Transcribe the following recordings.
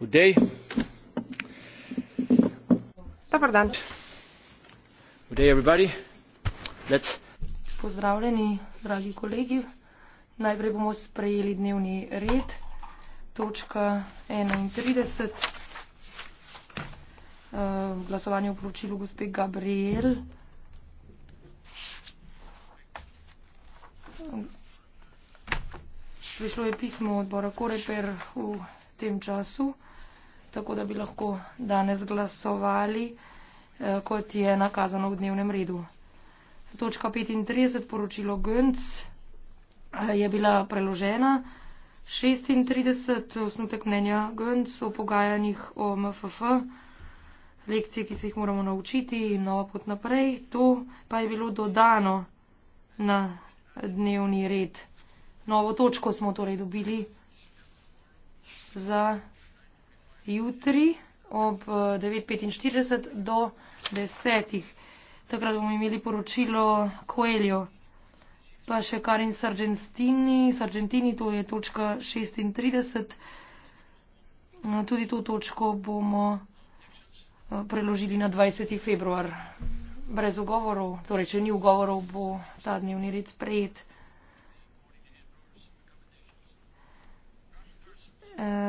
hudej. Dobar dan. Good day everybody. Let's... Pozdravljeni, dragi kolegi. Najprej bomo sprejeli dnevni red. Točka 31. Uh, eh, glasovanje v poročilu gospe Gabriel. Prišlo je pismo odbora Koreper v tem času, tako da bi lahko danes glasovali, eh, kot je nakazano v dnevnem redu. Točka 35, poročilo Gönc, eh, je bila preložena. 36, osnutek mnenja Gönc o pogajanjih o MFF, lekcije, ki se jih moramo naučiti in nova pot naprej. To pa je bilo dodano na dnevni red. Novo točko smo torej dobili za jutri ob 9.45 eh, do 10. Takrat bomo imeli poročilo Coelho, pa še Karin Sargentini, Sargentini, to je točka 36. No, tudi to točko bomo eh, preložili na 20. februar. Brez ugovorov, torej če ni ugovorov, bo ta dnevni red sprejet.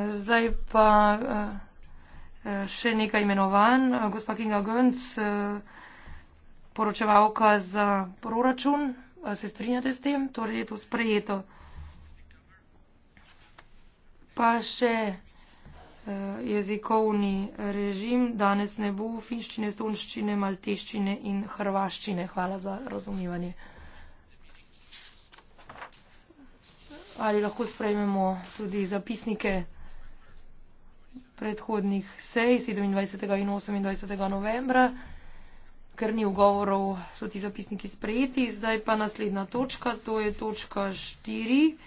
Zdaj pa eh, eh, še nekaj imenovanj. Gospa Kinga Gönc, eh, poročevalka za proračun. Se strinjate s tem? Torej je to sprejeto. Pa še jezikovni režim. Danes ne bo finščine, stonščine, malteščine in hrvaščine. Hvala za razumivanje. ali lahko sprejmemo tudi zapisnike predhodnih sej 27. in 28. novembra, ker ni ugovorov, so ti zapisniki sprejeti. Zdaj pa naslednja točka, to je točka 4.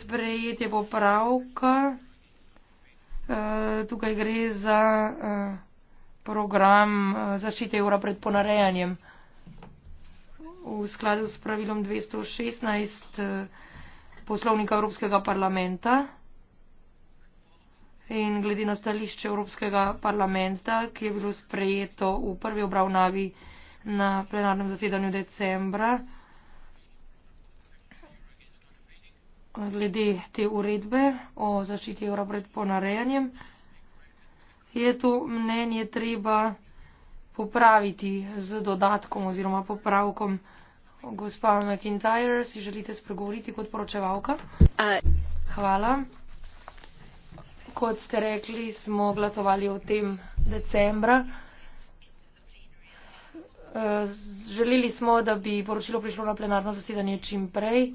Sprejetje popravka. E, tukaj gre za e, program e, zaščite evra pred ponarejanjem. V skladu s pravilom 216 poslovnika Evropskega parlamenta in glede na stališče Evropskega parlamenta, ki je bilo sprejeto v prvi obravnavi na plenarnem zasedanju decembra, glede te uredbe o zaščiti evra pred ponarejanjem, je to mnenje treba popraviti z dodatkom oziroma popravkom. Gospa McIntyre, si želite spregovoriti kot poročevalka? Uh. Hvala. Kot ste rekli, smo glasovali o tem decembra. Eh, želeli smo, da bi poročilo prišlo na plenarno zasedanje čim prej.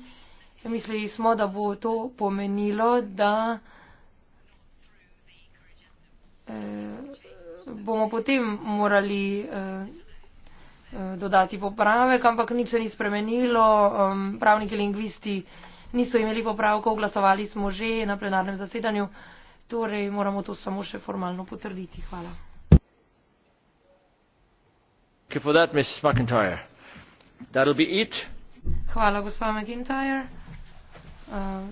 Mislili smo, da bo to pomenilo, da eh, bomo potem morali eh, Eh, dodati popravek, ampak nič se ni spremenilo. Um, pravniki lingvisti niso imeli popravkov, glasovali smo že na plenarnem zasedanju, torej moramo to samo še formalno potrditi. Hvala. Hvala, gospa McIntyre. Uh,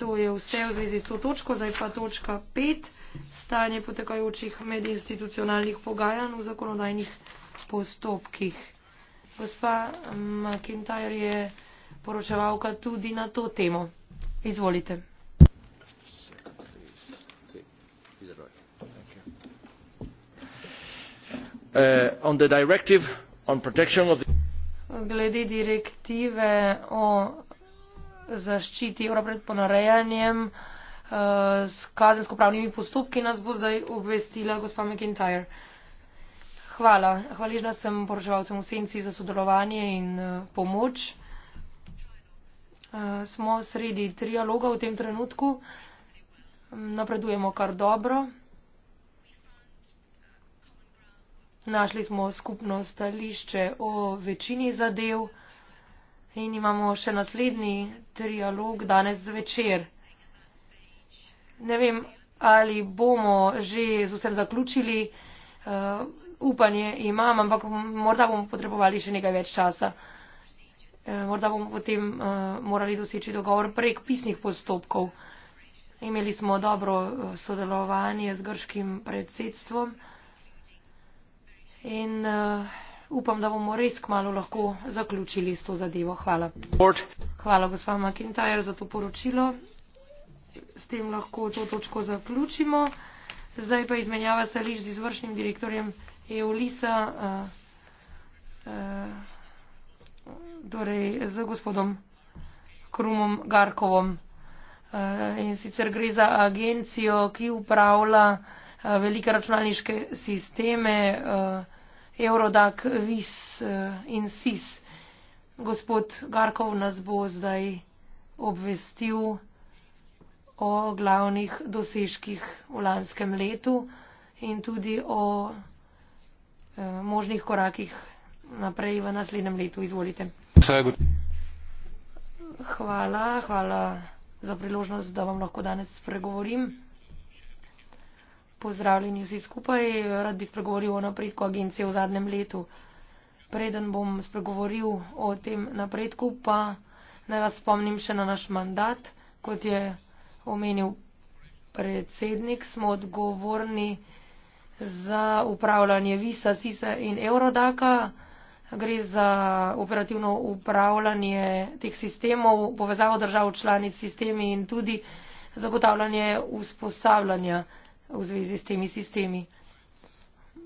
to je vse v zvezi s to točko, zdaj pa točka pet, stanje potekajočih medinstitucionalnih pogajanj v zakonodajnih postopkih. Gospa McIntyre je poročevalka tudi na to temo. Izvolite. Uh, Glede direktive o zaščiti evra pred ponarejanjem uh, s kazensko-pravnimi postopki nas bo zdaj obvestila gospa McIntyre. Uh, Hvala. Hvaležna sem poročevalcem v senci za sodelovanje in eh, pomoč. Eh, smo sredi trialoga v tem trenutku. Napredujemo kar dobro. Našli smo skupno stališče o večini zadev in imamo še naslednji trialog danes zvečer. Ne vem, ali bomo že z vsem zaključili. Eh, upanje imam, ampak morda bomo potrebovali še nekaj več časa. Eh, morda bomo potem uh, morali doseči dogovor prek pisnih postopkov. Imeli smo dobro eh, sodelovanje z grškim predsedstvom in uh, upam, da bomo res kmalo lahko zaključili s to zadevo. Hvala. Hvala, gospa McIntyre, za to poročilo. S tem lahko to točko zaključimo. Zdaj pa izmenjava stališč z izvršnim direktorjem je Ulisa uh, uh, torej z gospodom Krumom Garkovom. Uh, in sicer gre za agencijo, ki upravlja uh, velike računalniške sisteme uh, Eurodac, VIS uh, in SIS. Gospod Garkov nas bo zdaj obvestil o glavnih dosežkih v lanskem letu in tudi o Eh, možnih korakih naprej v naslednjem letu. Izvolite. Hvala, hvala za priložnost, da vam lahko danes spregovorim. Pozdravljeni vsi skupaj. Rad bi spregovoril o napredku agencije v zadnjem letu. Preden bom spregovoril o tem napredku, pa naj vas spomnim še na naš mandat. Kot je omenil predsednik, smo odgovorni za upravljanje Visa, Sisa in Eurodaka. Gre za operativno upravljanje teh sistemov, povezavo držav članic s sistemi in tudi zagotavljanje usposabljanja v zvezi s temi sistemi.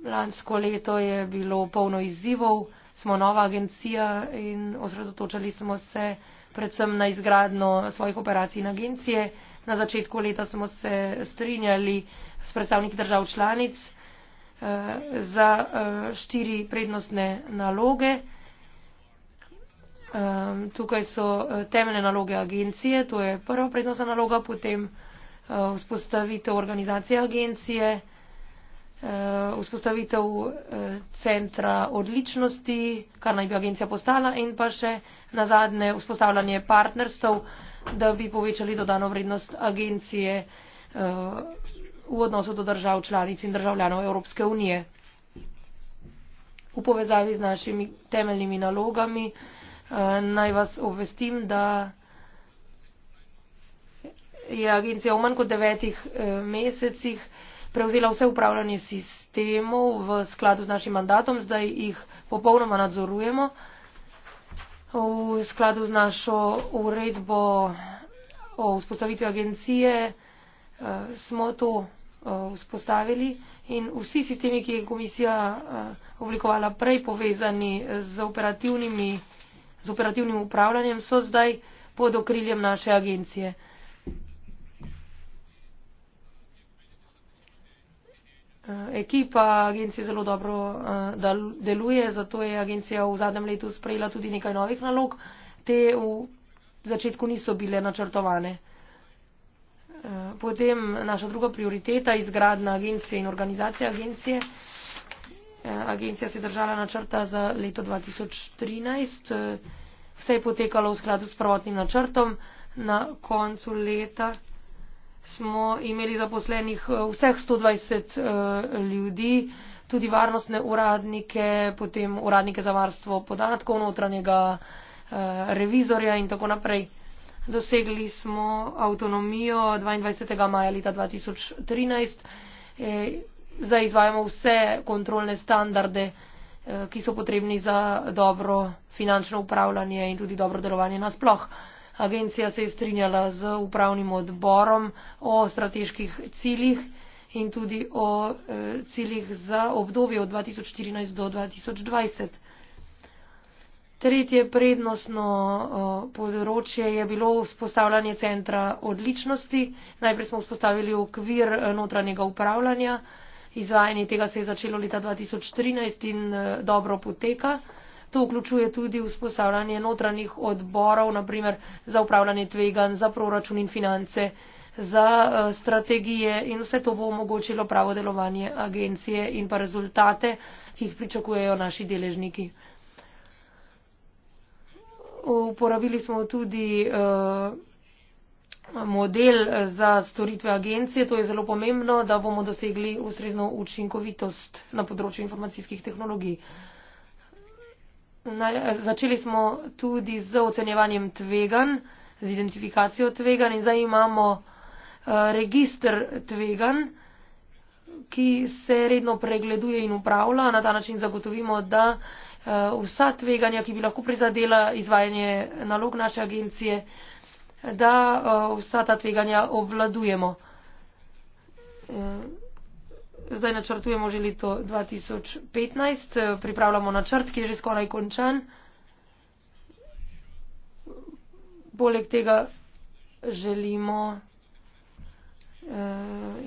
Lansko leto je bilo polno izzivov, smo nova agencija in osredotočali smo se predvsem na izgradno svojih operacij in agencije. Na začetku leta smo se strinjali s predstavniki držav članic. Eh, za eh, štiri prednostne naloge. Tukaj so eh, temeljne naloge agencije, to je prva prednostna naloga, potem vzpostavitev organizacije agencije, vzpostavitev centra odličnosti, kar naj bi agencija postala in pa še na zadnje vzpostavljanje partnerstv, da bi povečali dodano vrednost agencije v odnosu do držav članic in državljanov Evropske unije. V povezavi z našimi temeljnimi nalogami eh, naj vas obvestim, da je agencija v manj kot devetih eh, mesecih prevzela vse upravljanje sistemov v skladu z našim mandatom, zdaj jih popolnoma nadzorujemo. V skladu z našo uredbo o vzpostavitvi agencije eh, smo to Eh, vzpostavili in vsi sistemi, ki je komisija eh, oblikovala prej povezani z, z operativnim upravljanjem, so zdaj pod okriljem naše agencije. Eh, ekipa agencije zelo dobro deluje, zato je agencija v zadnjem letu sprejela tudi nekaj novih nalog. Te v začetku niso bile načrtovane. Potem naša druga prioriteta, izgradna agencije in organizacija agencije. E, agencija se je držala načrta za leto 2013. E, vse je potekalo v skladu s prvotnim načrtom. Na koncu leta smo imeli zaposlenih e, vseh 120 ljudi, tudi varnostne uradnike, potem uradnike za varstvo podatkov, notranjega revizorja in tako naprej dosegli smo avtonomijo 22. maja leta 2013. Eh, zdaj izvajamo vse kontrolne standarde, eh, ki so potrebni za dobro finančno upravljanje in tudi dobro delovanje nasploh. Agencija se je strinjala z upravnim odborom o strateških ciljih in tudi o eh, ciljih za obdobje od 2014 do 2020. Tretje prednostno uh, področje je bilo vzpostavljanje centra odličnosti. Najprej smo vzpostavili okvir e, notranjega upravljanja. Izvajanje tega se je začelo leta 2013 in uh, dobro poteka. To vključuje tudi vzpostavljanje notranjih odborov, naprimer za upravljanje tvegan, za proračun in finance, za uh, strategije in vse to bo omogočilo pravo delovanje agencije in pa rezultate, ki jih pričakujejo naši deležniki uporabili smo tudi eh, model eh, za storitve agencije. To je zelo pomembno, da bomo dosegli ustrezno učinkovitost na področju informacijskih tehnologij. Na, eh, začeli smo tudi z ocenjevanjem tvegan, z identifikacijo tvegan in zdaj imamo register tvegan, ki se redno pregleduje in upravlja. Na ta način zagotovimo, da Eh, vsa tveganja, ki bi lahko prizadela izvajanje nalog naše agencije, da eh, vsa ta tveganja obvladujemo. Eh, zdaj načrtujemo že leto 2015, pripravljamo načrt, ki je že skoraj končan. Poleg tega želimo uh,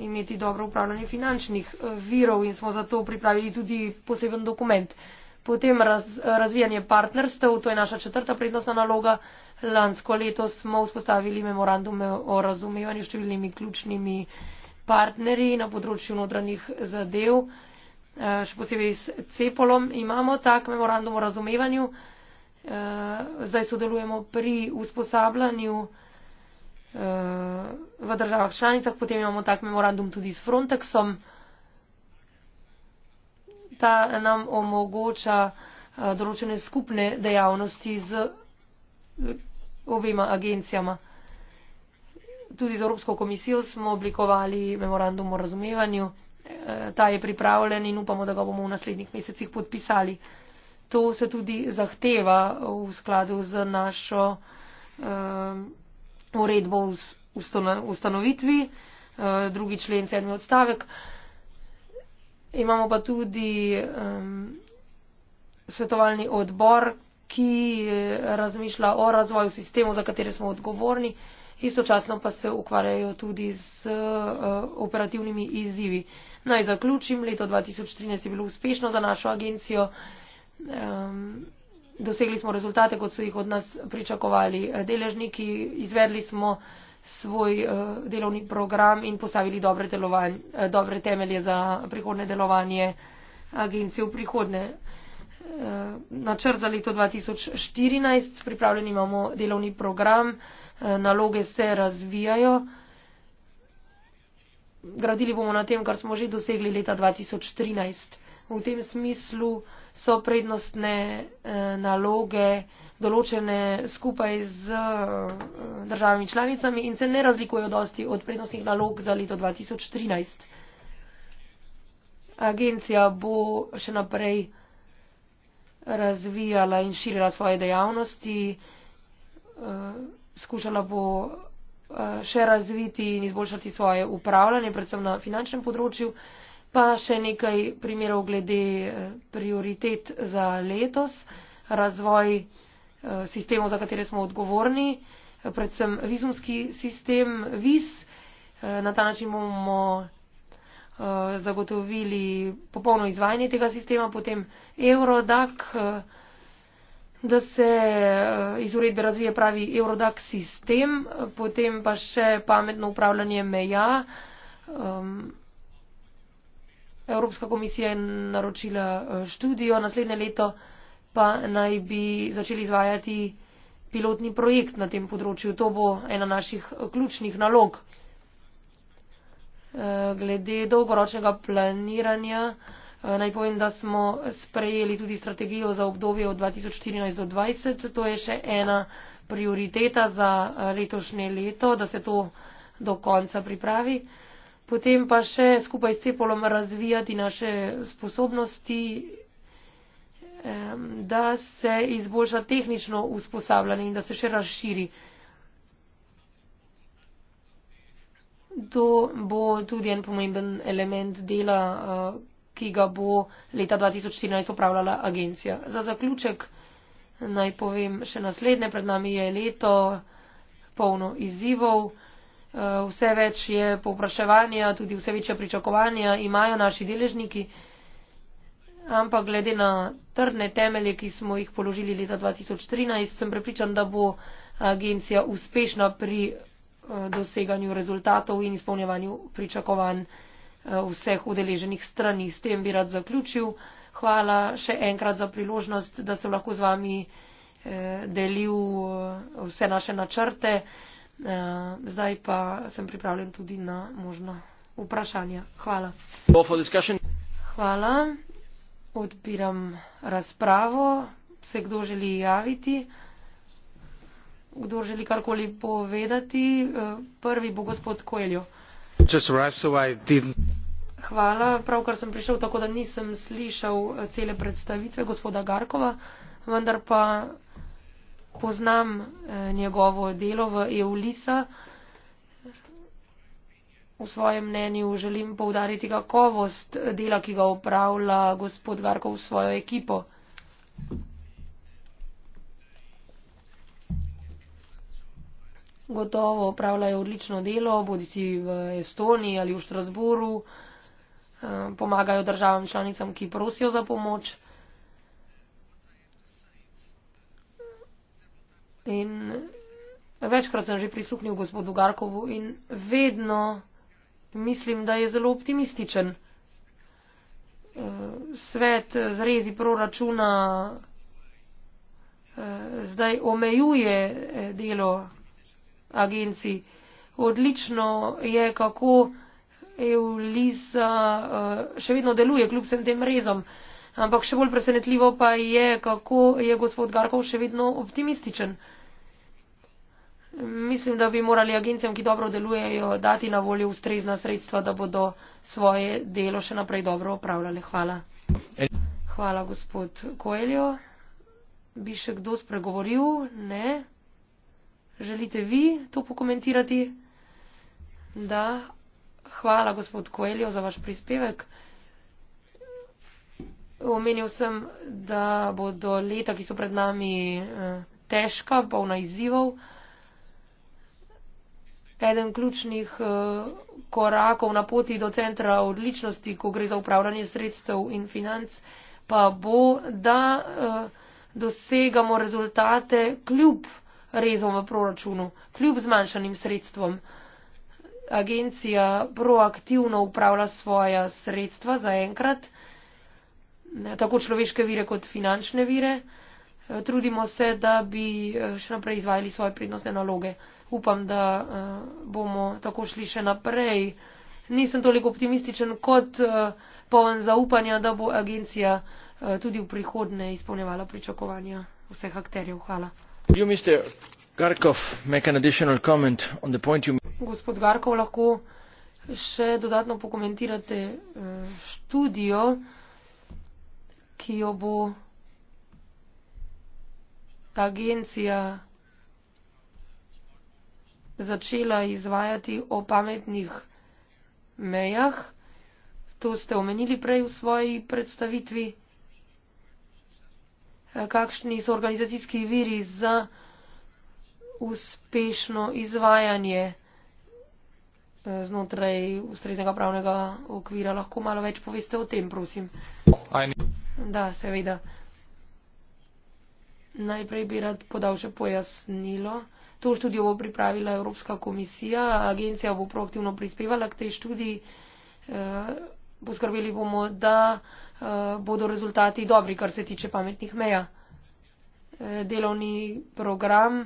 imeti dobro upravljanje finančnih virov in smo zato pripravili tudi poseben dokument. Uh, Potem raz, razvijanje partnerstev, to je naša četrta prednostna naloga. Lansko leto smo vzpostavili memorandume o razumevanju s številnimi ključnimi partnerji na področju notranjih zadev, eh, še posebej s Cepolom. Imamo tak memorandum o razumevanju. Eh, zdaj sodelujemo pri usposabljanju eh, v državah članicah, potem imamo tak memorandum tudi s Frontexom ta nam omogoča eh, določene skupne dejavnosti z eh, obema agencijama. Tudi z Evropsko komisijo smo oblikovali memorandum o razumevanju. Eh, ta je pripravljen in upamo, da ga bomo v naslednjih mesecih podpisali. To se tudi zahteva v skladu z našo uredbo v ustanovitvi, drugi člen sedmi odstavek. Imamo pa tudi um, svetovalni odbor, ki eh, razmišlja o razvoju sistemov, za katere smo odgovorni, istočasno pa se ukvarjajo tudi z uh, operativnimi izzivi. Naj zaključim, leto 2013 je bilo uspešno za našo agencijo. Um, dosegli smo rezultate, kot so jih od nas pričakovali eh, deležniki. Izvedli smo svoj uh, delovni program in postavili dobre, delovanj, uh, eh, dobre temelje za prihodne delovanje agencije v prihodne. Uh, eh, načrt za leto 2014, pripravljen imamo delovni program, uh, naloge se razvijajo. Gradili bomo na tem, kar smo že dosegli leta 2013. V tem smislu so prednostne e, naloge določene skupaj z eh, državami članicami in se ne razlikujejo dosti od prednostnih nalog za leto 2013. Agencija bo še naprej razvijala in širila svoje dejavnosti, eh, skušala bo eh, še razviti in izboljšati svoje upravljanje, predvsem na finančnem področju, pa še nekaj primerov glede prioritet za letos, razvoj Eh, sistemov, za katere smo odgovorni, eh, predvsem vizumski sistem viz. Eh, na ta način bomo zagotovili popolno izvajanje tega sistema, potem Eurodak, da se iz uredbe razvije pravi Eurodak sistem, potem pa še pametno upravljanje meja. Ehm, Evropska komisija je naročila študijo naslednje leto pa naj bi začeli izvajati pilotni projekt na tem področju. To bo ena naših ključnih nalog. Eh, glede dolgoročnega planiranja eh, naj povem, da smo sprejeli tudi strategijo za obdobje od 2014 do 2020. To je še ena prioriteta za eh, letošnje leto, da se to do konca pripravi. Potem pa še skupaj s Cepolom razvijati naše sposobnosti da se izboljša tehnično usposabljanje in da se še razširi. To bo tudi en pomemben element dela, eh, ki ga bo leta 2014 upravljala agencija. Za zaključek naj povem še naslednje. Pred nami je leto polno izzivov. Eh, vse več je povpraševanja, tudi vse večje pričakovanja imajo naši deležniki ampak glede na trdne temelje, ki smo jih položili leta 2013, sem prepričan, da bo agencija uspešna pri eh, doseganju rezultatov in izpolnjevanju pričakovanj eh, vseh udeleženih strani. S tem bi rad zaključil. Hvala še enkrat za priložnost, da sem lahko z vami eh, delil vse naše načrte. Zdaj pa sem pripravljen tudi na možna vprašanja. Hvala. Hvala. Odpiram razpravo. Se kdo želi javiti? Kdo želi karkoli povedati? Eh, prvi bo gospod Koeljo. So Hvala, pravkar sem prišel, tako da nisem slišal eh, cele predstavitve gospoda Garkova, vendar pa poznam eh, njegovo delo v EULISA v svojem mnenju želim povdariti kakovost dela, ki ga upravlja gospod Garkov v svojo ekipo. Gotovo upravljajo odlično delo, bodi si v Estoniji ali v Štrasburu, eh, pomagajo državam članicam, ki prosijo za pomoč. In večkrat sem že prisluhnil gospodu Garkovu in vedno mislim, da je zelo optimističen. Eh, svet zrezi proračuna eh, zdaj omejuje eh, delo agencij. Odlično je, kako Eulisa še vedno deluje kljub vsem tem rezom, ampak še bolj presenetljivo pa je, kako je gospod Garkov še vedno optimističen. Mislim, da bi morali agencijam, ki dobro delujejo, dati na voljo ustrezna sredstva, da bodo svoje delo še naprej dobro opravljali. Hvala. Hvala, gospod Koeljo. Bi še kdo spregovoril? Ne. Želite vi to pokomentirati? Da. Hvala, gospod Koeljo, za vaš prispevek. Omenil sem, da bodo leta, ki so pred nami, eh, težka, polna izzivov eden ključnih eh, korakov na poti do centra odličnosti, ko gre za upravljanje sredstev in financ, pa bo, da eh, dosegamo rezultate kljub rezom v proračunu, kljub zmanjšanim sredstvom. Agencija proaktivno upravlja svoja sredstva zaenkrat, tako človeške vire kot finančne vire. Eh, trudimo se, da bi še naprej izvajali svoje prednostne naloge upam, da uh, bomo tako šli še naprej. Nisem toliko optimističen kot uh, poln zaupanja, da bo agencija uh, tudi v prihodne izpolnjevala pričakovanja vseh akterjev. Hvala. You, Garkov, Gospod Garkov, lahko še dodatno pokomentirate uh, študijo, ki jo bo agencija začela izvajati o pametnih mejah. To ste omenili prej v svoji predstavitvi. Kakšni so organizacijski viri za uspešno izvajanje eh, znotraj ustreznega pravnega okvira? Lahko malo več poveste o tem, prosim. Ajni. Da, seveda. Najprej bi rad podal še pojasnilo to študijo bo pripravila Evropska komisija, agencija bo proaktivno prispevala k tej študiji. Eh, poskrbeli bomo, da eh, bodo rezultati dobri, kar se tiče pametnih meja. Eh, delovni program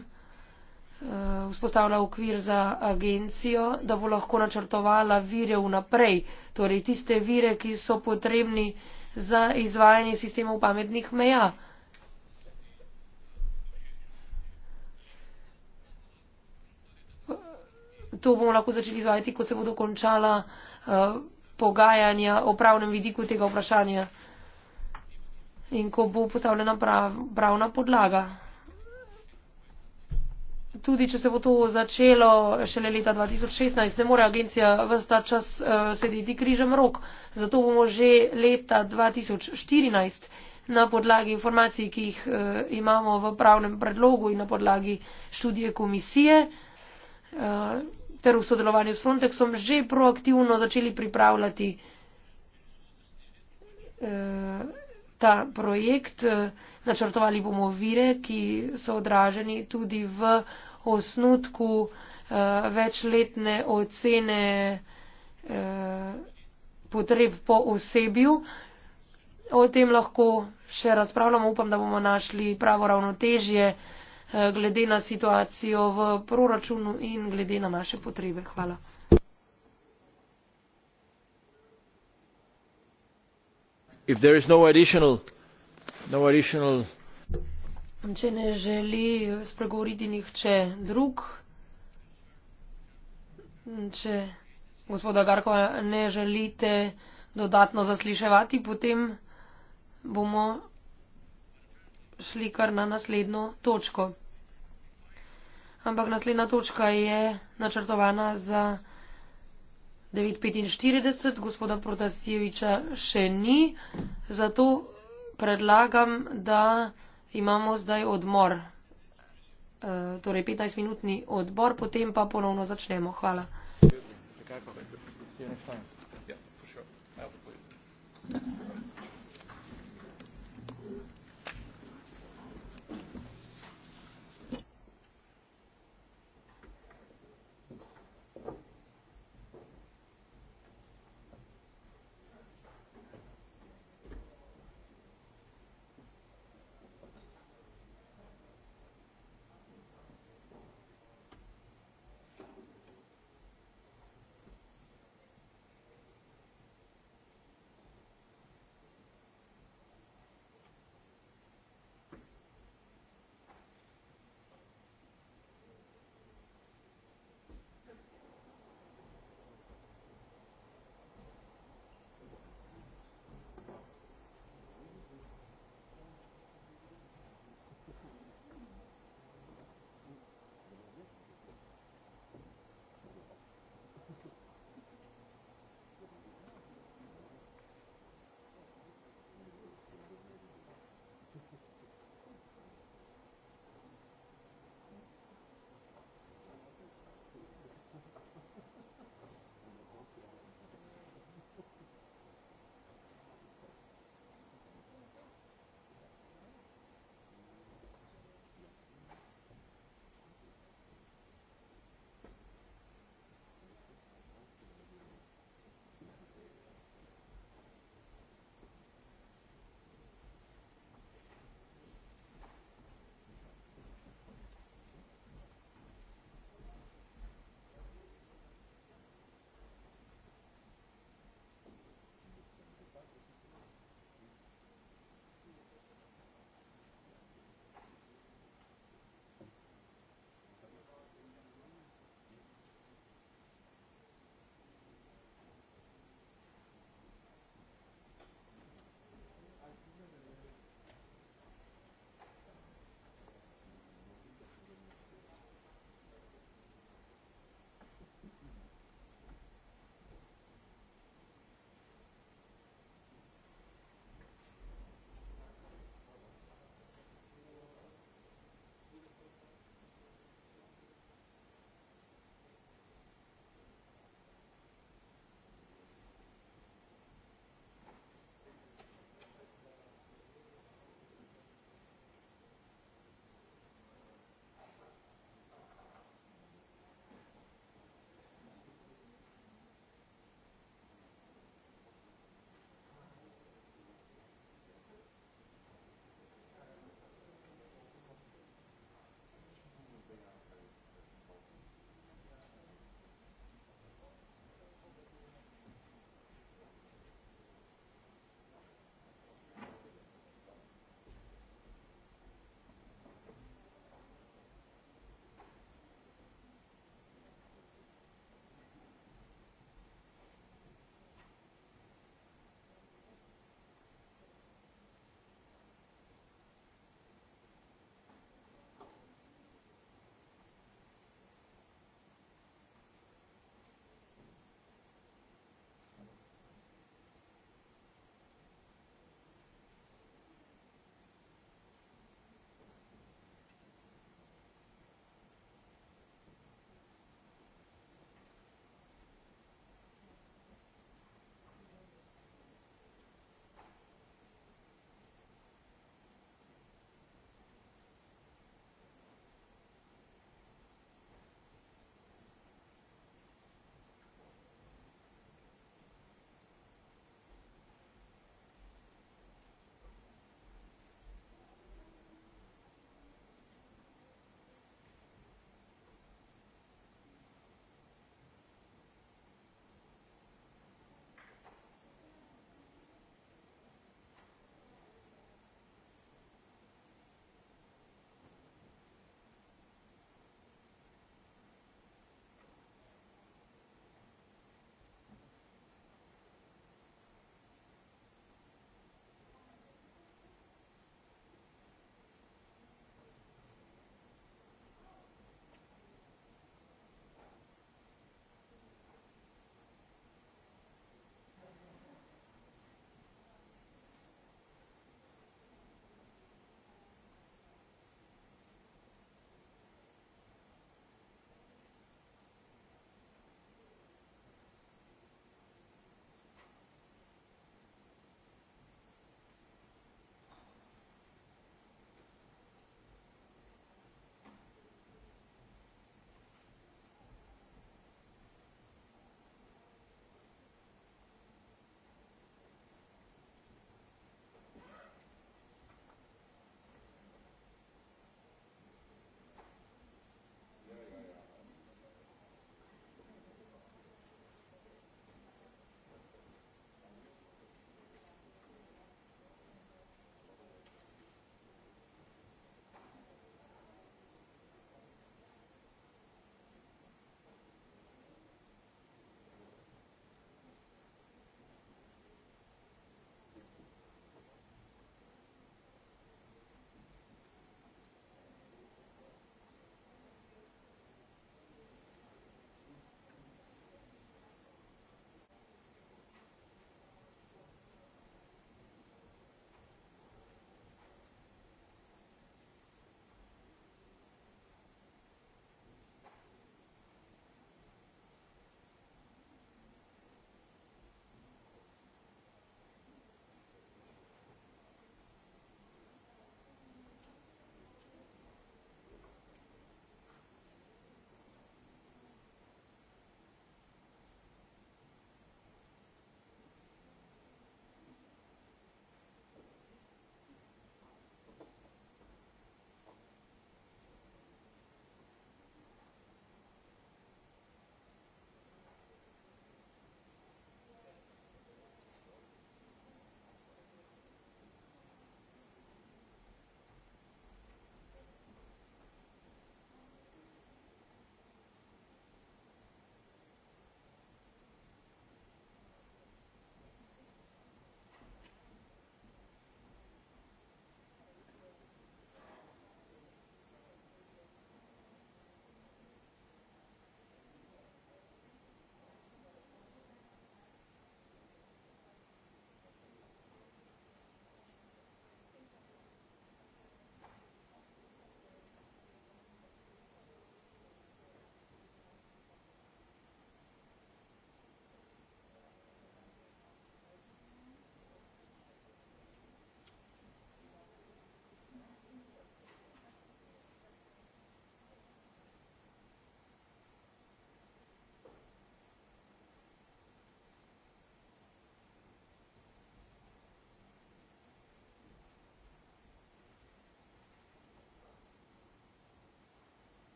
vzpostavlja okvir za agencijo, da bo lahko načrtovala vire vnaprej, torej tiste vire, ki so potrebni za izvajanje sistemov pametnih meja. to bomo lahko začeli izvajati, ko se bodo končala uh, pogajanja o pravnem vidiku tega vprašanja in ko bo postavljena prav, pravna podlaga. Tudi, če se bo to začelo šele leta 2016, ne more agencija vsta čas uh, sedeti križem rok. Zato bomo že leta 2014 na podlagi informacij, ki jih uh, imamo v pravnem predlogu in na podlagi študije komisije, uh, ter v sodelovanju s Frontexom že proaktivno začeli pripravljati eh, ta projekt. Načrtovali bomo vire, ki so odraženi tudi v osnutku eh, večletne ocene eh, potreb po osebju. O tem lahko še razpravljamo. Upam, da bomo našli pravo ravnotežje. Eh, glede na situacijo v proračunu in glede na naše potrebe. Hvala. No no če ne želi spregovoriti nihče drug, če gospoda Garkova ne želite dodatno zasliševati, potem bomo šli kar na naslednjo točko. Ampak naslednja točka je načrtovana za 9.45, gospoda Protasjeviča še ni, zato predlagam, da imamo zdaj odmor, eh, torej 15-minutni odbor, potem pa ponovno začnemo. Hvala. Ja, ja, Thank you.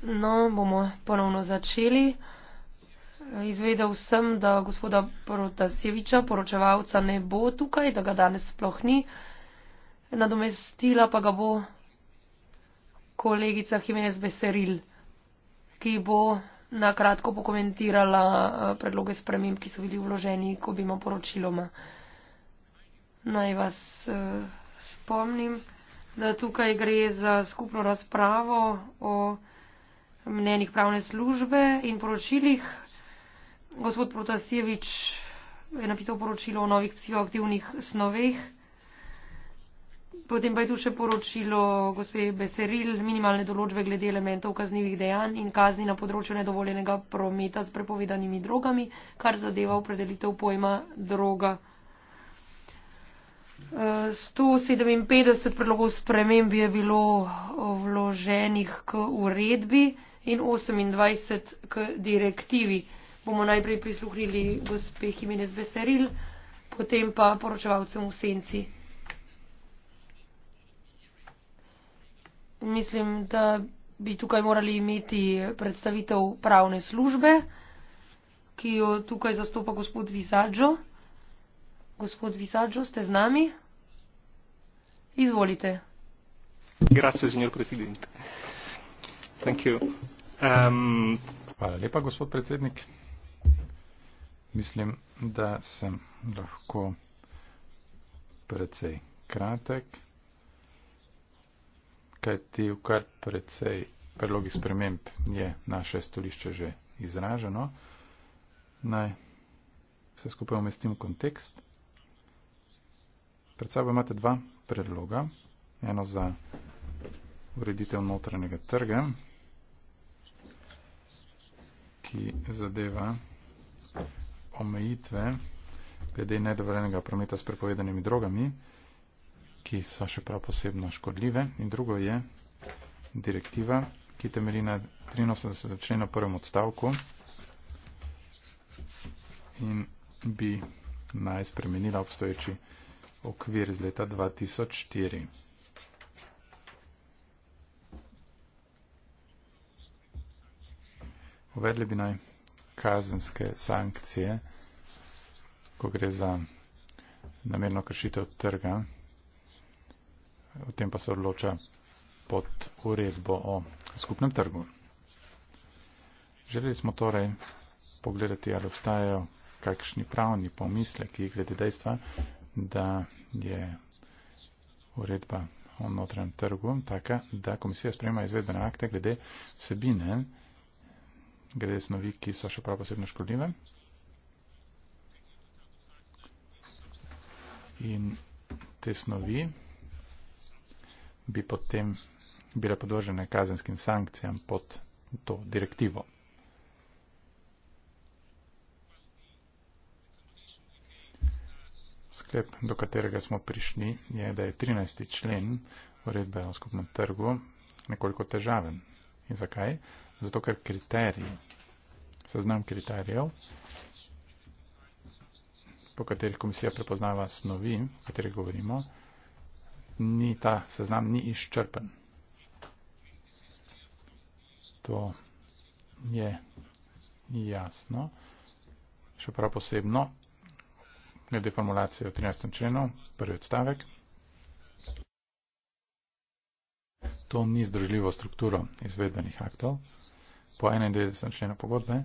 No, bomo ponovno začeli. Izvedel sem, da gospoda Protaseviča, poročevalca, ne bo tukaj, da ga danes sploh ni. Nadomestila pa ga bo kolegica Jimenez Beseril, ki bo nakratko pokomentirala eh, predloge spremem, ki so bili vloženi, ko bi imel poročiloma. Naj vas. Uh, spomnim, da tukaj gre za skupno razpravo o mnenjih pravne službe in poročilih. Gospod Protasjevič je napisal poročilo o novih psihoaktivnih snoveh. Potem pa je tu še poročilo gospe Beseril, minimalne določbe glede elementov kaznjivih dejanj in kazni na področju nedovoljenega prometa s prepovedanimi drogami, kar zadeva opredelitev pojma droga. 157 predlogov sprememb je bilo vloženih k uredbi in 28 k direktivi. Bomo najprej prisluhnili gospe Jimenez Beseril, potem pa poročevalcem v senci. Mislim, da bi tukaj morali imeti predstavitev pravne službe, ki jo tukaj zastopa gospod Vizadžo. Gospod Visadžo, ste z nami? Izvolite. Grazie, signor Presidente. Thank you. Um... Hvala lepa, gospod predsednik. Mislim, da sem lahko precej kratek, kaj ti v kar precej predlogi sprememb je naše stolišče že izraženo. Naj se skupaj umestim v kontekst. Pred sabo imate dva predloga. Eno za ureditev notranjega trga, ki zadeva omejitve glede nedovoljenega prometa s prepovedanimi drogami, ki so še prav posebno škodljive. In drugo je direktiva, ki temelji na 83. členu prvem odstavku in bi naj spremenila obstoječi okvir iz leta 2004. Uvedli bi naj kazenske sankcije, ko gre za namerno kršitev trga, v tem pa se odloča pod uredbo o skupnem trgu. Želeli smo torej pogledati, ali obstajajo kakšni pravni pomisleki glede dejstva, da je uredba o notranjem trgu taka, da komisija sprema izvedbene akte glede vsebine, glede snovi, ki so še prav posebno škodljive. In te snovi bi potem bile podvržene kazenskim sankcijam pod to direktivo. Sklep, do katerega smo prišli, je, da je 13. člen uredbe o skupnem trgu nekoliko težaven. In zakaj? Zato, ker kriteriji, seznam kriterijev, po katerih komisija prepoznava snovi, o katerih govorimo, ni ta seznam ni izčrpen. To je jasno, še prav posebno, glede formulacije v 13. členu, prvi odstavek. To ni združljivo strukturo izvedbenih aktov. Po 91. členu pogodbe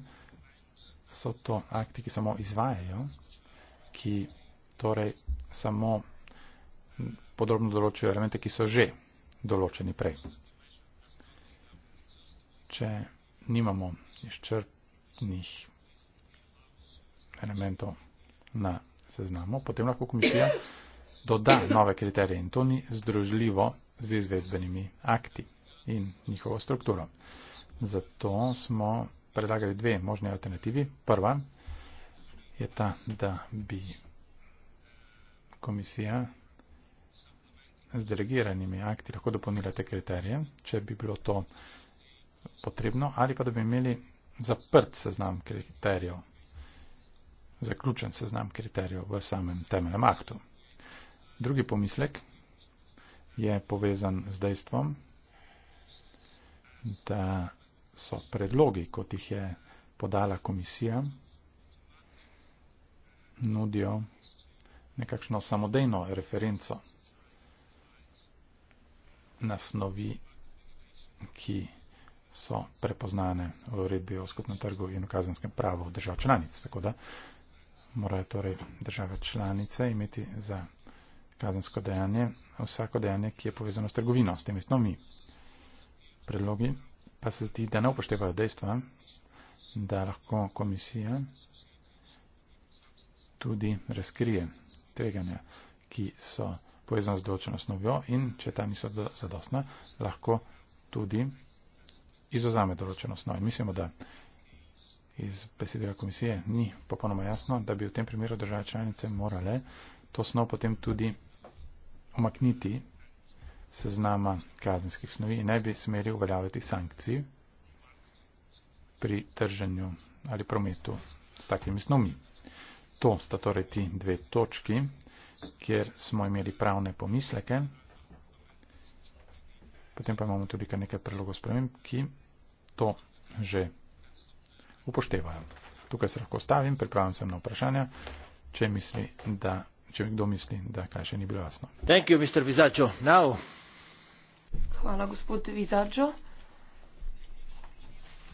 so to akti, ki samo izvajajo, ki torej samo podrobno določijo elemente, ki so že določeni prej. Če nimamo izčrpnih elementov na seznamu, potem lahko komisija doda nove kriterije in to ni združljivo z izvedbenimi akti in njihovo strukturo. Zato smo predlagali dve možne alternativi. Prva je ta, da bi komisija z delegiranimi akti lahko dopolnila te kriterije, če bi bilo to potrebno, ali pa da bi imeli zaprt seznam kriterijev zaključen seznam kriterijev v samem temeljem aktu. Drugi pomislek je povezan z dejstvom, da so predlogi, kot jih je podala komisija, nudijo nekakšno samodejno referenco na snovi, ki so prepoznane v uredbi o skupnem trgu in v kazenskem pravu držav članic. Tako da morajo torej države članice imeti za kazensko dejanje vsako dejanje, ki je povezano s trgovino, s temi snovmi. Predlogi pa se zdi, da ne upoštevajo dejstva, da lahko komisija tudi razkrije tveganja, ki so povezana z določeno snovjo in če ta niso zadostna, lahko tudi izozame določeno snov. In mislimo, da iz besedila komisije ni popolnoma jasno, da bi v tem primeru države članice morale to snov potem tudi omakniti seznama kazenskih snovi in ne bi smeli uveljavljati sankcij pri trženju ali prometu s takimi snovmi. To sta torej ti dve točki, kjer smo imeli pravne pomisleke. Potem pa imamo tudi kar nekaj predlogov sprememb, ki to že upoštevajo. Tukaj se lahko stavim, pripravljam se na vprašanja, če, misli, da, če kdo misli, da kaj še ni bilo jasno. Thank you, Mr. Vizačo. Now. Hvala, gospod Vizačo.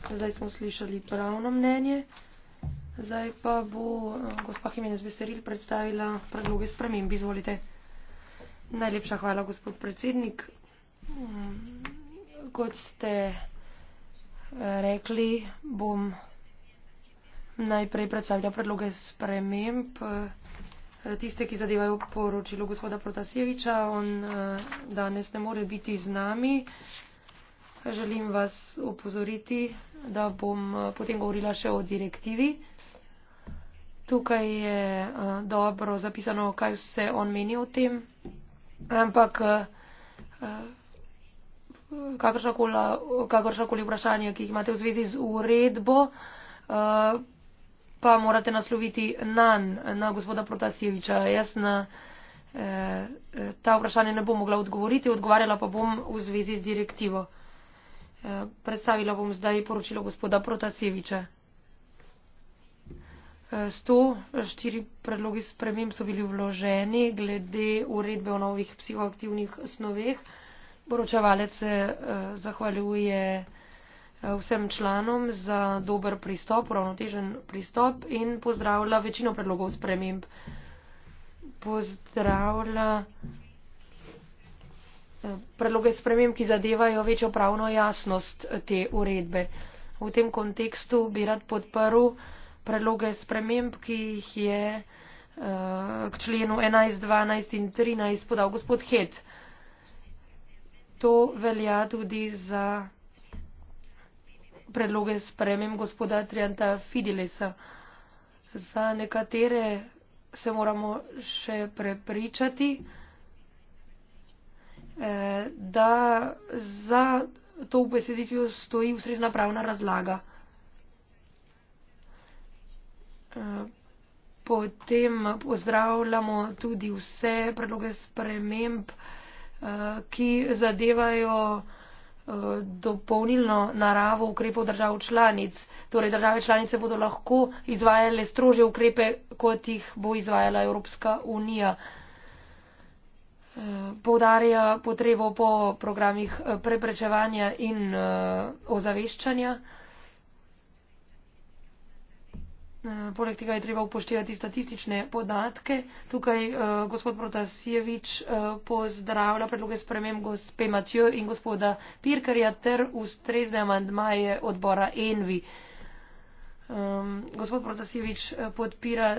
Zdaj smo slišali pravno mnenje. Zdaj pa bo eh, gospa Jimenez Veseril predstavila predloge sprememb. Izvolite. Najlepša hvala, gospod predsednik. Mm, kot ste eh, rekli, bom najprej predstavlja predloge sprememb, eh, tiste, ki zadevajo poročilo gospoda Protasjeviča. On eh, danes ne more biti z nami. Želim vas upozoriti, da bom eh, potem govorila še o direktivi. Tukaj je dobro zapisano, kaj vse on meni o tem, ampak kakršnokoli vprašanje, ki jih imate v zvezi z uredbo, pa morate nasloviti na, na gospoda Protasjeviča. Jaz na eh, eh ta vprašanje ne bom mogla odgovoriti, odgovarjala pa bom v zvezi z direktivo. Eh, predstavila bom zdaj poročilo gospoda Protasjeviča. Eh, 104 predlogi spremem so bili vloženi glede uredbe o novih psihoaktivnih snoveh. Poročevalec se eh, zahvaljuje vsem članom za dober pristop, ravnotežen pristop in pozdravlja večino predlogov sprememb. Pozdravlja eh, predloge sprememb, ki zadevajo večjo pravno jasnost te uredbe. V tem kontekstu bi rad podprl predloge sprememb, ki jih je eh, k členu 11, 12 in 13 podal gospod Het. To velja tudi za predloge sprejemem gospoda Trianta Fidilesa. Za nekatere se moramo še prepričati, eh, da za to upeseditvijo stoji ustrezna pravna razlaga. Eh, potem pozdravljamo tudi vse predloge sprememb, eh, ki zadevajo Eh, dopolnilno naravo ukrepov držav članic. Torej, države članice bodo lahko izvajale strože ukrepe, kot jih bo izvajala Evropska unija. Eh, poudarja potrebo po programih eh, preprečevanja in ozaveščanja. Eh, poleg tega je treba upoštevati statistične podatke. Tukaj uh, gospod Protasjevič uh, pozdravlja predloge sprememb gospe Matjo in gospoda Pirkarja ter ustrezne amandmaje odbora Envi. Um, gospod Protasjevič uh, podpira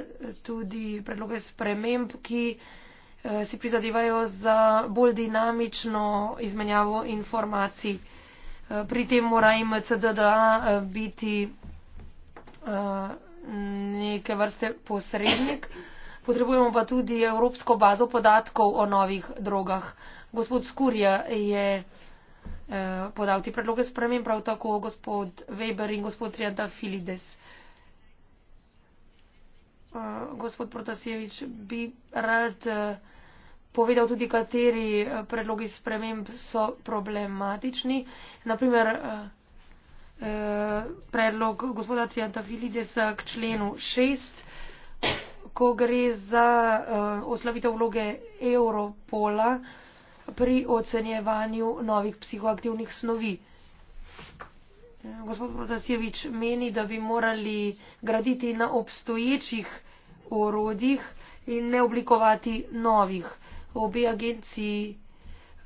tudi predloge sprememb, ki uh, si prizadevajo za bolj dinamično izmenjavo informacij. Uh, pri tem mora MCDDA uh, biti. Uh, neke vrste posrednik. Potrebujemo pa tudi Evropsko bazo podatkov o novih drogah. Gospod Skurja je eh, podal ti predloge spremem, prav tako gospod Weber in gospod Rijanta Filides. Eh, gospod Protasevič bi rad. Eh, Povedal tudi, kateri eh, predlogi sprememb so problematični. Naprimer, eh, predlog gospoda Trianta Filidesa k členu 6, ko gre za eh, oslabitev vloge Europola pri ocenjevanju novih psihoaktivnih snovi. Gospod Protasjevič meni, da bi morali graditi na obstoječih orodjih in ne oblikovati novih. Obe agenciji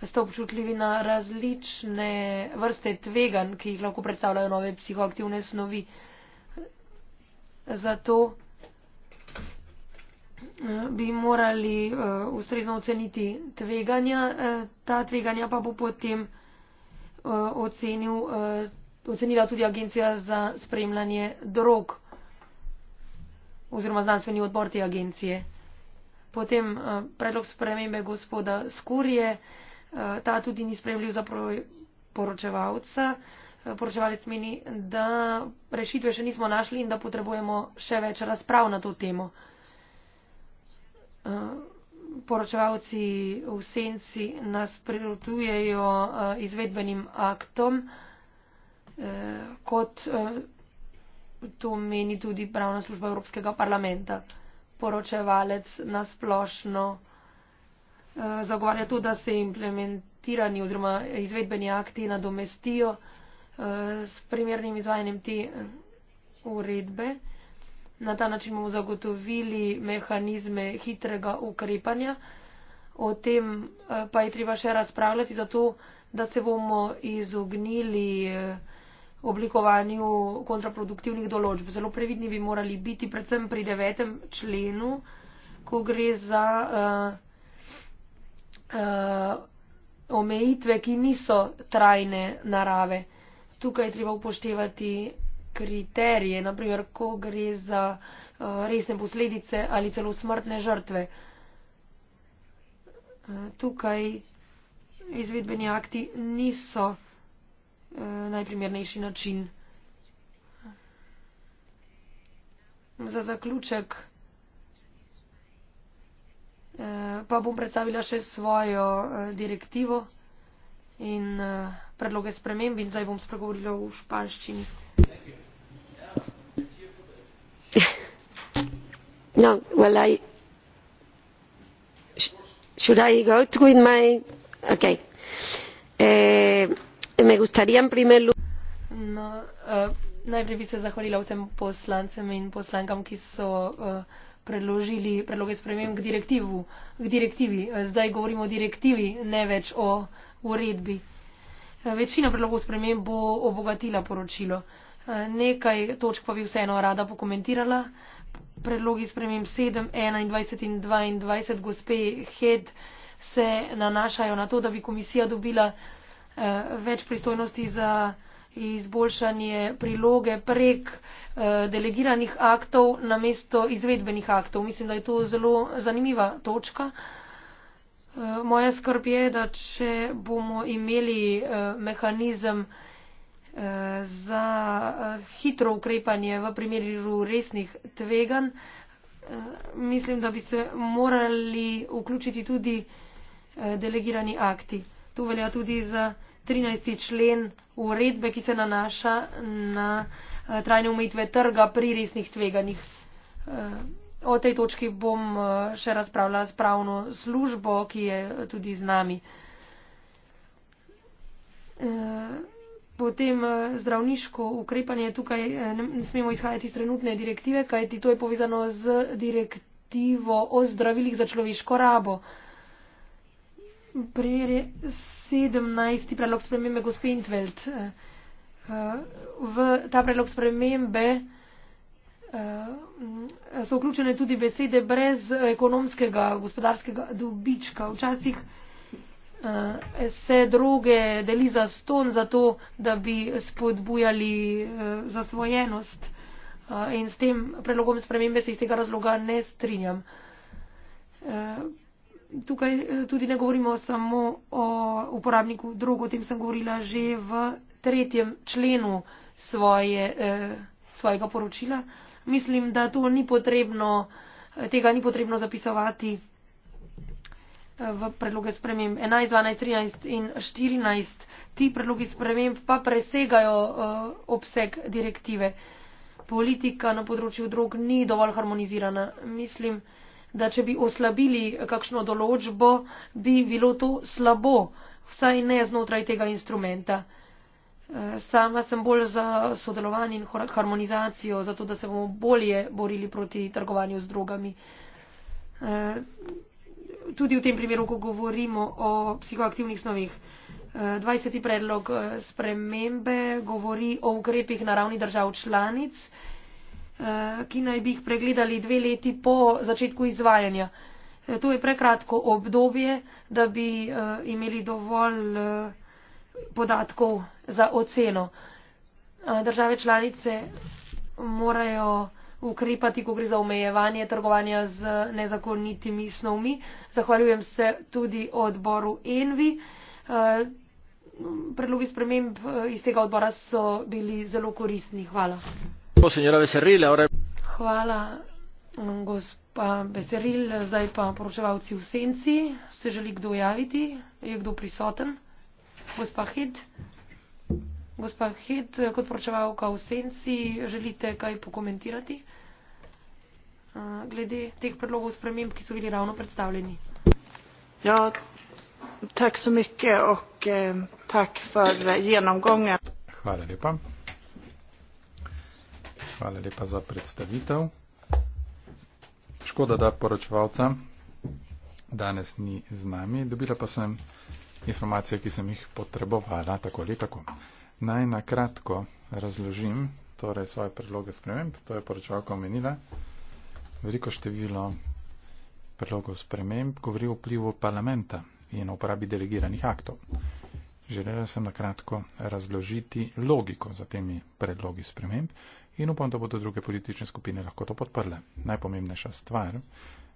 ste občutljivi na različne vrste tvegan, ki jih lahko predstavljajo nove psihoaktivne snovi. Zato eh, bi morali uh, ustrezno oceniti tveganja, uh, ta tveganja pa bo potem uh, ocenil, uh, ocenila tudi agencija za spremljanje drog oziroma znanstveni odbor te agencije. Potem uh, predlog spremembe gospoda Skurje. Uh, ta tudi ni sprejemljiv za poročevalca. Poročevalec meni, da rešitve še nismo našli in da potrebujemo še več razprav na to temo. Eh, poročevalci v senci nas prirodujejo eh, izvedbenim aktom, eh, kot to meni tudi pravna služba Evropskega parlamenta. Poročevalec nasplošno zagovarja to, da se implementirani oziroma izvedbeni akti nadomestijo eh, s primernim izvajanjem te eh, uredbe. Na ta način bomo zagotovili mehanizme hitrega ukrepanja. O tem eh, pa je treba še razpravljati, zato da se bomo izognili oblikovanju kontraproduktivnih določb. Zelo previdni bi morali biti, predvsem pri devetem členu, ko gre za. Uh, uh, omejitve, ki niso trajne narave. Tukaj je treba upoštevati kriterije, naprimer, ko gre za uh, resne posledice ali celo smrtne žrtve. Eh, tukaj izvedbeni akti niso eh, najprimernejši način. Za zaključek. Eh, pa bom predstavila še svojo eh, direktivo in eh, predloge sprememb in zdaj bom spregovorila v španščini. No, well, I should I go to with my okay. Eh, me gustaría en primer lugar. No, uh, najprej bi se zahvalila vsem poslancem in poslankam, ki so uh, predložili predloge sprememb k, k direktivi. Zdaj govorimo o direktivi, ne več o uredbi. Večina predlogov sprememb bo obogatila poročilo. Nekaj točk pa bi vseeno rada pokomentirala. Predlogi sprememb 7, 21 in 22 gospe Hed se nanašajo na to, da bi komisija dobila eh, več pristojnosti za izboljšanje priloge prek eh, delegiranih aktov namesto izvedbenih aktov. Mislim, da je to zelo zanimiva točka. Eh, moja skrb je, da če bomo imeli eh, mehanizem za hitro ukrepanje v primeru resnih tveganj, mislim, da bi se morali vključiti tudi delegirani akti. To velja tudi za 13. člen uredbe, ki se nanaša na eh, trajne umetve trga pri resnih tveganjih. Eh, o tej točki bom eh, še razpravljala s pravno službo, ki je tudi z nami. Potem zdravniško ukrepanje tukaj ne smemo izhajati iz trenutne direktive, kajti to je povezano z direktivo o zdravilih za človeško rabo prejeli 17. predlog spremembe gospe Intveld. Eh, eh, v ta predlog spremembe eh, so vključene tudi besede brez ekonomskega, gospodarskega dobička. Včasih se droge deli za ston, zato da bi spodbujali zasvojenost in s tem predlogom spremembe se iz tega razloga ne strinjam tukaj eh, tudi ne govorimo samo o uporabniku drog, o tem sem govorila že v tretjem členu svoje, eh, svojega poročila. Mislim, da to ni potrebno, eh, tega ni potrebno zapisovati eh, v predloge sprememb 11, 12, 13 in 14. Ti predlogi sprememb pa presegajo eh, obseg direktive. Politika na področju drog ni dovolj harmonizirana. Mislim, da če bi oslabili kakšno določbo, bi bilo to slabo, vsaj ne znotraj tega instrumenta. Eh, sama sem bolj za sodelovanje in harmonizacijo, zato da se bomo bolje borili proti trgovanju z drogami. Eh, tudi v tem primeru, ko govorimo o psihoaktivnih snovih, 20. Eh, predlog spremembe govori o ukrepih na ravni držav članic Eh, ki naj bi jih pregledali dve leti po začetku izvajanja. Eh, to je prekratko obdobje, da bi eh, imeli dovolj podatkov za oceno. Države članice morajo ukrepati, ko gre za omejevanje trgovanja z nezakonitimi snovmi. Zahvaljujem se tudi odboru Envi. Predlogi sprememb iz tega odbora so bili zelo koristni. Hvala. Oh, Hvala, mm, gospa Becerril. Zdaj pa poročevalci v senci. Se želi kdo javiti? Je kdo prisoten? Gospa Hed. Gospa Hed, kot poročevalka v senci, želite kaj pokomentirati glede teh predlogov sprememb, ki so bili ravno predstavljeni? Ja, tak so mike, ok, tak for eh, genomgonga. Hvala lepa. Hvala lepa za predstavitev. Škoda, da poročevalca danes ni z nami. Dobila pa sem informacije, ki sem jih potrebovala, tako ali tako. Naj na kratko razložim torej svoje predloge sprememb. To je poročevalka omenila. Veliko število predlogov sprememb govori o vplivu parlamenta in o uporabi delegiranih aktov. Želela sem na kratko razložiti logiko za temi predlogi sprememb in upam, da bodo druge politične skupine lahko to podprle. Najpomembnejša stvar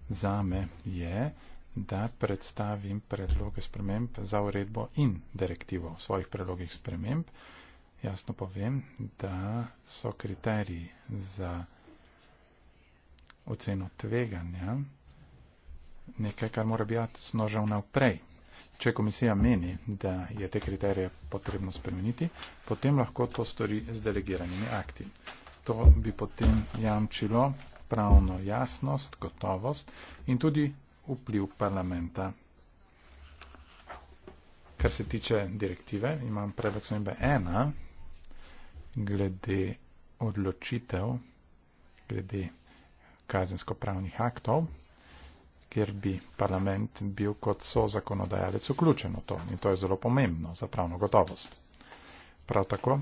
za me je, da predstavim predloge sprememb za uredbo in direktivo v svojih predlogih sprememb. Jasno povem, da so kriteriji za oceno tveganja nekaj, kar mora biti snožal naprej. Če komisija meni, da je te kriterije potrebno spremeniti, potem lahko to stori z delegiranimi akti. To bi potem jamčilo pravno jasnost, gotovost in tudi vpliv parlamenta. Kar se tiče direktive, imam predlog sembe ena, glede odločitev, glede kazensko-pravnih aktov, kjer bi parlament bil kot so zakonodajalec vključen v to. In to je zelo pomembno za pravno gotovost. Prav tako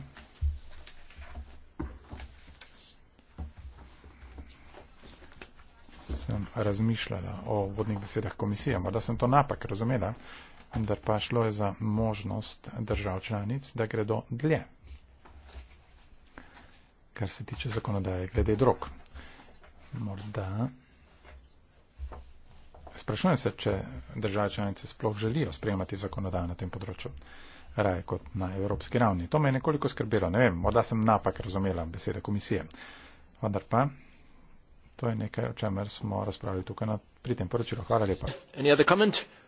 sem razmišljala o vodnih besedah komisije, morda sem to napak razumela, vendar pa šlo je za možnost držav članic, da gredo dlje, kar se tiče zakonodaje glede drog. Morda. Sprašujem se, če države članice sploh želijo sprejemati zakonodajo na tem področju, raje kot na evropski ravni. To me je nekoliko skrbelo, ne vem, morda sem napak razumela besede komisije. Vendar pa, To je nekaj, o čemer smo razpravljali tukaj na, pri tem poročilu. Hvala lepa.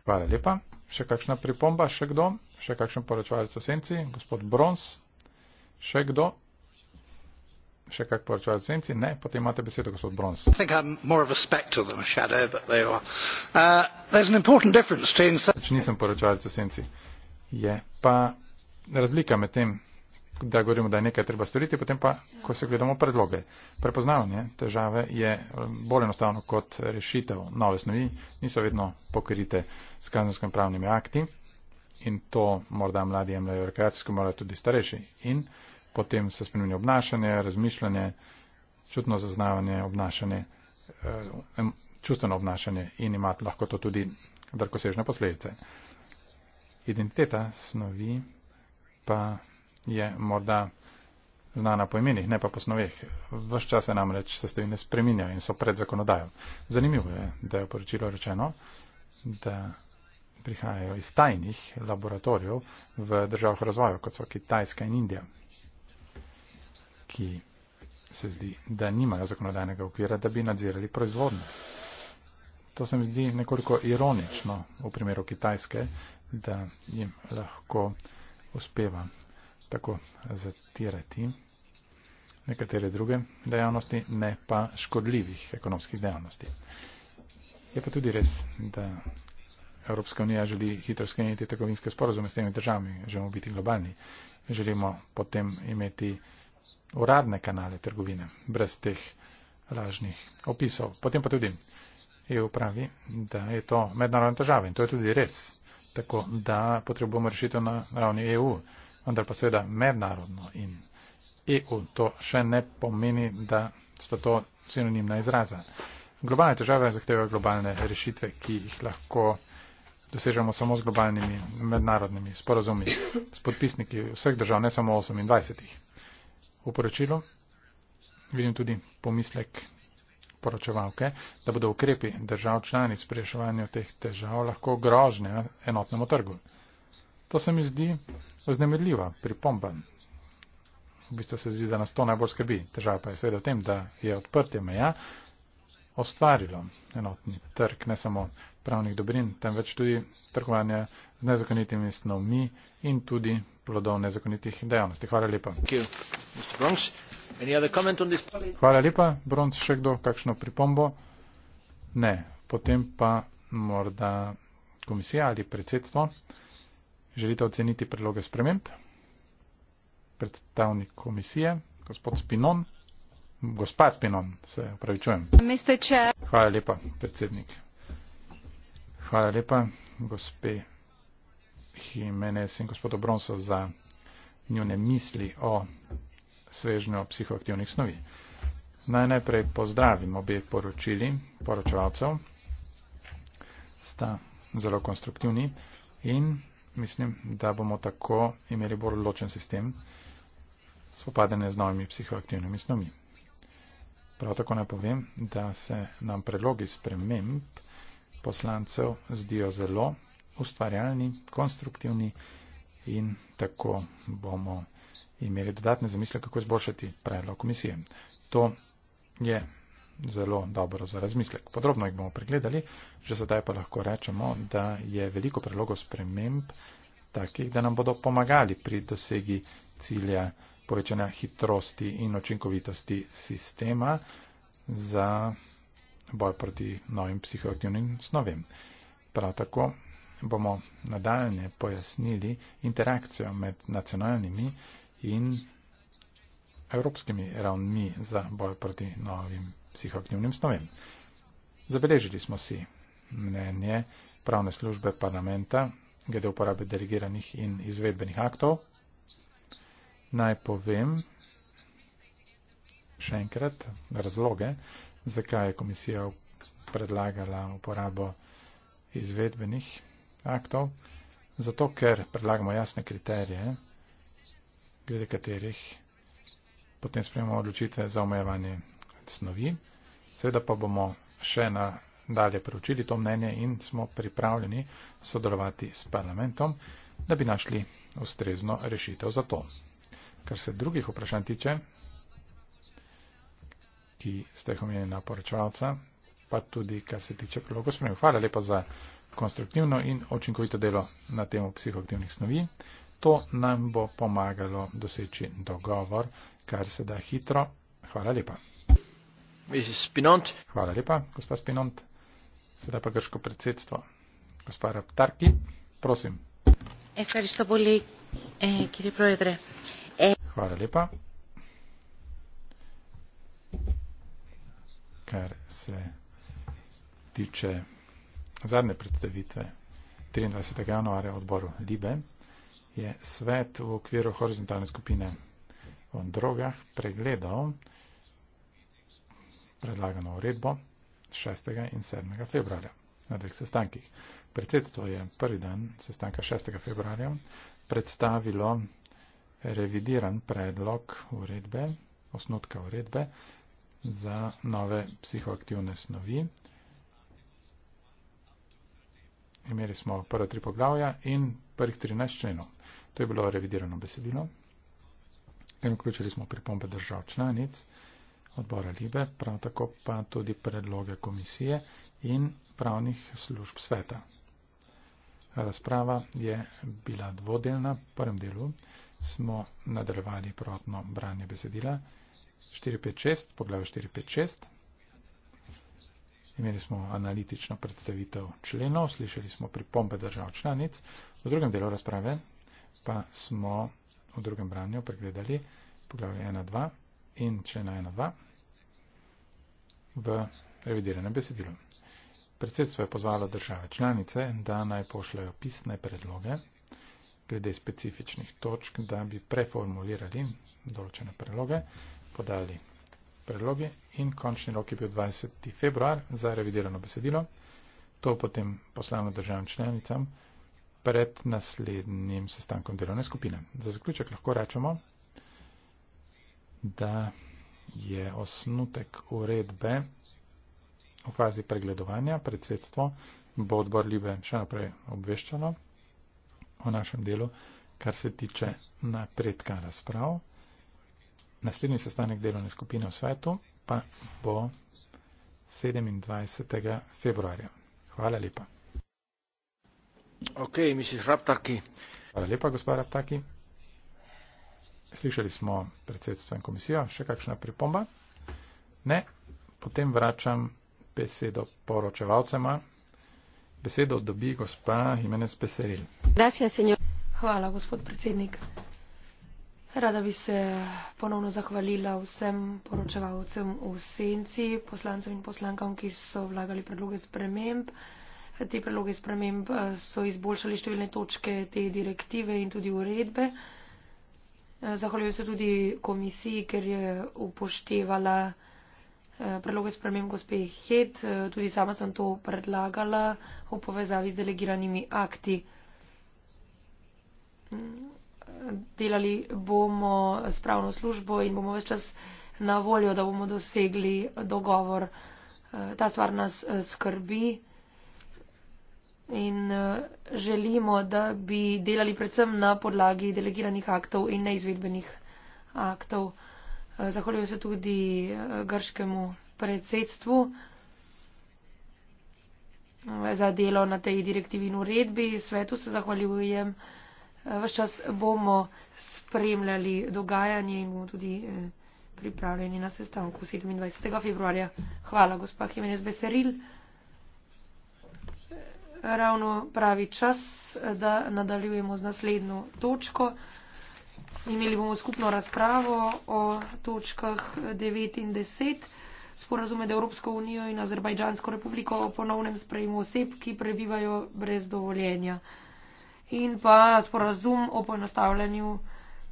Hvala lepa. Še kakšna pripomba, še kdo? Še kakšen poročevalec o senci? Gospod Brons? Še kdo? Še kak poročevalec o senci? Ne, potem imate besedo, gospod Brons. Shadow, uh, nisem poročevalec o senci. Je pa razlika med tem da govorimo, da je nekaj treba storiti, potem pa, ko se gledamo predloge. Prepoznavanje težave je um, bolj enostavno kot rešitev. Nove snovi niso vedno pokrite s kazenskim pravnimi akti in to morda mladi jemljajo rekreacijsko, morda tudi starejši. In potem se spremeni obnašanje, razmišljanje, čutno zaznavanje, obnašanje, eh, čustveno obnašanje in ima lahko to tudi drkosežne posledice. Identiteta snovi pa je morda znana po imenih, ne pa po snoveh. Vse čas se namreč sestavine spreminja in so pred zakonodajo. Zanimivo je, da je v poročilu rečeno, da prihajajo iz tajnih laboratorijev v državah razvoju, kot so Kitajska in Indija, ki se zdi, da nimajo zakonodajnega okvira, da bi nadzirali proizvodnje. To se mi zdi nekoliko ironično v primeru Kitajske, da jim lahko uspeva tako zatirati nekatere druge dejavnosti, ne pa škodljivih ekonomskih dejavnosti. Je pa tudi res, da Evropska unija želi hitro skeniti trgovinske sporozume s temi državami, želimo biti globalni, želimo potem imeti uradne kanale trgovine brez teh lažnih opisov. Potem pa tudi EU pravi, da je to mednarodna država in to je tudi res, tako da potrebujemo rešitev na ravni EU vendar pa seveda mednarodno in EU to še ne pomeni, da sta to sinonimna izraza. Globalne težave zahtevajo globalne rešitve, ki jih lahko dosežemo samo z globalnimi mednarodnimi sporazumi, s podpisniki vseh držav, ne samo 28. V poročilu vidim tudi pomislek poročevalke, da bodo ukrepi držav članic pri reševanju teh težav lahko grožnja enotnemu trgu. To se mi zdi oznemirljiva pripomba. V bistvu se zdi, da nas to najbolj skrbi. Težava pa je seveda v tem, da je odprtje meja ostvarilo enotni trg, ne samo pravnih dobrin, temveč tudi trgovanja z nezakonitimi snovmi in tudi plodov nezakonitih dejavnosti. Hvala lepa. Hvala lepa. Bronc, še kdo kakšno pripombo? Ne. Potem pa morda komisija ali predsedstvo. Želite oceniti predloge sprememb? Predstavnik komisije, gospod Spinon. Gospa Spinon, se upravičujem. Hvala lepa, predsednik. Hvala lepa, gospe Jimenez in gospod Obronso, za njune misli o svežnju psihoaktivnih snovi. Naj najprej pozdravim obe poročili poročevalcev. Sta zelo konstruktivni in mislim, da bomo tako imeli bolj ločen sistem spopadanja z novimi psihoaktivnimi snovmi. Prav tako naj povem, da se nam predlogi sprememb poslancev zdijo zelo ustvarjalni, konstruktivni in tako bomo imeli dodatne zamisle, kako izboljšati predlog komisije. To je zelo dobro za razmislek. Podrobno jih bomo pregledali, že sedaj pa lahko rečemo, da je veliko predlogov sprememb takih, da nam bodo pomagali pri dosegi cilja povečanja hitrosti in očinkovitosti sistema za boj proti novim psihoaktivnim snovem. Prav tako bomo nadaljne pojasnili interakcijo med nacionalnimi in evropskimi ravnmi za boj proti novim psihoaktivnim snovem psihoaktivnim snovem. Zabeležili smo si mnenje pravne službe parlamenta glede uporabe delegiranih in izvedbenih aktov. Naj povem še enkrat razloge, zakaj je komisija predlagala uporabo izvedbenih aktov. Zato, ker predlagamo jasne kriterije, glede katerih potem sprejemamo odločitve za omejevanje snovi. Seveda pa bomo še nadalje preučili to mnenje in smo pripravljeni sodelovati s parlamentom, da bi našli ustrezno rešitev za to. Kar se drugih vprašanj tiče, ki ste jih omenili na poročevalca, pa tudi kar se tiče prilogo spremljiv. Hvala lepa za konstruktivno in očinkovito delo na temo psihoaktivnih snovi. To nam bo pomagalo doseči dogovor, kar se da hitro. Hvala lepa. Mrs. Spinont. Hvala lepa, gospa Spinont. Sedaj pa grško predsedstvo. Gospa Raptarki, prosim. Ευχαριστώ πολύ, ε, κύριε Πρόεδρε. Ε... Χαρά λίπα. Καρ σε τίτσε ζάρνε πρεδεβίτε 23. ιανουάρια οτμπόρου Λίπε je svet v okviru horizontalne skupine on drogah pregledal predlagano uredbo 6. in 7. februarja na dveh sestankih. Predsedstvo je prvi dan sestanka 6. februarja predstavilo revidiran predlog uredbe, osnutka uredbe za nove psihoaktivne snovi. Imeli smo prva tri poglavja in prvih 13 členov. To je bilo revidirano besedilo. Potem vključili smo pripombe držav članic odbora Libe, prav tako pa tudi predloge komisije in pravnih služb sveta. Razprava je bila dvodelna. V prvem delu smo nadaljevali protno branje besedila 456, poglavje 456. Imeli smo analitično predstavitev členov, slišali smo pripombe držav članic. V drugem delu razprave pa smo v drugem branju pregledali poglavje 1.2 in člena 1.2 v revidiranem besedilu. Predsedstvo je pozvalo države članice, da naj pošljajo pisne predloge glede specifičnih točk, da bi preformulirali določene predloge, podali predloge in končni rok je bil 20. februar za revidirano besedilo. To potem poslano državam članicam pred naslednjim sestankom delovne skupine. Za zaključek lahko rečemo, da je osnutek uredbe v fazi pregledovanja. Predsedstvo bo odbor Libe še naprej obveščalo o našem delu, kar se tiče napredka razprav. Naslednji sestanek delovne skupine v svetu pa bo 27. februarja. Hvala lepa. Ok, misliš, Raptaki. Hvala lepa, gospod Raptaki. Slišali smo predsedstvo in komisijo. Še kakšna pripomba? Ne. Potem vračam besedo poročevalcema. Besedo dobi gospa Jimenez Peseril. Gracias, Hvala, gospod predsednik. Rada bi se ponovno zahvalila vsem poročevalcem v senci, poslancem in poslankam, ki so vlagali predloge sprememb. Te predloge sprememb eh, so izboljšali številne točke te direktive in tudi uredbe. Zahvaljujem se tudi komisiji, ker je upoštevala eh, predloge sprememb gospe Het. Eh, tudi sama sem to predlagala v povezavi z delegiranimi akti. Delali bomo s pravno službo in bomo več čas na voljo, da bomo dosegli dogovor. Eh, ta stvar nas skrbi in eh, želimo, da bi delali predvsem na podlagi delegiranih aktov in neizvedbenih aktov. Eh, zahvaljujem se tudi eh, grškemu predsedstvu za delo na tej direktivi in uredbi. Svetu se zahvaljujem. Ves čas bomo spremljali dogajanje in bomo tudi pripravljeni na sestanku 27. februarja. Hvala, gospa Jimenez Beseril ravno pravi čas, da nadaljujemo z naslednjo točko. Imeli bomo skupno razpravo o točkah 9 in 10. Sporazum med Evropsko unijo in Azerbajdžansko republiko o ponovnem sprejemu oseb, ki prebivajo brez dovoljenja. In pa sporazum o poenostavljanju,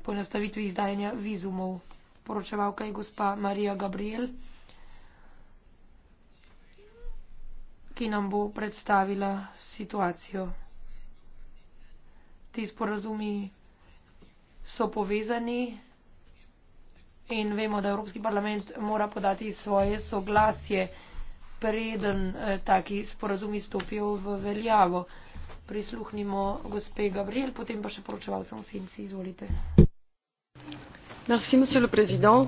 poenostavitvi izdajanja vizumov. Poročevalka je gospa Marija Gabriel. ki nam bo predstavila situacijo. Ti sporazumi so povezani in vemo, da Evropski parlament mora podati svoje soglasje, preden eh, taki sporazumi stopijo v veljavo. Prisluhnimo gospe Gabriel, potem pa še poročevalcem v senci. Izvolite. Merci, monsieur le président.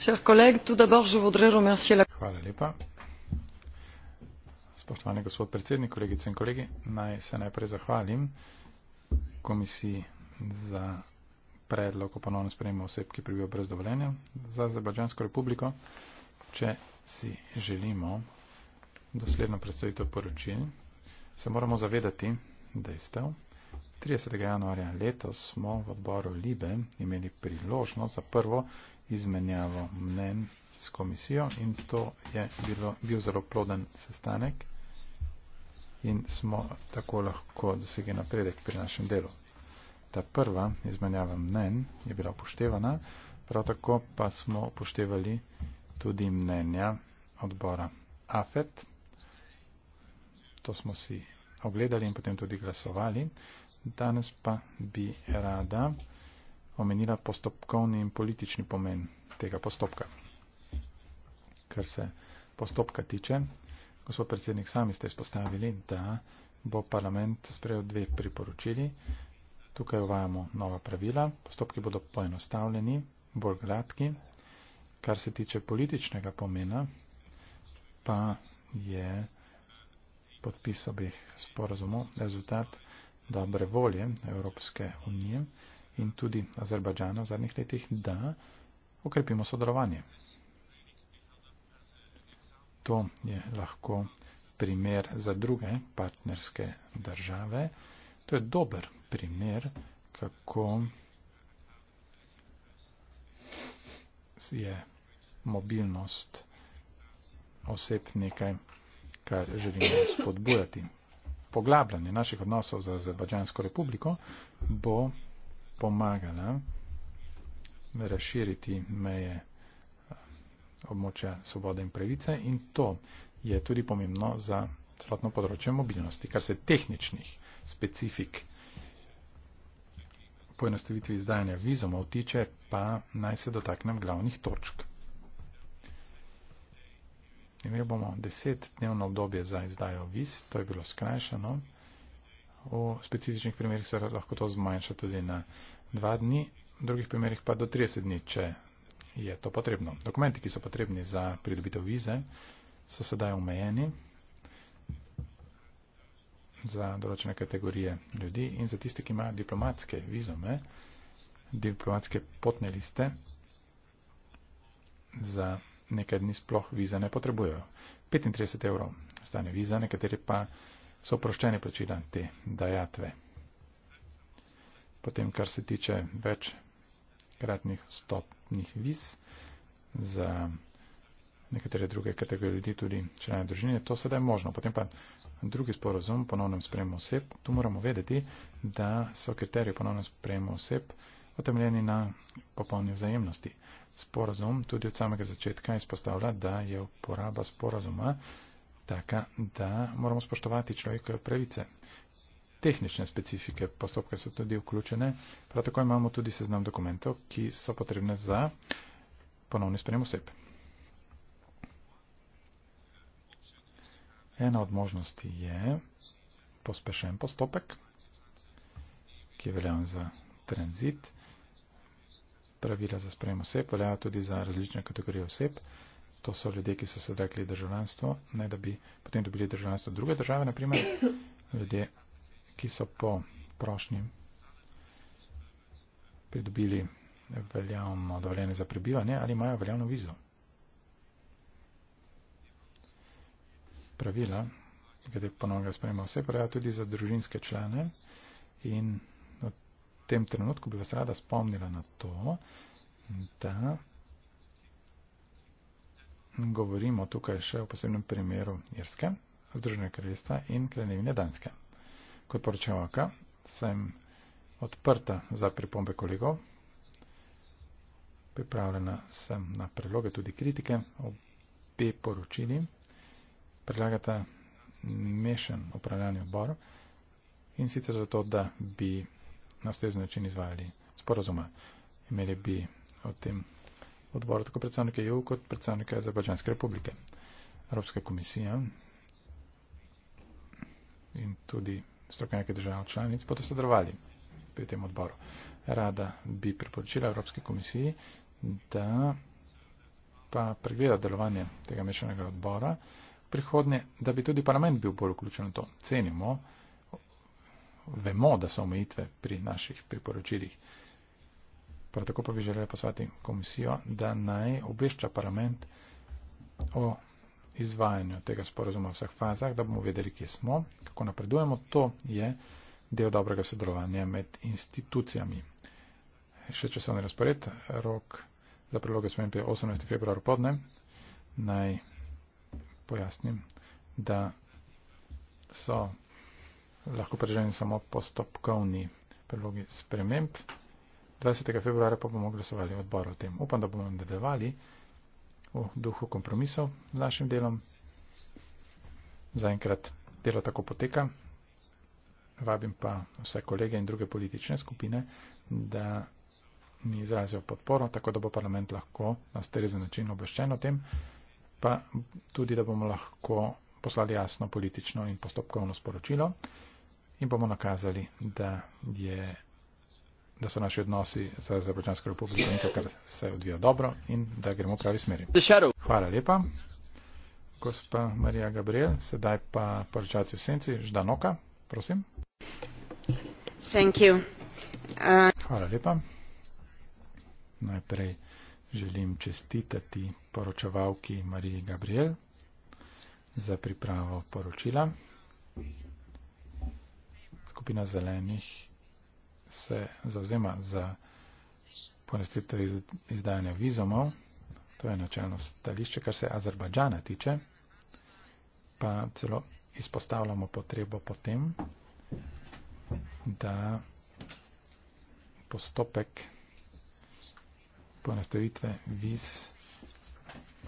Chers collègues, tout d'abord, je voudrais remercier la... Hvala lepa. Spoštovani gospod predsednik, kolegice in kolegi, naj se najprej zahvalim komisiji za predlog o ponovnem sprejemu oseb, ki pribijo brez dovoljenja za Azerbajdžansko republiko, če si želimo dosledno predstavitev poročil, se moramo zavedati dejstev. 30. januarja letos smo v odboru Libe imeli priložnost za prvo izmenjavo mnen s komisijo in to je bil, bil zelo ploden sestanek in smo tako lahko dosegli napredek pri našem delu. Ta prva izmenjava mnen je bila upoštevana, prav tako pa smo upoštevali tudi mnenja odbora AFET. To smo si ogledali in potem tudi glasovali. Danes pa bi rada omenila postopkovni in politični pomen tega postopka. Kar se postopka tiče, gospod predsednik, sami ste spostavili, da bo parlament sprejel dve priporočili. Tukaj uvajamo nova pravila, postopki bodo poenostavljeni, bolj gladki. Kar se tiče političnega pomena, pa je podpis obih sporozumov rezultat dobre volje Evropske unije in tudi Azerbajdžana v zadnjih letih, da okrepimo sodelovanje to je lahko primer za druge partnerske države. To je dober primer, kako je mobilnost oseb nekaj, kar želimo spodbujati. Poglabljanje naših odnosov za Azerbajdžansko republiko bo pomagala razširiti meje območja svobode in pravice in to je tudi pomembno za celotno področje mobilnosti, kar se tehničnih specifik poenostavitvi izdajanja vizumov tiče, pa naj se dotaknem glavnih točk. Imeli bomo desetdnevno obdobje za izdajo viz, to je bilo skrajšano. V specifičnih primerih se lahko to zmanjša tudi na dva dni, v drugih primerih pa do 30 dni, če je to potrebno. Dokumenti, ki so potrebni za pridobitev vize, so sedaj omejeni za določene kategorije ljudi in za tiste, ki imajo diplomatske vizume, diplomatske potne liste, za nekaj dni sploh vize ne potrebujejo. 35 evrov stane viza, nekateri pa so oproščeni plačila te dajatve. Potem, kar se tiče večkratnih stop izpitnih viz za nekatere druge kategorije ljudi, tudi člane družine, to sedaj možno. Potem pa drugi sporozum, ponovnem sprejemu oseb. Tu moramo vedeti, da so kriteriji ponovnem sprejemu oseb otemljeni na popolni vzajemnosti. Sporozum tudi od samega začetka izpostavlja, da je uporaba sporozuma taka, da moramo spoštovati človekove pravice. Tehnične specifike postopka so tudi vključene. Prav tako imamo tudi seznam dokumentov, ki so potrebne za ponovni sprejem oseb. Ena od možnosti je pospešen postopek, ki je veljavn za tranzit. Pravila za sprejem oseb veljajo tudi za različne kategorije oseb. To so ljudje, ki so se odrekli državljanstvo, ne da bi potem dobili državljanstvo druge države, naprimer ljudje ki so po prošnji pridobili veljavno dovoljenje za prebivanje ali imajo veljavno vizo. Pravila, glede ponovnega sprejema vse, pravijo tudi za družinske člane in v tem trenutku bi vas rada spomnila na to, da govorimo tukaj še o posebnem primeru Irske, Združenega kraljestva in kraljevine Danske kot poročevalka sem odprta za pripombe kolegov. Pripravljena sem na predloge, tudi kritike, obe poročili. Predlagata mešen upravljanje odborov in sicer zato, da bi na ustrezni način izvajali sporozuma. Imeli bi o tem odboru tako predstavnike EU kot predstavnike Azerbajdžanske republike. Evropska komisija in tudi strokovnjake držav članic bodo sodelovali pri tem odboru. Rada bi priporočila Evropski komisiji, da pa pregleda delovanje tega mešanega odbora prihodnje, da bi tudi parlament bil bolj vključen v to. Cenimo, vemo, da so omejitve pri naših priporočilih. Prav tako pa bi želela poslati komisijo, da naj obešča parlament o izvajanju tega sporozuma v vseh fazah, da bomo vedeli, kje smo, kako napredujemo. To je del dobrega sodelovanja med institucijami. Še časovni razpored, rok za priloge smo imeli 18. februar podne. Naj pojasnim, da so lahko preženi samo postopkovni prilogi sprememb. 20. februarja pa bomo glasovali odbor o tem. Upam, da bomo nadaljevali v duhu kompromisov z našim delom. Zaenkrat delo tako poteka. Vabim pa vse kolege in druge politične skupine, da mi izrazijo podporo, tako da bo parlament lahko na ustrezen način obveščen o tem, pa tudi, da bomo lahko poslali jasno politično in postopkovno sporočilo in bomo nakazali, da je da so naši odnosi z Azerbajdžansko republiko in kar se odvija dobro in da gremo v pravi smeri. Hvala lepa, gospa Marija Gabriel. Sedaj pa poročati v senci Ždanoka, prosim. Uh, Hvala lepa. Najprej želim čestitati poročevalki Mariji Gabriel za pripravo poročila. Skupina zelenih se zavzema za ponestitev izdajanja vizomov. To je načelno stališče, kar se Azerbajdžana tiče. Pa celo izpostavljamo potrebo potem, da postopek ponestavitve viz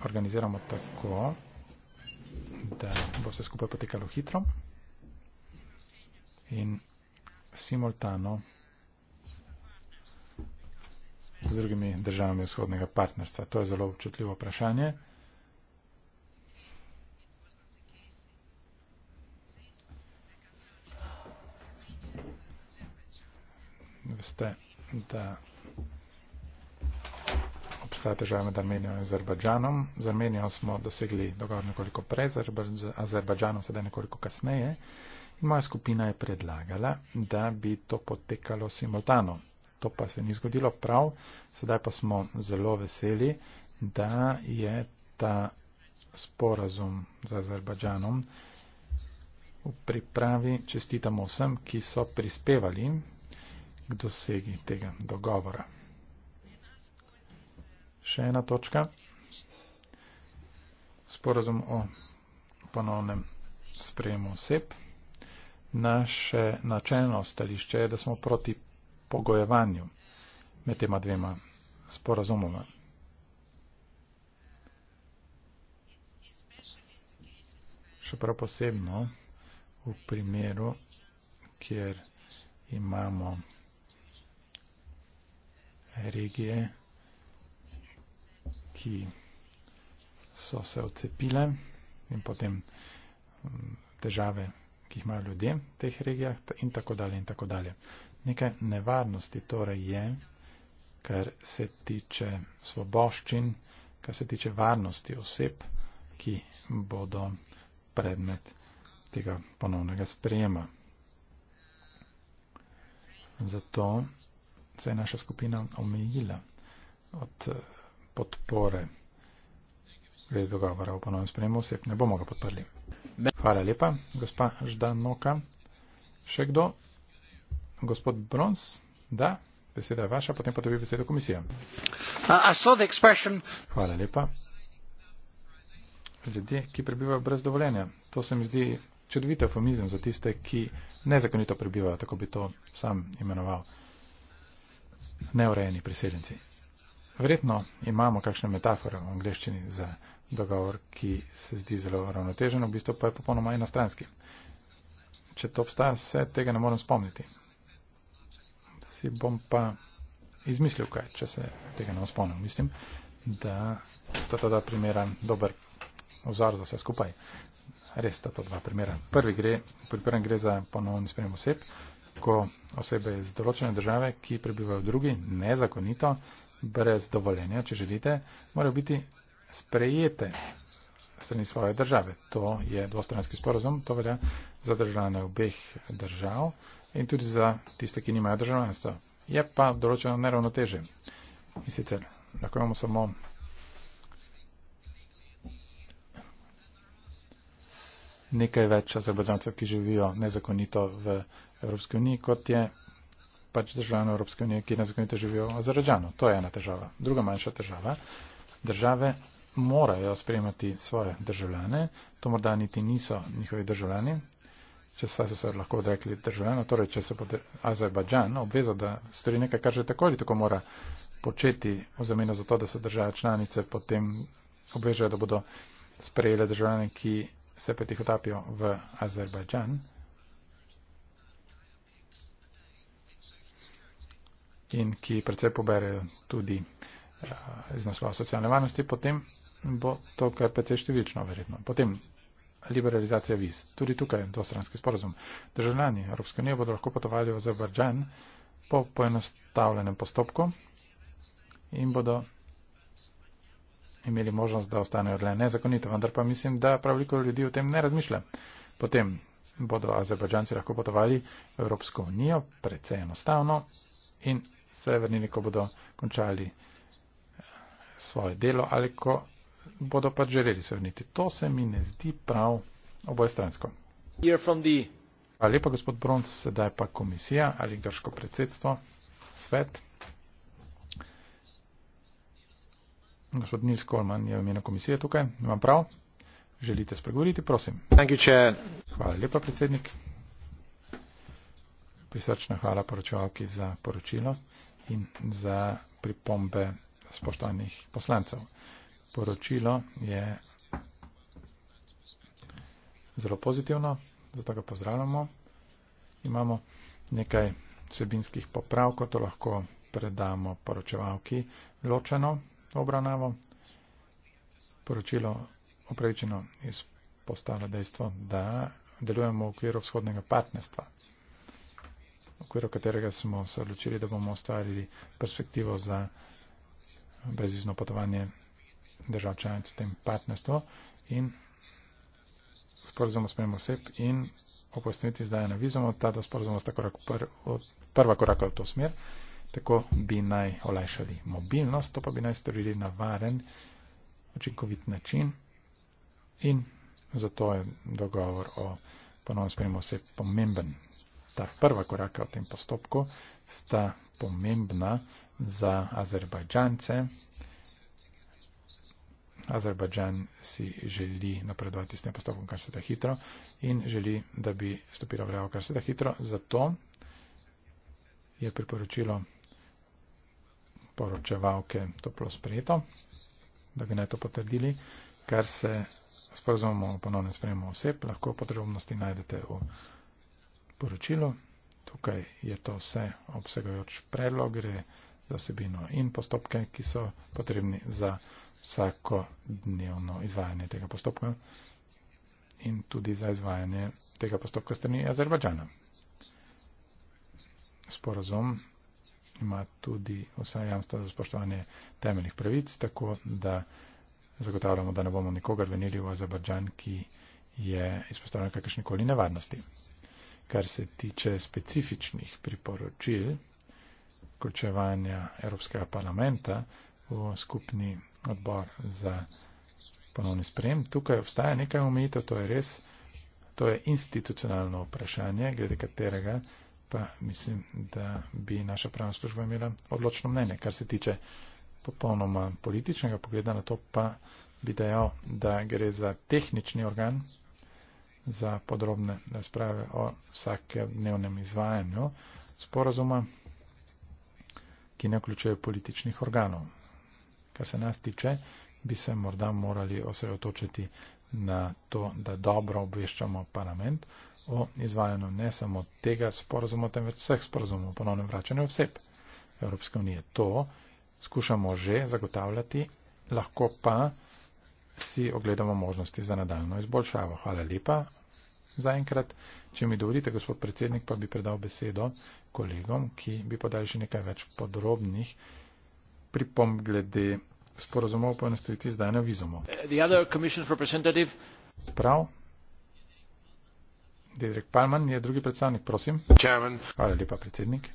organiziramo tako, da bo se skupaj potekalo hitro in simultano z drugimi državami vzhodnega partnerstva. To je zelo občutljivo vprašanje. Veste, da obstaja težava med Armenijo in Azerbajdžanom. Z Armenijo smo dosegli dogovor nekoliko prej, z Azerbajdžanom sedaj nekoliko kasneje. Moja skupina je predlagala, da bi to potekalo simultano to pa se ni zgodilo prav. Sedaj pa smo zelo veseli, da je ta sporazum z Azerbajdžanom v pripravi. Čestitamo vsem, ki so prispevali k dosegi tega dogovora. Še ena točka. Sporazum o ponovnem sprejemu oseb. Naše načelno stališče je, da smo proti pogojevanju med tema dvema sporazumoma. Še prav posebno v primeru, kjer imamo regije, ki so se odcepile in potem mm, težave, ki jih imajo ljudje v teh regijah in tako dalje in tako dalje. Nekaj nevarnosti torej je, kar se tiče svoboščin, kar se tiče varnosti oseb, ki bodo predmet tega ponovnega sprejema. Zato se je naša skupina omejila od eh, podpore glede dogovora o ponovnem sprejemu oseb. Ne bomo ga podprli. Hvala lepa, gospa Ždanoka. Še kdo? Gospod Brons, da, beseda je vaša, potem pa dobi besedo komisija. Uh, Hvala lepa. Ljudje, ki prebivajo brez dovoljenja. To se mi zdi čudovito eufemizem za tiste, ki nezakonito prebivajo, tako bi to sam imenoval. Neurejeni priseljenci. Verjetno imamo kakšne metafore v angleščini za dogovor, ki se zdi zelo ravnotežen, v bistvu pa je popolnoma enostranski. Če to obstaja, se tega ne morem spomniti si bom pa izmislil kaj, če se tega ne spomnim. Mislim, da sta ta dva primera dober ozor za vse skupaj. Res sta to dva primera. Prvi gre, pri prvem gre za ponovni sprejem oseb, ko osebe iz določene države, ki prebivajo v drugi nezakonito, brez dovoljenja, če želite, morajo biti sprejete strani svoje države. To je dvostranski sporozum, to velja za državljane obeh držav in tudi za tiste, ki nimajo državljanstva. Je pa določeno neravnoteže. In sicer lahko imamo samo. nekaj več azerbajdžancev, ki živijo nezakonito v Evropski uniji, kot je pač državljano Evropske unije, ki nezakonito živijo v Azerbajdžanu. To je ena težava. Druga manjša težava. Države morajo sprejemati svoje državljane, to morda niti niso njihovi državljani, če so se lahko odrekli državljanom, torej če se bo Azerbajdžan obvezal, da stori nekaj, kar že tako ali tako mora početi v zameno za to, da se države članice potem obvežajo, da bodo sprejele državljane, ki se pa tih otapijo v Azerbajdžan. in ki predvsej poberejo tudi uh, iz naslova socialne varnosti, potem bo to kar predvsej številčno, verjetno. Potem liberalizacija viz. Tudi tukaj je dvostranski sporozum. Državljani Evropske unije bodo lahko potovali v Azerbajdžan po poenostavljenem postopku in bodo imeli možnost, da ostanejo le nezakonito, vendar pa mislim, da prav veliko ljudi o tem ne razmišlja. Potem bodo Azerbajdžanci lahko potovali v Evropsko unijo precej enostavno in se vrnili, ko bodo končali eh, svoje delo ali ko bodo pač želeli se vrniti. To se mi ne zdi prav obojestransko. Hvala lepa, gospod Bronc, sedaj pa komisija ali grško predsedstvo, svet. Gospod Nils Kolman je v imenu komisije tukaj, imam prav. Želite spregovoriti, prosim. Hvala lepa, predsednik. Prisrčna hvala poročevalki za poročilo in za pripombe spoštovanih poslancev poročilo je zelo pozitivno, zato ga pozdravljamo. Imamo nekaj vsebinskih popravkov, to lahko predamo poročevalki ločeno obravnavo. Poročilo upravičeno izpostavlja dejstvo, da delujemo v okviru vzhodnega partnerstva, v okviru katerega smo se odločili, da bomo ustvarili perspektivo za brezvizno potovanje držav članic v tem partnerstvu in sporozum uspremo vseb in opostaviti zdaj na vizom, ta da sporozum sta korak pr, od, prva koraka v to smer, tako bi naj olajšali mobilnost, to pa bi naj storili na varen, učinkovit način in zato je dogovor o ponovno sprejemu oseb pomemben. Ta prva koraka v tem postopku sta pomembna za azerbajdžance, Azerbajdžan si želi napredovati s tem postopkom kar se da hitro in želi, da bi stopila vlevo kar se da hitro. Zato je priporočilo poročevalke toplo sprejeto, da bi naj to potrdili, kar se sporozumemo o ponovnem sprejemu oseb. Lahko podrobnosti najdete v poročilu. Tukaj je to vse obsegajoč predlog, gre za vsebino in postopke, ki so potrebni za vsako dnevno izvajanje tega postopka in tudi za izvajanje tega postopka strani Azerbajdžana. Sporazum ima tudi vsa jamstva za spoštovanje temeljnih pravic, tako da zagotavljamo, da ne bomo nikogar venili v Azerbajdžan, ki je izpostavljen kakršnekoli nevarnosti. Kar se tiče specifičnih priporočil, vključevanja Evropskega parlamenta v skupni odbor za ponovni sprejem. Tukaj obstaja nekaj omejitev, to je res, to je institucionalno vprašanje, glede katerega pa mislim, da bi naša pravna služba imela odločno mnenje, kar se tiče popolnoma političnega pogleda na to, pa bi dejal, da gre za tehnični organ za podrobne razprave o vsakem dnevnem izvajanju sporazuma, ki ne vključuje političnih organov kar se nas tiče, bi se morda morali osredotočiti na to, da dobro obveščamo parlament o izvajanju ne samo tega sporozuma, temveč vseh sporozumov o ponovnem vračanju vseb Evropske unije. To skušamo že zagotavljati, lahko pa si ogledamo možnosti za nadaljno izboljšavo. Hvala lepa za enkrat. Če mi dovolite, gospod predsednik, pa bi predal besedo kolegom, ki bi podali še nekaj več podrobnih pripomb glede sporozumov poenostaviti izdajanje vizumov. Eh, Prav. Dedrik Palman je drugi predstavnik, prosim. Chairman. Hvala lepa, predsednik.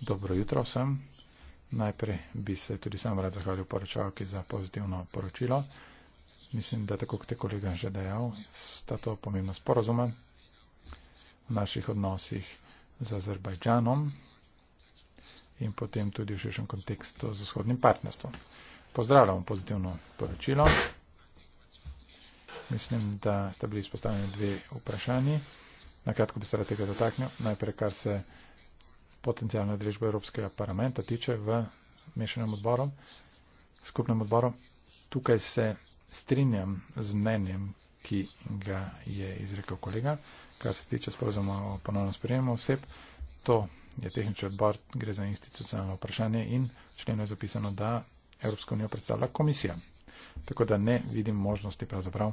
Dobro jutro vsem. Najprej bi se tudi sam rad zahvalil poročavki za pozitivno poročilo. Mislim, da tako kot je kolega že dejal, sta to pomembna sporozuma v naših odnosih z Azerbajdžanom in potem tudi v širšem kontekstu z vzhodnim partnerstvom pozdravljamo pozitivno poročilo. Mislim, da ste bili izpostavljeni dve vprašanji. Nakratko bi se rad tega dotaknil. Najprej, kar se potencijalne drežbe Evropskega parlamenta tiče v mešanem odboru, skupnem odboru. Tukaj se strinjam z mnenjem, ki ga je izrekel kolega, kar se tiče sporozuma o ponovnem sprejemu oseb. To je tehnični odbor, gre za institucionalno vprašanje in v členu je zapisano, da Evropska unija predstavlja komisija. Tako da ne vidim možnosti pravzaprav,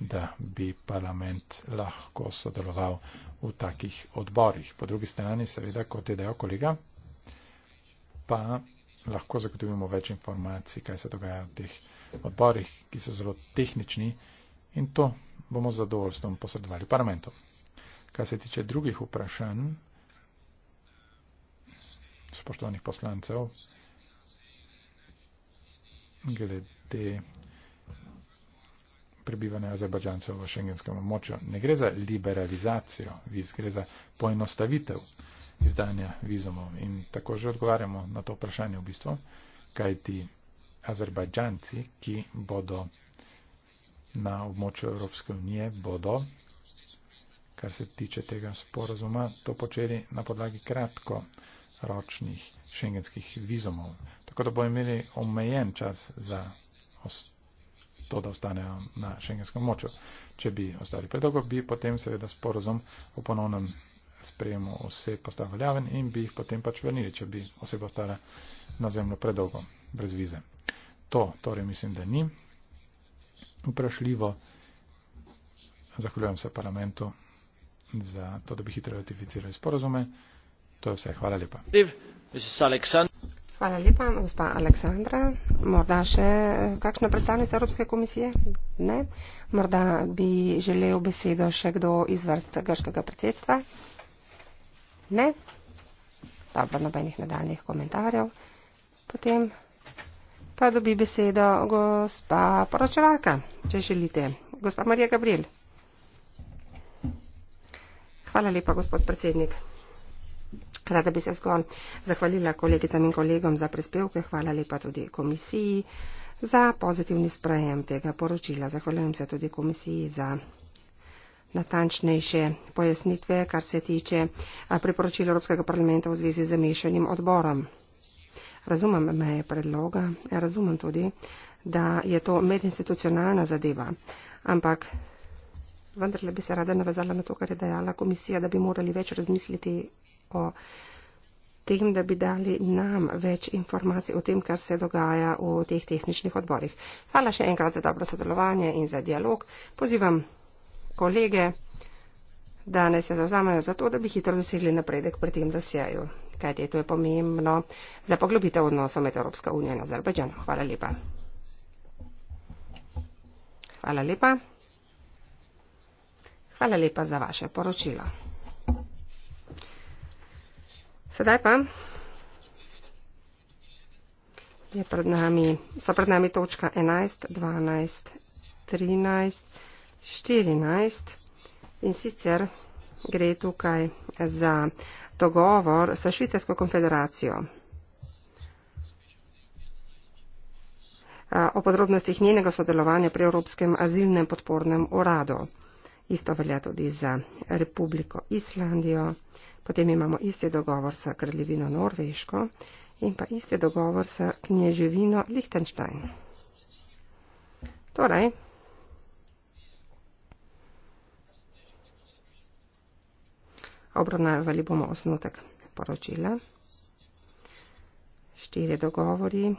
da bi parlament lahko sodeloval v takih odborih. Po drugi strani, seveda, kot je dejal kolega, pa lahko zagotovimo več informacij, kaj se dogaja v teh odborih, ki so zelo tehnični in to bomo z zadovoljstvom posredovali parlamentu. Kar se tiče drugih vprašanj, spoštovanih poslancev, glede prebivanja Azerbajdžancev v šengenskem območju. Ne gre za liberalizacijo viz, gre za poenostavitev izdanja vizumov. In tako že odgovarjamo na to vprašanje v bistvu, kaj ti Azerbajdžanci, ki bodo na območju Evropske unije, bodo, kar se tiče tega sporozuma, to počeli na podlagi kratkoročnih šengenskih vizumov tako da bomo imeli omejen čas za to, da ostanejo na šengenskem moču. Če bi ostali predolgo, bi potem seveda sporozum o ponovnem sprejemu vse postal veljaven in bi jih potem pač vrnili, če bi oseba ostala na zemljo predolgo, brez vize. To torej mislim, da ni vprašljivo. Zahvaljujem se parlamentu za to, da bi hitro ratificirali sporozume. To je vse. Hvala lepa. Dev, Hvala lepa, gospa Aleksandra. Morda še eh, kakšna predstavnica Evropske komisije? Ne. Morda bi želel besedo še kdo iz vrst grškega predsedstva? Ne. Dobro, nobenih nadaljnih komentarjev. Potem pa dobi besedo gospa poročevalka, če želite. Gospa Marija Gabriel. Hvala lepa, gospod predsednik. Rada bi se zgolj zahvalila kolegicam in kolegom za prispevke, hvala lepa tudi komisiji za pozitivni sprejem tega poročila. Zahvaljujem se tudi komisiji za natančnejše pojasnitve, kar se tiče priporočila Evropskega parlamenta v zvezi z zamešanim odborom. Razumem meje predloga, razumem tudi, da je to medinstitucionalna zadeva, ampak vendarle bi se rada navezala na to, kar je dejala komisija, da bi morali več razmisliti o tem, da bi dali nam več informacij o tem, kar se dogaja v teh tehničnih odborih. Hvala še enkrat za dobro sodelovanje in za dialog. Pozivam kolege, da ne se zauzamejo za to, da bi hitro dosegli napredek pri tem dosjeju. Kajti to je pomembno za poglobitev odnosov med Evropska unija in Azerbajdžan. Hvala lepa. Hvala lepa. Hvala lepa za vaše poročilo. Sedaj pa je pred nami, so pred nami točka 11, 12, 13, 14 in sicer gre tukaj za dogovor s Švicarsko konfederacijo. O podrobnostih njenega sodelovanja pri Evropskem azilnem podpornem uradu. Isto velja tudi za Republiko Islandijo, Potem imamo isti dogovor s kraljevino Norveško in pa isti dogovor s knježevino Lichtenstein. Torej, obravnavali bomo osnutek poročila. Štiri dogovori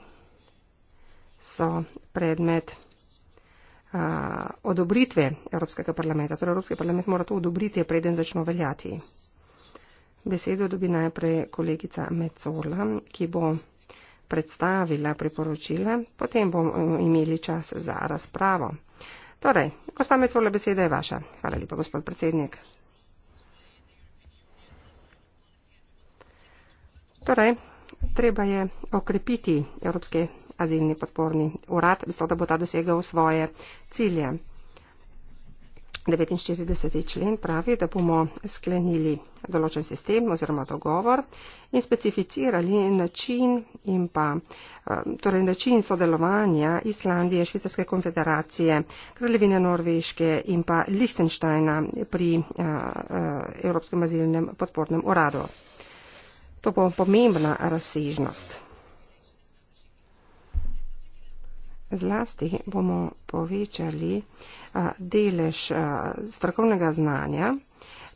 so predmet a, odobritve Evropskega parlamenta. Torej, Evropski parlament mora to odobriti, preden začne veljati. Besedo dobi najprej kolegica Mecola, ki bo predstavila priporočila, potem bomo eh, imeli čas za razpravo. Torej, gospa Mecola, beseda je vaša. Hvala lepa, gospod predsednik. Torej, treba je okrepiti Evropske azilni podporni urad, zato da bo ta dosegal svoje cilje. 49. člen pravi, da bomo sklenili določen sistem oziroma dogovor in specificirali način, in pa, eh, torej način sodelovanja Islandije, Švicarske konfederacije, Kraljevine Norveške in pa Lichtensteina pri eh, eh, Evropskem azilnem podpornem uradu. To bo pomembna razsežnost. Zlasti bomo povečali delež strokovnega znanja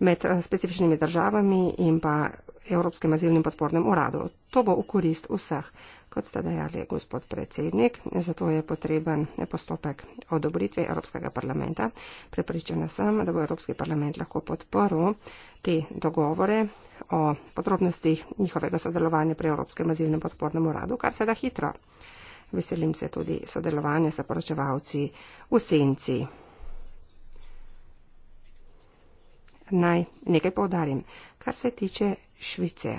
med specifičnimi državami in pa Evropskim azilnim podpornim uradom. To bo v korist vseh, kot ste dejali, gospod predsednik. Zato je potreben postopek odobritve Evropskega parlamenta. Prepričana sem, da bo Evropski parlament lahko podporil te dogovore o podrobnostih njihovega sodelovanja pri Evropskem azilnem podpornem uradu, kar se da hitro veselim se tudi sodelovanja s poročevalci v senci. Naj nekaj povdarim, kar se tiče Švice.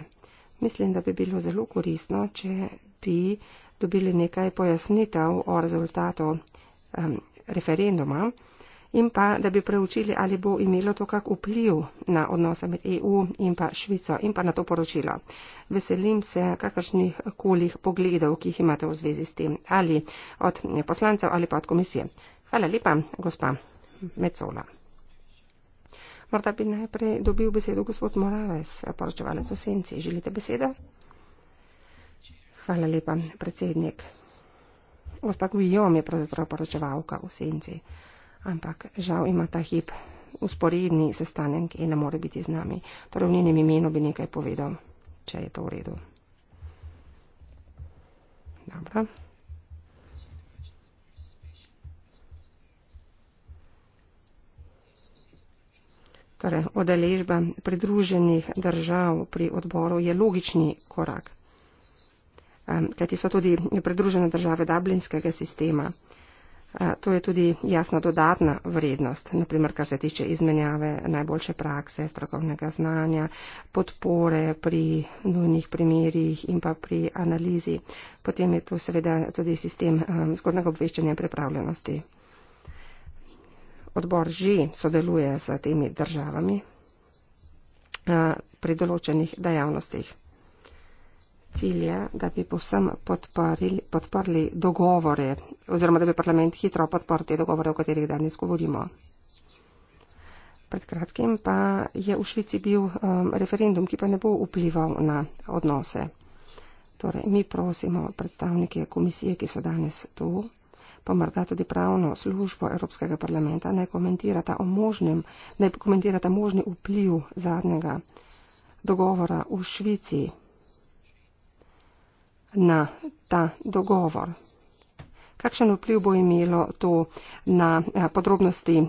Mislim, da bi bilo zelo koristno, če bi dobili nekaj pojasnitev o rezultatu um, referenduma in pa da bi preučili, ali bo imelo to kak vpliv na odnose med EU in pa Švico in pa na to poročilo. Veselim se kakršnih kolih pogledov, ki jih imate v zvezi s tem, ali od poslancev ali pa od komisije. Hvala lepa, gospa Mecola. Morda bi najprej dobil besedo gospod Moraves, poročevalec v Senci. Želite besedo? Hvala lepa, predsednik. Gospa Guillaume je pravzaprav poročevalka v Senci ampak žal ima ta hip usporedni sestanek in ne more biti z nami. Torej v njenem imenu bi nekaj povedal, če je to v redu. Dobro. Torej, odeležba pridruženih držav pri odboru je logični korak, um, kajti so tudi pridružene države dublinskega sistema. To je tudi jasna dodatna vrednost, naprimer, kar se tiče izmenjave najboljše prakse, strokovnega znanja, podpore pri nujnih primerjih in pa pri analizi. Potem je tu seveda tudi sistem um, zgodnega obveščanja in pripravljenosti. Odbor že sodeluje s temi državami uh, pri določenih dejavnostih cilja, da bi povsem podparili, podparli dogovore oziroma da bi parlament hitro podparil te dogovore, o katerih danes govorimo. Pred kratkim pa je v Švici bil um, referendum, ki pa ne bo vplival na odnose. Torej, mi prosimo predstavnike komisije, ki so danes tu, pa morda tudi pravno službo Evropskega parlamenta, naj komentirata, možnem, naj komentirata možni vpliv zadnjega dogovora v Švici na ta dogovor. Kakšen vpliv bo imelo to na eh, podrobnosti eh,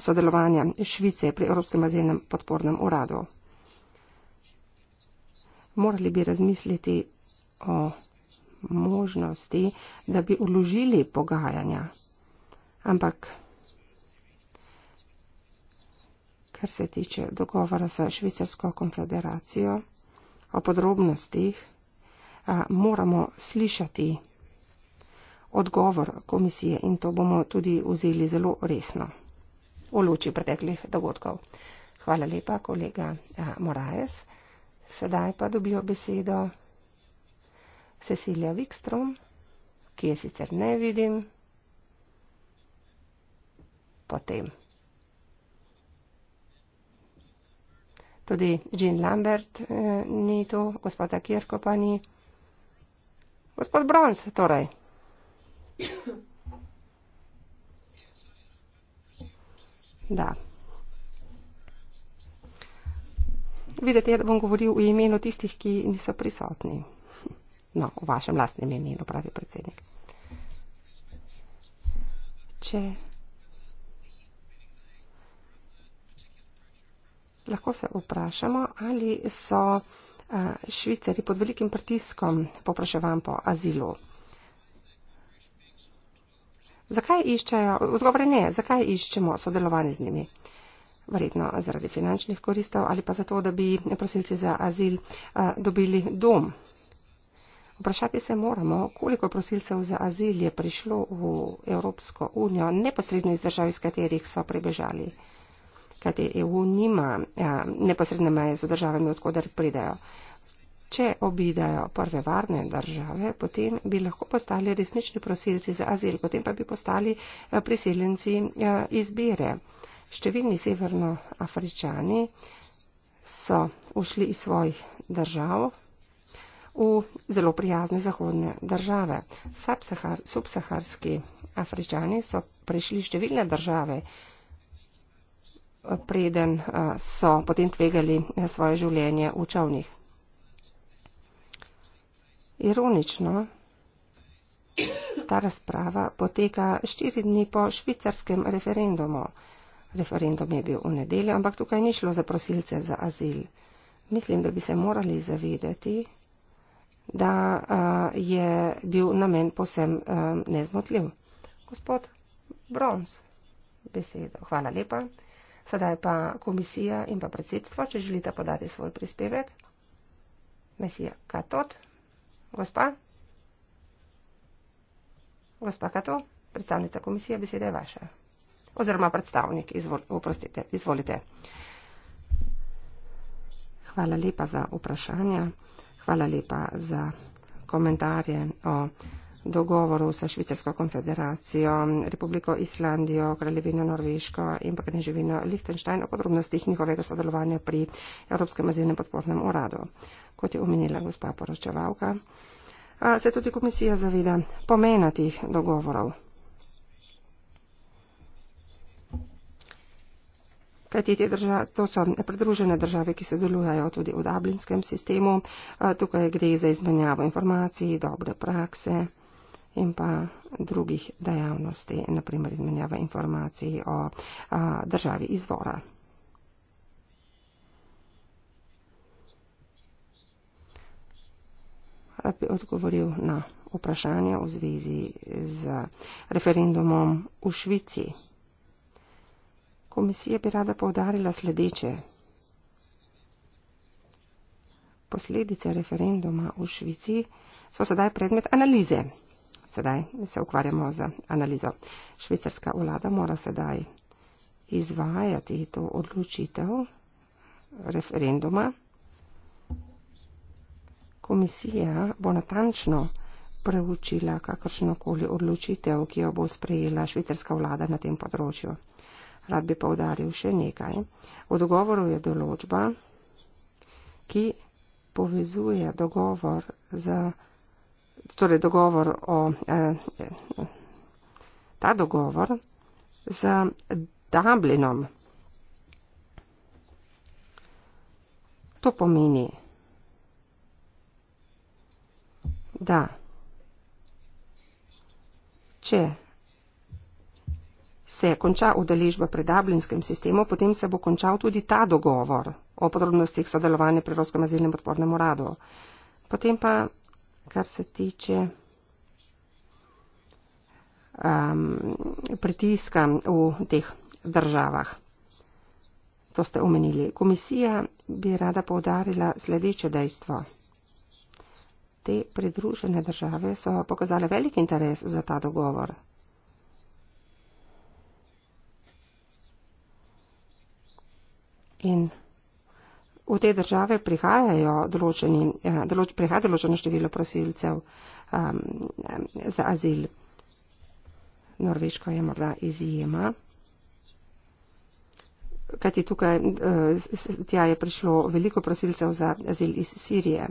sodelovanja Švice pri Evropskem azilnem podpornem uradu? Morali bi razmisliti o možnosti, da bi uložili pogajanja, ampak kar se tiče dogovora s Švicarsko konfederacijo o podrobnostih, moramo slišati odgovor komisije in to bomo tudi vzeli zelo resno v luči preteklih dogodkov. Hvala lepa, kolega Moraes. Sedaj pa dobijo besedo Cecilija Wikstrom, ki je sicer ne vidim. Potem. Tudi Jean Lambert eh, ni tu, gospoda Kirko pa ni. Gospod Brons, torej. Da. Videti, da bom govoril v imenu tistih, ki niso prisotni. No, v vašem lastnem imenu, pravi predsednik. Če. Lahko se vprašamo, ali so. Švicari pod velikim pritiskom popraševan po azilu. Zakaj iščejo, odgovor ne, zakaj iščemo sodelovanje z njimi? Verjetno zaradi finančnih koristov ali pa zato, da bi prosilci za azil a, dobili dom. Vprašati se moramo, koliko prosilcev za azil je prišlo v Evropsko unijo neposredno iz držav, iz katerih so prebežali kajti EU nima ja, neposredne meje z državami, odkudar pridejo. Če obidajo prve varne države, potem bi lahko postali resnični prosilci za azil, potem pa bi postali eh, priseljenci eh, izbire. Številni severnoafričani so ušli iz svojih držav v zelo prijazne zahodne države. Subsaharski afričani so prišli številne države preden eh, so potem tvegali eh, svoje življenje v čovnih. Ironično, ta razprava poteka štiri dni po švicarskem referendumu. Referendum je bil v nedeljo, ampak tukaj ni šlo za prosilce za azil. Mislim, da bi se morali zavedati, da uh, je bil namen posem uh, nezmotljiv. Gospod Brons, besedo. Hvala lepa. Sedaj pa komisija in pa predsedstvo, če želite podati svoj prispevek. Mesija Katot, gospa. Gospa Katot, predstavnica komisije, beseda je vaša. Oziroma predstavnik, izvol, uprostite, izvolite. Hvala lepa za vprašanja, hvala lepa za komentarje o dogovoru sa Švicarskom konfederacijom, Republiko Islandijo, Kraljevino Norveško in pa Kneževino Lichtenstein o podrobnostih njihovega sodelovanja pri Evropskem azilnem podpornem uradu, kot je omenila gospa poročevalka. Se tudi komisija zaveda pomena tih dogovorov. Kajti to so pridružene države, ki se delujejo tudi v dublinskem sistemu. Tukaj gre za izmenjavo informacij, dobre prakse in pa drugih dejavnosti, naprimer izmenjava informacij o a, državi izvora. Rad bi odgovoril na vprašanje v zvezi z referendumom v Švici. Komisija bi rada povdarila sledeče. Posledice referenduma v Švici so sedaj predmet analize sedaj se ukvarjamo z analizo. Švicarska vlada mora sedaj izvajati to odločitev referenduma. Komisija bo natančno preučila kakršnokoli odločitev, ki jo bo sprejela švicarska vlada na tem področju. Rad bi povdaril še nekaj. V dogovoru je določba, ki povezuje dogovor za torej dogovor o, eh, ta dogovor z Dublinom. To pomeni, da če se konča udeležba pri Dublinskem sistemu, potem se bo končal tudi ta dogovor o podrobnostih sodelovanja pri Evropskem azilnem podpornem uradu. Potem pa kar se tiče um, pritiska v teh državah. To ste omenili. Komisija bi rada povdarila sledeče dejstvo. Te pridružene države so pokazale velik interes za ta dogovor. In v te države prihajajo določeni, eh, določ, prihaja določeno število prosilcev um, um za azil. Norveško je morda izjema. Kajti tukaj eh, tja je prišlo veliko prosilcev za azil iz Sirije.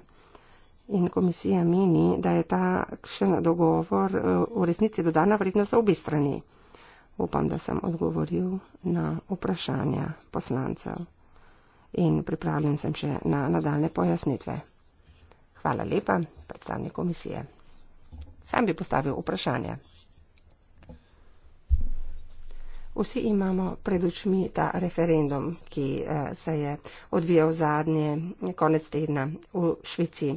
In komisija meni, da je ta kšen dogovor eh, v resnici dodana vrednost za obi strani. Upam, da sem odgovoril na vprašanja poslancev in pripravljen sem še na nadaljne pojasnitve. Hvala lepa, predstavnik komisije. Sam bi postavil vprašanje. Vsi imamo pred očmi ta referendum, ki eh, se je odvijal zadnje konec tedna v Švici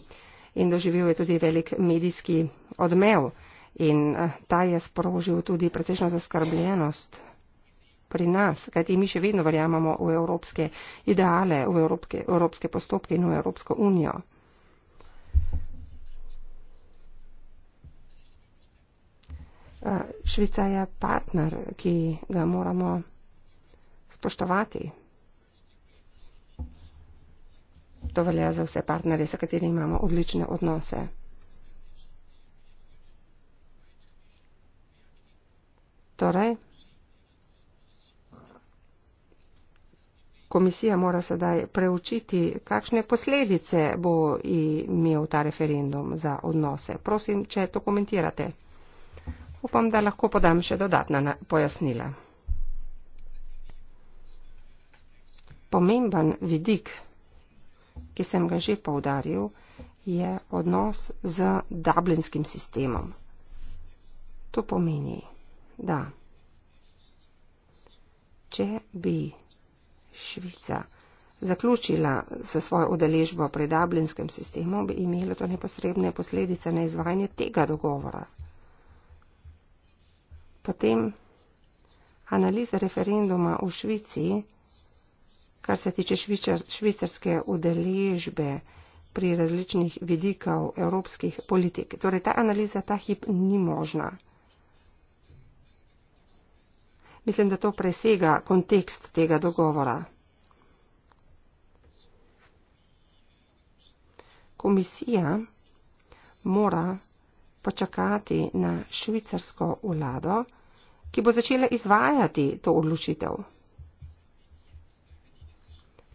in doživel je tudi velik medijski odmev in eh, ta je sprožil tudi precejšno zaskrbljenost pri nas, kajti mi še vedno verjamemo v evropske ideale, v evropske, evropske postopke in v Evropsko unijo. Eh, Švica je partner, ki ga moramo spoštovati. To velja za vse partnerje, s katerimi imamo odlične odnose. Torej. Komisija mora sedaj preučiti, kakšne posledice bo imel ta referendum za odnose. Prosim, če to komentirate. Upam, da lahko podam še dodatna pojasnila. Pomemben vidik, ki sem ga že poudaril, je odnos z dublinskim sistemom. To pomeni, da če bi Švica zaključila s svojo udeležbo pri dablinskem sistemu, bi imelo to neposredne posledice na izvajanje tega dogovora. Potem analiza referenduma v Švici, kar se tiče švičar, švicarske udeležbe pri različnih vidikov evropskih politik. Torej, ta analiza ta hip ni možna. Mislim, da to presega kontekst tega dogovora. Komisija mora počakati na švicarsko vlado, ki bo začela izvajati to odločitev.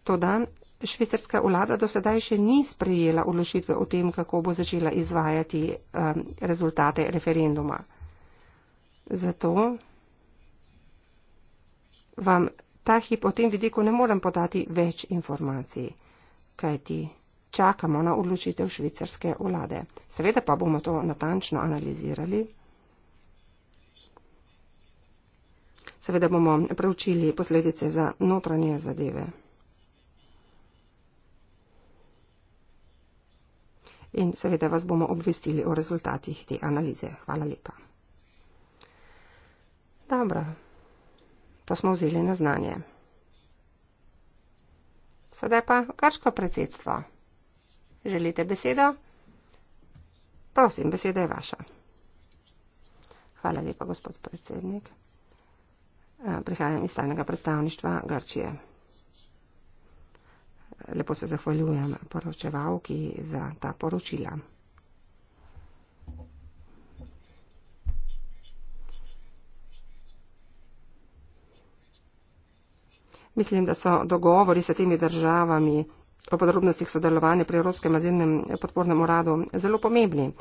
To dan švicarska vlada do sedaj še ni sprejela odločitve o tem, kako bo začela izvajati um, rezultate referenduma. Zato vam ta hip o tem vidiku ne morem podati več informacij, kajti čakamo na odločitev švicarske vlade. Seveda pa bomo to natančno analizirali. Seveda bomo preučili posledice za notranje zadeve. In seveda vas bomo obvestili o rezultatih te analize. Hvala lepa. Dobro, to smo vzeli na znanje. Sedaj pa grško predsedstvo. Želite besedo? Prosim, beseda je vaša. Hvala lepa, gospod predsednik. Eh, prihajam iz stalnega predstavništva Grčije. Lepo se zahvaljujem poročevalki za ta poročila. Mislim, da so dogovori s temi državami po podrobnostih sodelovanja pri Evropskem azilnem eh, podpornem uradu zelo pomembni.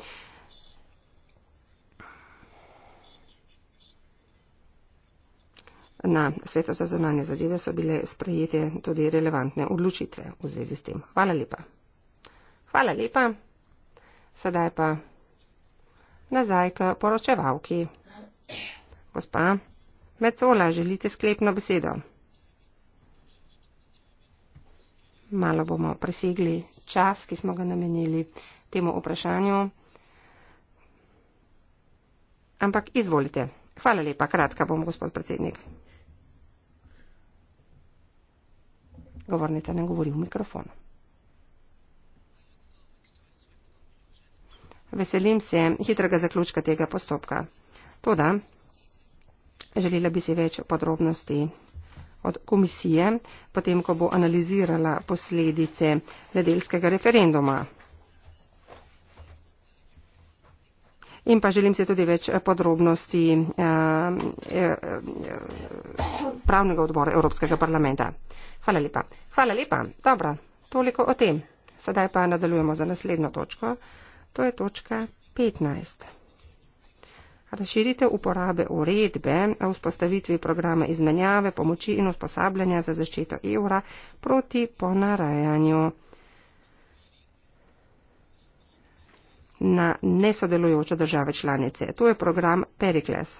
Na svetu za zunanje zadeve so bile sprejete tudi relevantne odločitve v zvezi s tem. Hvala lepa. Hvala lepa. Sedaj pa nazaj k poročevalki. Gospa Mecola, želite sklepno besedo? malo bomo presegli čas, ki smo ga namenili temu vprašanju. Ampak izvolite. Hvala lepa, kratka bom, gospod predsednik. Govornica ne govori v mikrofon. Veselim se hitrega zaključka tega postopka. Toda, želela bi si več podrobnosti od komisije, potem ko bo analizirala posledice nedelskega referenduma. In pa želim se tudi več eh, podrobnosti eh, eh, pravnega odbora Evropskega parlamenta. Hvala lepa. Hvala lepa. Dobro, toliko o tem. Sedaj pa nadaljujemo za naslednjo točko. To je točka 15. Razširitev uporabe uredbe o vzpostavitvi programa izmenjave, pomoči in usposabljanja za zaščito evra proti ponarajanju na nesodelujoče države članice. To je program Perikles.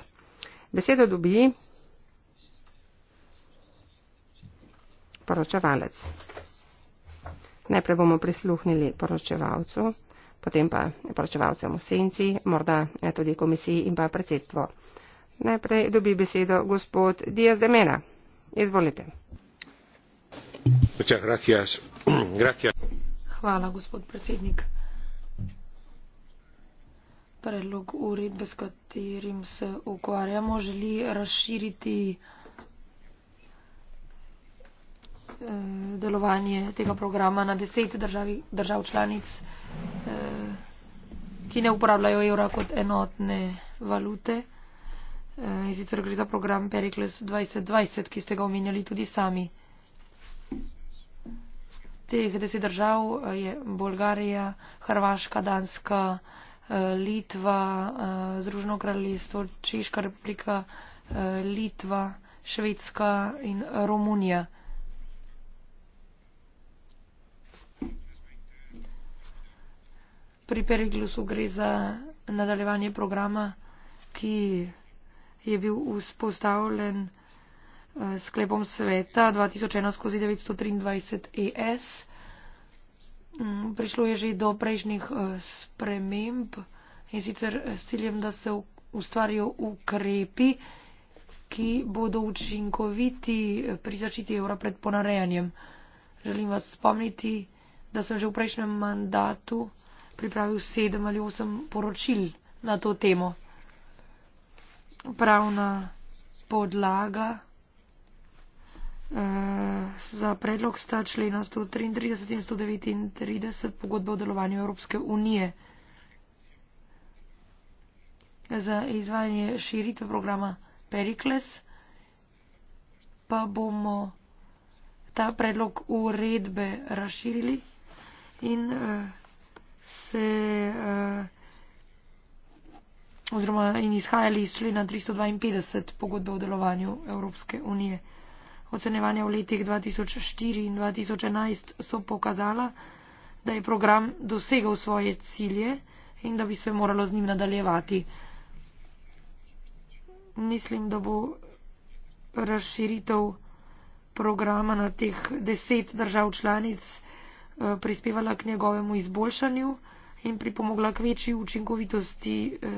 Besedo dobi poročevalec. Najprej bomo prisluhnili poročevalcu potem pa poročevalcem v senci, morda eh, tudi komisiji in pa predsedstvo. Najprej dobi besedo gospod Diaz de Mena. Izvolite. Hvala, gospod predsednik. Predlog uredbe, s katerim se ukvarjamo, želi razširiti eh, delovanje tega programa na deset držav članic eh, ki ne uporabljajo evra kot enotne valute. E, in e, sicer gre za program Pericles 2020, ki ste ga omenjali tudi sami. Teh deset držav e, je Bolgarija, Hrvaška, Danska, e, Litva, Združeno kraljestvo, Češka republika, Litva, Švedska in Romunija. pri Periglusu gre za nadaljevanje programa, ki je bil vzpostavljen eh, sklepom sveta 2001 skozi 923 ES. Mm, prišlo je že do prejšnjih eh, sprememb in sicer eh, s ciljem, da se ustvarijo ukrepi, ki bodo učinkoviti pri zaščiti evra pred ponarejanjem. Želim vas spomniti, da sem že v prejšnjem mandatu pripravil sedem ali osem poročil na to temo. Pravna podlaga eh, za predlog sta člena 133 in 139 pogodbe o delovanju Evropske unije za izvajanje širitve programa Perikles, pa bomo ta predlog uredbe razširili in eh, se, eh, oziroma in izhajali iz člena 352 pogodbe o delovanju Evropske unije. Ocenevanja v letih 2004 in 2011 so pokazala, da je program dosegal svoje cilje in da bi se moralo z njim nadaljevati. Mislim, da bo razširitev programa na teh deset držav članic. Eh, prispevala k njegovemu izboljšanju in pripomogla k večji učinkovitosti eh,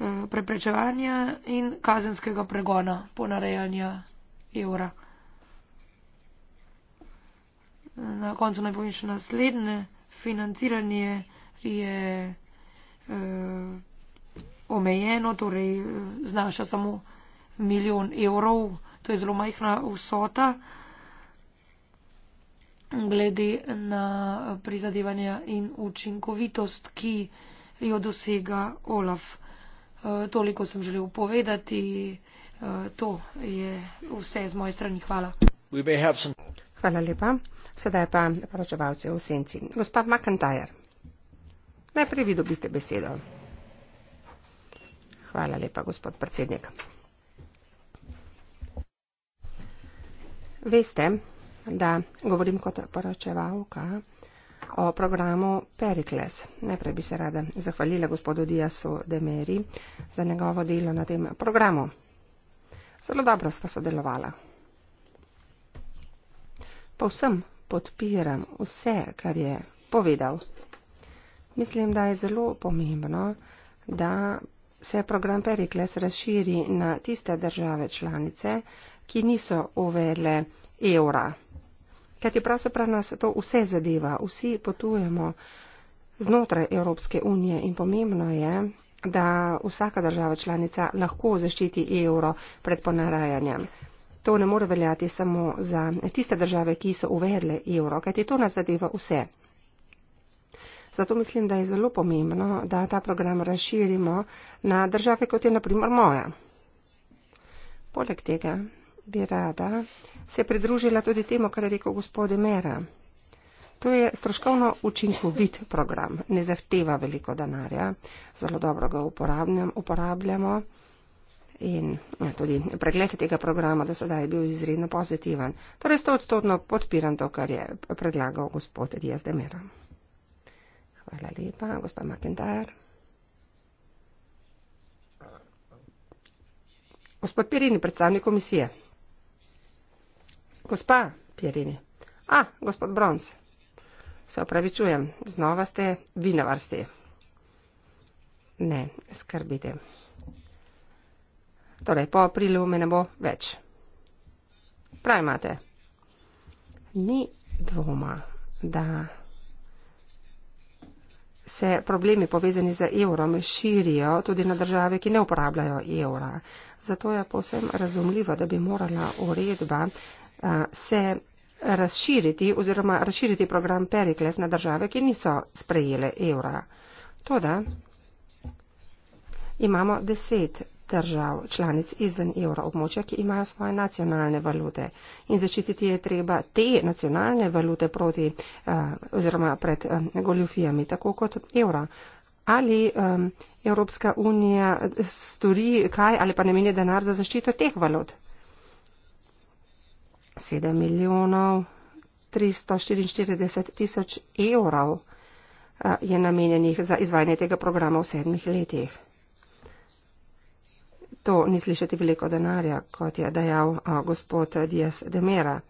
eh, preprečevanja in kazenskega pregona ponarejanja evra. Na koncu naj povem še naslednje. Financiranje je eh, omejeno, torej znaša samo milijon evrov, to je zelo majhna vsota glede na prizadevanja in učinkovitost, ki jo dosega Olaf. E, toliko sem želel povedati. E, to je vse z moje strani. Hvala. Hvala lepa. Sedaj pa poročevalce v senci. Gospod McIntyre, najprej vi dobite besedo. Hvala lepa, gospod predsednik. Veste, da govorim kot poročevalka o programu Perikles. Najprej bi se rada zahvalila gospodu Diasu Demeri za njegovo delo na tem programu. Zelo dobro sta sodelovala. Povsem podpiram vse, kar je povedal. Mislim, da je zelo pomembno, da se program Perikles razširi na tiste države članice, ki niso uvedle evra. Ker ti pravzaprav nas to vse zadeva, vsi potujemo znotraj Evropske unije in pomembno je, da vsaka država članica lahko zaščiti evro pred ponarajanjem. To ne more veljati samo za tiste države, ki so uvedle evro, ker ti to nas zadeva vse. Zato mislim, da je zelo pomembno, da ta program razširimo na države, kot je naprimer moja. Poleg tega bi rada se pridružila tudi temu, kar je rekel gospod Mera. To je stroškovno učinkovit program, ne zahteva veliko denarja, zelo dobro ga uporabljamo in ja, tudi pregled tega programa do sedaj je bil izredno pozitiven. Torej, stotodno podpiram to, kar je predlagal gospod Dias de Mera. Hvala lepa, gospod McIntyre. Gospod Pirini, predstavnik komisije. Gospa Pierini. A, ah, gospod Brons. Se opravičujem, znova ste vi na vrsti. Ne, skrbite. Torej, po aprilu me ne bo več. Prav imate. Ni dvoma, da se problemi povezani z evrom širijo tudi na države, ki ne uporabljajo evra. Zato je posebno razumljivo, da bi morala uredba se razširiti oziroma razširiti program Perikles na države, ki niso sprejele evra. Toda imamo deset držav članic izven evra območja, ki imajo svoje nacionalne valute in zaščititi je treba te nacionalne valute proti oziroma pred goljufijami, tako kot evra. Ali um, Evropska unija stori kaj ali pa ne meni denar za zaščito teh valut? 7 milijonov 344 tisoč evrov eh, je namenjenih za izvajanje tega programa v sedmih letih. To ni slišati veliko denarja, kot je dejal eh, gospod Dias Demera.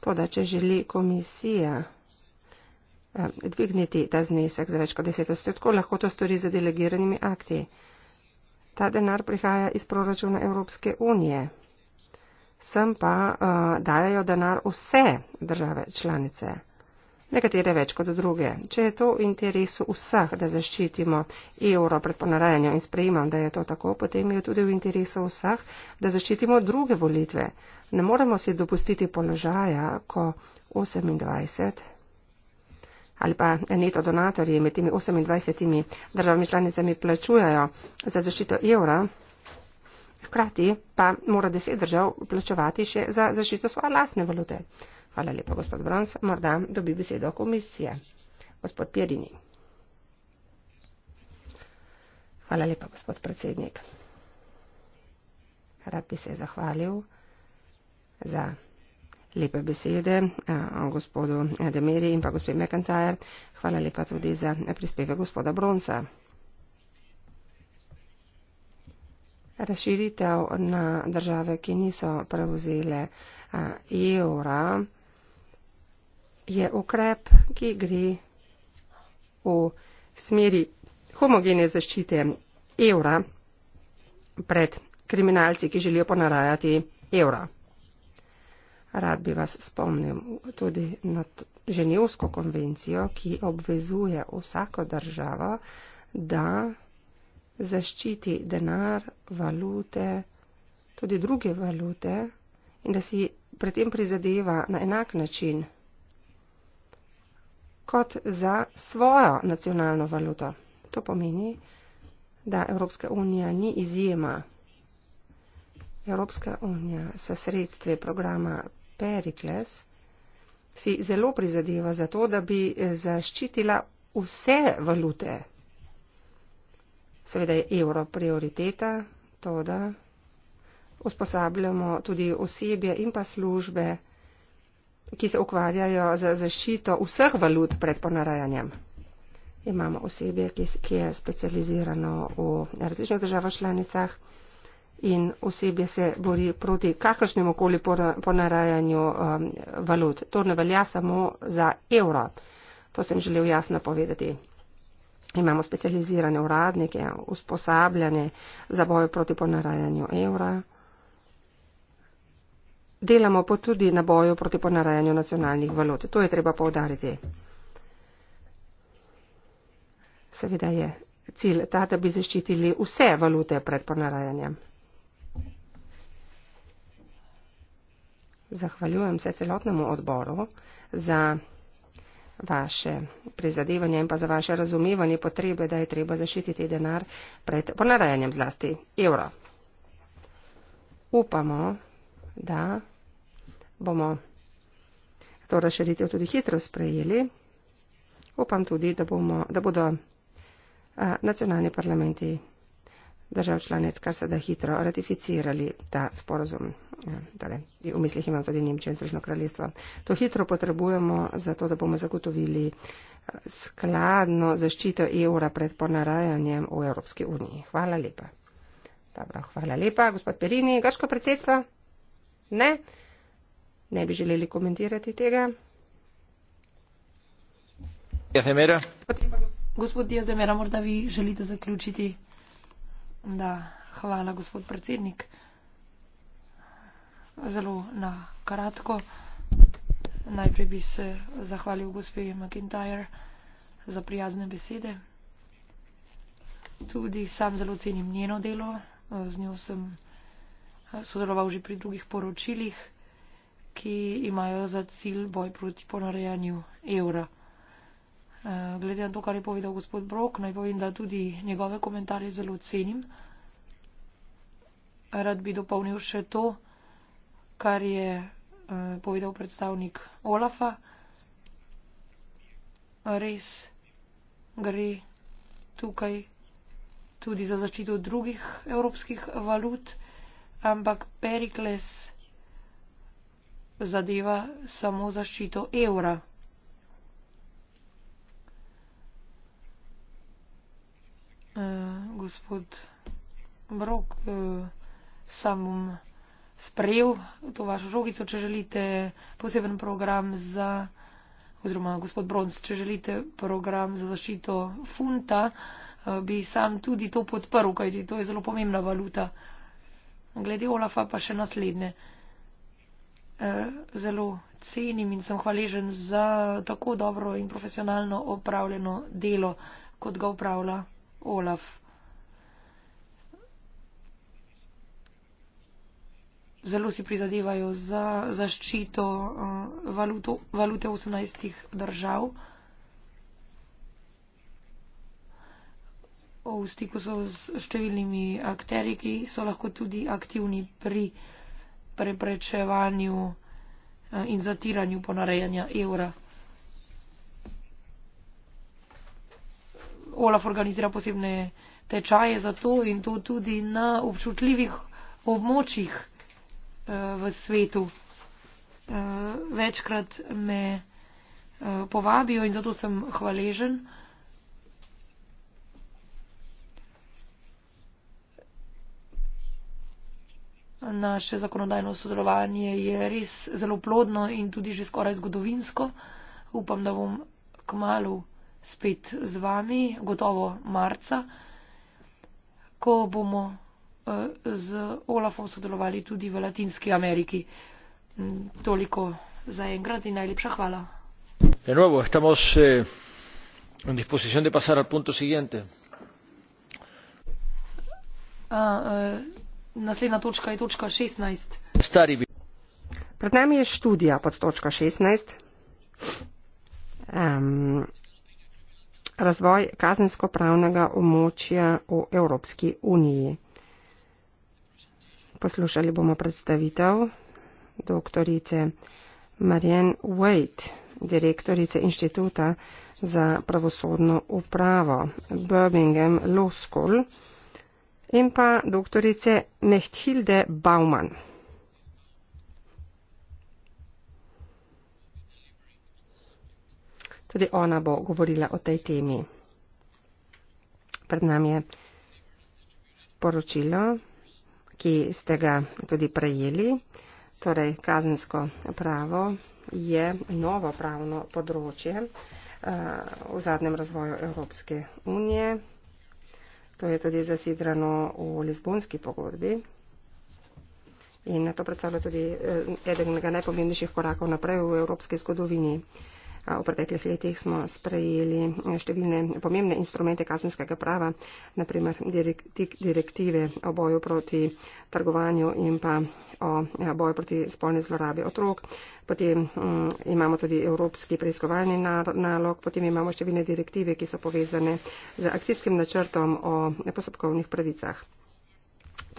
To, da če želi komisija eh, dvigniti ta znesek za več kot deset odstotkov, lahko to stori z delegiranimi akti. Ta denar prihaja iz proračuna Evropske unije sem pa uh, eh, dajajo denar vse države članice. Nekatere več kot druge. Če je to v interesu vseh, da zaščitimo evro pred ponarajanjem in sprejemam, da je to tako, potem je tudi v interesu vseh, da zaščitimo druge volitve. Ne moremo si dopustiti položaja, ko 28 ali pa neto donatorji med temi 28 državami članicami plačujajo za zaščito evra hkrati pa mora deset držav plačevati še za zaščito svoje lastne valute. Hvala lepa, gospod Brons, morda dobi besedo komisije. Gospod Pjerini. Hvala lepa, gospod predsednik. Rad bi se zahvalil za lepe besede eh, gospodu Demiri in pa gospod McIntyre. Hvala lepa tudi za prispeve gospoda Bronsa. Razširitev na države, ki niso prevzele evra, je ukrep, ki gre v smeri homogene zaščite evra pred kriminalci, ki želijo ponarajati evra. Rad bi vas spomnil tudi na Ženevsko konvencijo, ki obvezuje vsako državo, da zaščiti denar, valute, tudi druge valute in da si pri tem prizadeva na enak način kot za svojo nacionalno valuto. To pomeni, da Evropska unija ni izjema. Evropska unija s sredstvi programa Perikles si zelo prizadeva za to, da bi zaščitila vse valute seveda je evro prioriteta, to da usposabljamo tudi osebje in pa službe, ki se ukvarjajo za zašito vseh valut pred ponarajanjem. Imamo osebje, ki, ki je specializirano v različnih državah članicah in osebje se bori proti kakršnem okoli ponarajanju um, valut. To ne velja samo za evro. To sem želel jasno povedati. Imamo specializirane uradnike, usposabljanje za bojo proti ponarajanju evra. Delamo pa tudi na boju proti ponarajanju nacionalnih valut. To je treba povdariti. Seveda je cilj ta, da bi zaščitili vse valute pred ponarajanjem. Zahvaljujem se celotnemu odboru za vaše prizadevanje in pa za vaše razumevanje potrebe, da je treba zaščititi denar pred ponarajanjem zlasti evra. Upamo, da bomo to razširitev tudi hitro sprejeli. Upam tudi, da, bomo, da bodo a, nacionalni parlamenti držav članec kar se da hitro ratificirali ta sporozum. Ja, torej, v mislih imam tudi Nemčijo in Združeno kraljestvo. To hitro potrebujemo, zato da bomo zagotovili eh, skladno zaščito evra pred ponarajanjem v Evropski uniji. Hvala lepa. Dobro, hvala lepa, gospod Perini. Grško predsedstvo? Ne? Ne bi želeli komentirati tega. Jazemera. Gospod Jazemera, morda vi želite zaključiti. Da, hvala, gospod predsednik zelo na kratko. Najprej bi se zahvalil gospe McIntyre za prijazne besede. Tudi sam zelo cenim njeno delo, z njo sem eh, sodeloval že pri drugih poročilih, ki imajo za cilj boj proti ponarejanju evra. Eh, glede na to, kar je povedal gospod Brok, naj povem, da tudi njegove komentarje zelo cenim. Rad bi dopolnil še to, kar je eh, povedal predstavnik Olafa. Res gre tukaj tudi za začetek drugih evropskih valut, ampak Perikles zadeva samo zaščito evra. Uh, gospod Brok, uh, eh, samom sprejel to vašo žogico, če želite poseben program za, oziroma gospod Bronc, če želite program za zaščito funta, eh, bi sam tudi to podprl, kajti to je zelo pomembna valuta. Glede Olafa pa še naslednje. Eh, zelo cenim in sem hvaležen za tako dobro in profesionalno opravljeno delo, kot ga upravlja Olaf. zelo si prizadevajo za zaščito uh, valuto, valute 18 držav. V stiku so s številnimi akteri, ki so lahko tudi aktivni pri preprečevanju uh, in zatiranju ponarejanja evra. Olaf organizira posebne tečaje za to in to tudi na občutljivih območjih v svetu. Eh, večkrat me eh, povabijo in zato sem hvaležen. Naše zakonodajno sodelovanje je res zelo plodno in tudi že skoraj zgodovinsko. Upam, da bom k malu spet z vami, gotovo marca, ko bomo Eh, z Olafom sodelovali tudi v Latinski Ameriki. Mm, toliko za enkrat in najlepša hvala. De nuevo, estamos eh, en disposición de pasar al punto siguiente. Uh, uh, točka je točka 16. Pred nami je študija pod točko 16. Um, razvoj kazensko-pravnega območja v Evropski uniji. Poslušali bomo predstavitev doktorice Marianne Wade, direktorice Inštituta za pravosodno upravo Birmingham Law School in pa doktorice Mechthilde Bauman. Tudi ona bo govorila o tej temi. Pred nami je poročilo ki ste ga tudi prejeli. Torej, kazensko pravo je novo pravno področje eh, v zadnjem razvoju Evropske unije. To je tudi zasidrano v Lizbonski pogodbi. In to predstavlja tudi eh, eden najpomembnejših korakov naprej v evropski zgodovini. Uh, V preteklih letih smo sprejeli številne pomembne instrumente kazenskega prava, naprimer direktive o boju proti trgovanju in pa o ja, boju proti spolne zlorabe otrok. Potem mm, imamo tudi evropski preiskovalni nalog, potem imamo številne direktive, ki so povezane z akcijskim načrtom o postopkovnih pravicah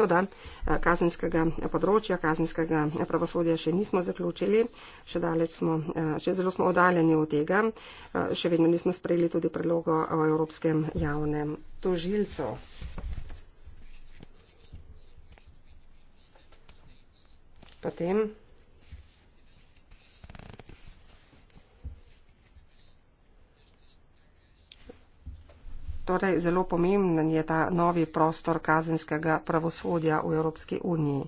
toda eh, kazenskega eh, področja, kazenskega eh, pravosodja še nismo zaključili, še, smo, še zelo smo odaljeni od tega, še vedno nismo sprejeli tudi predlogo o Evropskem javnem tožilcu. Potem torej zelo pomemben je ta novi prostor kazenskega pravosodja v Evropski uniji.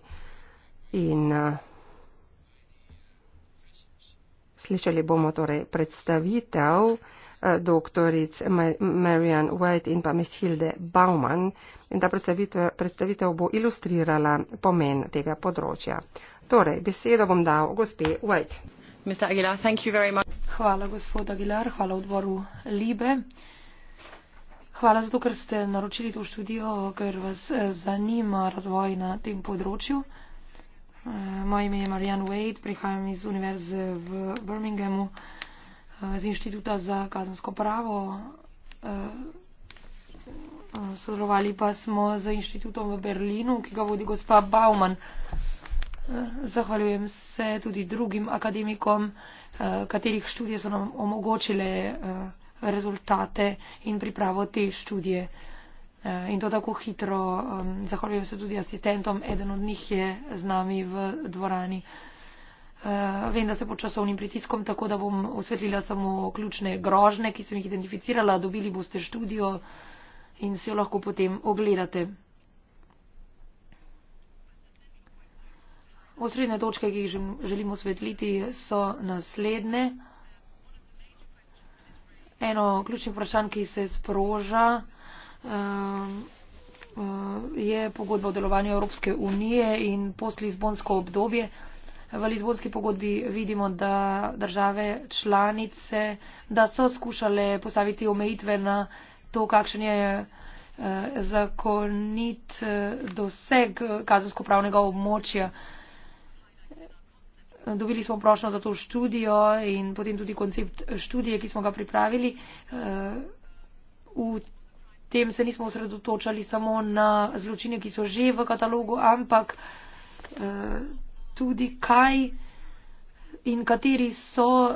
In uh, slišali bomo torej predstavitev uh, doktoric Marian White in pa Mishilde Bauman. In ta predstavitev, predstavitev bo ilustrirala pomen tega področja. Torej, besedo bom dal gospe White. Mr. Aguilar, thank you very much. Hvala, gospod Aguilar, hvala odboru Libe. Uh, Hvala za to, ker ste naročili to študijo, ker vas eh, zanima razvoj na tem področju. Eh, moje ime je Marianne Wade, prihajam iz Univerze v Birminghamu, eh, z Inštituta za kazensko pravo. Sodelovali pa smo z Inštitutom v Berlinu, ki ga vodi gospa Bauman. Zahvaljujem se tudi drugim akademikom, katerih študije so nam omogočile rezultate in pripravo te študije. Eh, in to tako hitro. Zahvaljujem se tudi asistentom, eden od njih je z nami v dvorani. Eh, vem, da se pod časovnim pritiskom, tako da bom osvetlila samo ključne grožne, ki sem jih identificirala. Dobili boste študijo in si jo lahko potem ogledate. Osrednje točke, ki jih želim osvetliti, so naslednje. Eno ključnih vprašanj, ki se sproža, eh, eh, je pogodba o delovanju Evropske unije in post-Lizbonsko obdobje. V Lizbonski pogodbi vidimo, da države članice, da so skušale postaviti omejitve na to, kakšen je eh, zakonit doseg kazensko-pravnega območja dobili smo prošlo za to študijo in potem tudi koncept študije, ki smo ga pripravili. Eh, v tem se nismo osredotočali samo na zločine, ki so že v katalogu, ampak eh, tudi kaj in kateri so eh,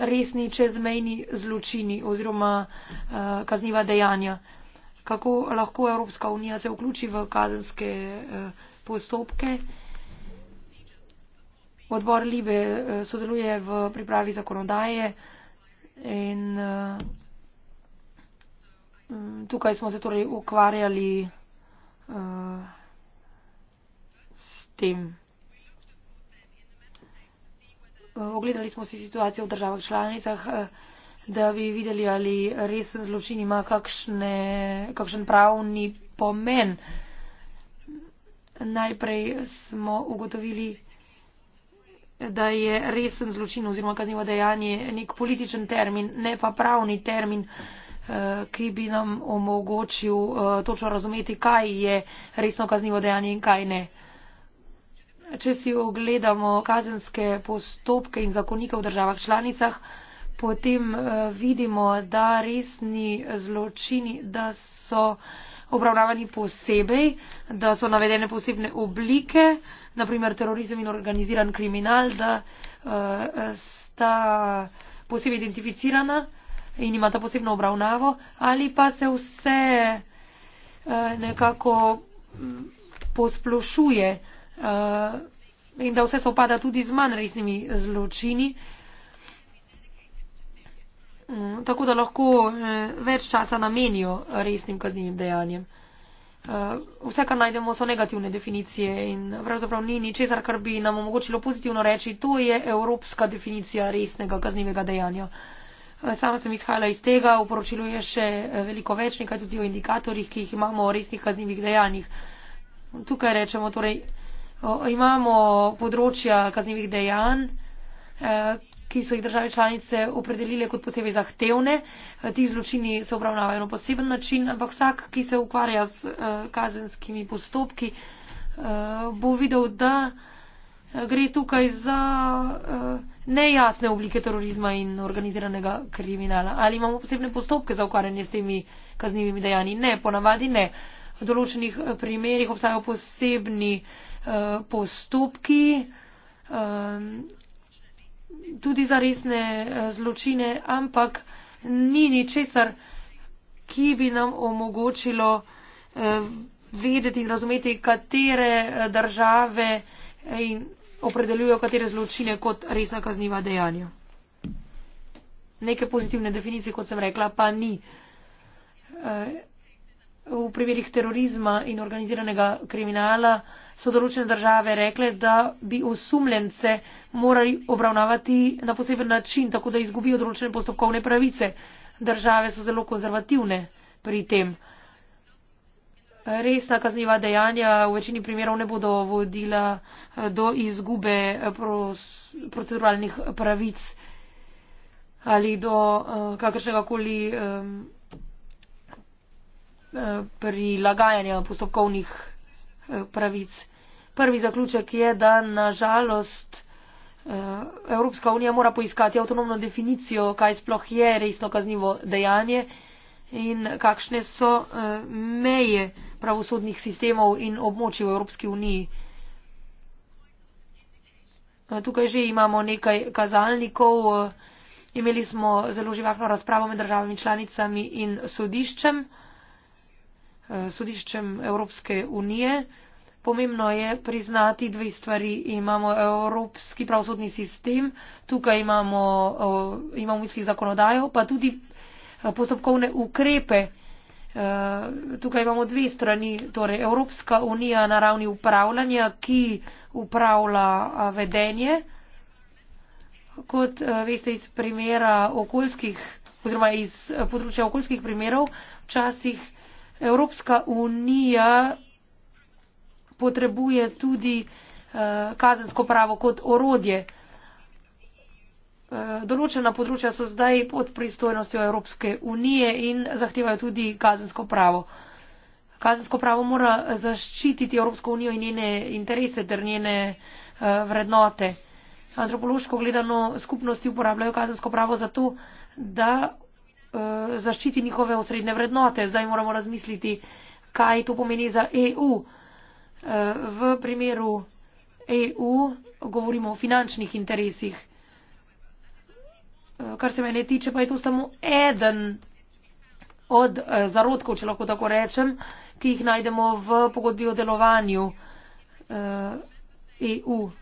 resni čezmejni zločini oziroma kazniva dejanja. Kako lahko Evropska unija se vključi v kazenske postopke? Odbor Libe eh, sodeluje v pripravi zakonodaje in eh, mm, tukaj smo se torej ukvarjali eh, s tem. Ogledali smo si situacijo v državah članicah, da bi videli, ali resen zločin ima kakšne, kakšen pravni pomen. Najprej smo ugotovili, da je resen zločin oziroma kaznivo dejanje nek političen termin, ne pa pravni termin, eh, ki bi nam omogočil eh, točno razumeti, kaj je resno kaznivo dejanje in kaj ne. Če si ogledamo kazenske postopke in zakonike v državah članicah, potem eh, vidimo, da resni zločini, da so obravnavani posebej, da so navedene posebne oblike, na primer terorizem in organiziran kriminal, da eh, sta posebej identificirana in imata posebno obravnavo, ali pa se vse eh, nekako mm, posplošuje eh, in da vse se opada tudi z manj resnimi zločini. Mm, tako da lahko več časa namenijo resnim kaznjivim dejanjem. Eh, vse, kar najdemo, so negativne definicije in pravzaprav ni ničesar, kar bi nam omogočilo pozitivno reči. To je evropska definicija resnega kaznivega dejanja. Eh, sama sem izhajala iz tega, v poročilu je še eh, veliko več, nekaj tudi o indikatorjih, ki jih imamo o resnih kaznivih dejanjih. Tukaj rečemo, torej, imamo področja kaznivih dejanj, ki so jih države članice opredelile kot posebej zahtevne. Ti zločini se obravnavajo na poseben način, ampak vsak, ki se ukvarja z eh, kazenskimi postopki, eh, bo videl, da eh, gre tukaj za nejasne oblike terorizma in organiziranega kriminala. Ali imamo posebne postopke za ukvarjanje s temi kaznjivimi dejanji? Ne, ponavadi ne. V določenih primerjih obstajajo posebni uh, postopki, um, tudi za resne eh, zločine, ampak ni ničesar, ki bi nam omogočilo eh, vedeti in razumeti, katere eh, države in opredeljujo katere zločine kot resna kazniva dejanja. Neke pozitivne definicije, kot sem rekla, pa ni v primerih terorizma in organiziranega kriminala so določene države rekle, da bi osumljence morali obravnavati na poseben način, tako da izgubijo določene postopkovne pravice. Države so zelo konzervativne pri tem. Resna kazniva dejanja v večini primerov ne bodo vodila eh, do izgube eh, proceduralnih pravic ali do uh, eh, kakršnega koli um, Eh, prilagajanja postopkovnih eh, pravic. Prvi zaključek je, da nažalost eh, Evropska unija mora poiskati avtonomno definicijo, kaj sploh je resno kaznivo dejanje in kakšne so meje pravosodnih sistemov in območij v Evropski uniji. Tukaj že imamo nekaj kazalnikov, imeli smo zelo živahno razpravo med državami članicami in sodiščem sodiščem Evropske unije. Pomembno je priznati dve stvari. Imamo evropski pravosodni sistem, tukaj imamo, imamo v mislih zakonodajo, pa tudi e, postopkovne ukrepe. E, tukaj imamo dve strani, torej Evropska unija na ravni upravljanja, ki upravlja vedenje. Kot e, veste iz primera okoljskih, oziroma iz področja okoljskih primerov, včasih Evropska unija potrebuje tudi eh, kazensko pravo kot orodje. Eh, določena področja so zdaj pod pristojnostjo Evropske unije in zahtevajo tudi kazensko pravo. Kazensko pravo mora zaščititi Evropsko unijo in njene interese ter njene eh, vrednote. Antropološko gledano skupnosti uporabljajo kazensko pravo zato, da Eh, zaščiti njihove osrednje vrednote. Zdaj moramo razmisliti, kaj to pomeni za EU. Eh, v primeru EU govorimo o finančnih interesih. Eh, kar se mene tiče, pa je to samo eden od zarodkov, če lahko tako rečem, ki jih najdemo v pogodbi o delovanju EU. E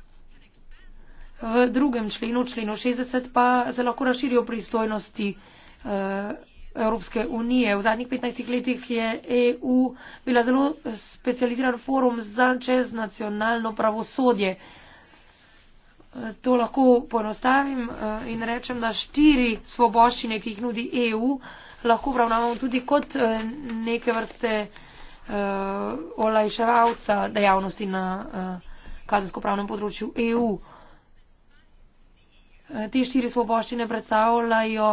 v drugem členu, členu 60, pa se lahko razširijo pristojnosti. Eh, Evropske unije. V zadnjih 15 letih je EU bila zelo specializiran forum za čez nacionalno pravosodje. Eh, to lahko poenostavim eh, in rečem, da štiri svoboščine, ki jih nudi EU, lahko obravnavamo tudi kot neke vrste olajševalca dejavnosti na kazensko-pravnem področju EU. Te štiri svoboščine predstavljajo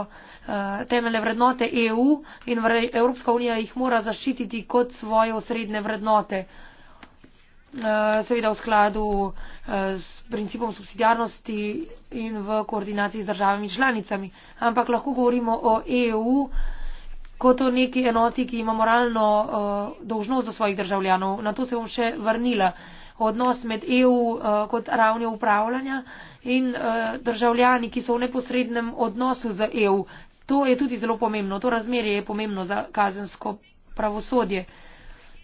Eh, temeljne vrednote EU in Evropska unija jih mora zaščititi kot svoje osrednje vrednote. Eh, seveda v skladu eh, s principom subsidijarnosti in v koordinaciji z državami članicami. Ampak lahko govorimo o EU kot o neki enoti, ki ima moralno dolžnost do svojih državljanov. Na to se bom še vrnila. Odnos med EU kot ravnjo upravljanja in državljani, ki so v neposrednem odnosu z EU, To je tudi zelo pomembno, to razmerje je pomembno za kazensko pravosodje.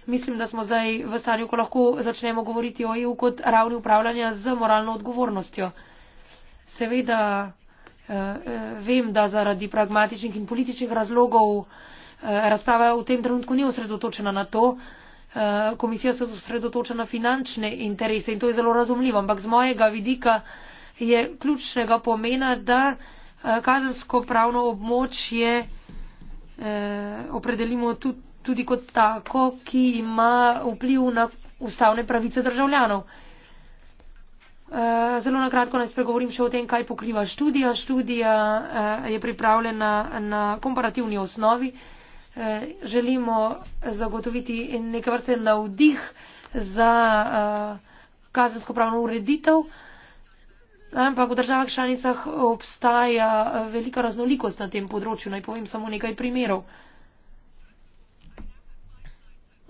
Mislim, da smo zdaj v stanju, ko lahko začnemo govoriti o EU kot ravni upravljanja z moralno odgovornostjo. Seveda eh, eh, vem, da zaradi pragmatičnih in političnih razlogov eh, razprava v tem trenutku ni osredotočena na to. Komisija se osredotoča na finančne interese in to je zelo razumljivo, ampak z mojega vidika je ključnega pomena, da. Eh, kazensko pravno območje eh, opredelimo tudi, tudi kot tako, ki ima vpliv na ustavne pravice državljanov. Eh, zelo na kratko naj spregovorim še o tem, kaj pokriva študija. Študija eh, je pripravljena na komparativni osnovi. Eh, želimo zagotoviti neke vrste navdih za eh, kazensko pravno ureditev. Eh, Ampak v državah članicah obstaja eh, velika raznolikost na tem področju. Naj povem samo nekaj primerov.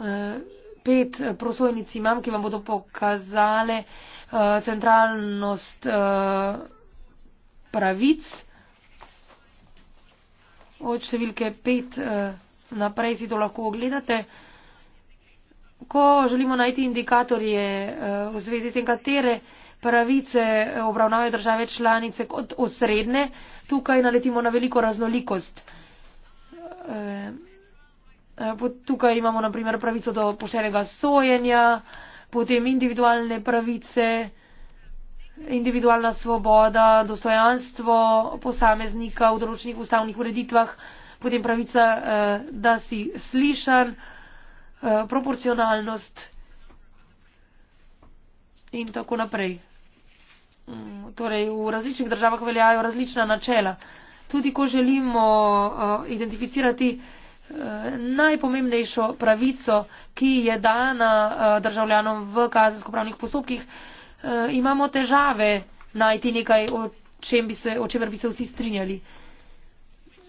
Eh, pet eh, prosojnic imam, ki vam bodo pokazale centralnost pravic. Od številke pet naprej si to lahko ogledate. Ko želimo najti indikatorje v zvezi s tem, katere pravice obravnave države članice kot osredne, tukaj naletimo na veliko raznolikost. Eh, tukaj imamo naprimer pravico do poštenega sojenja, potem individualne pravice, individualna svoboda, dostojanstvo posameznika v določenih ustavnih ureditvah, potem pravica, eh, da si slišan, eh, proporcionalnost in tako naprej. Mm, torej v različnih državah veljajo različna načela. Tudi ko želimo uh, identificirati uh, najpomembnejšo pravico, ki je dana uh, državljanom v kazensko-pravnih postopkih, uh, imamo težave najti nekaj, o čem, bi se, o čem bi se vsi strinjali.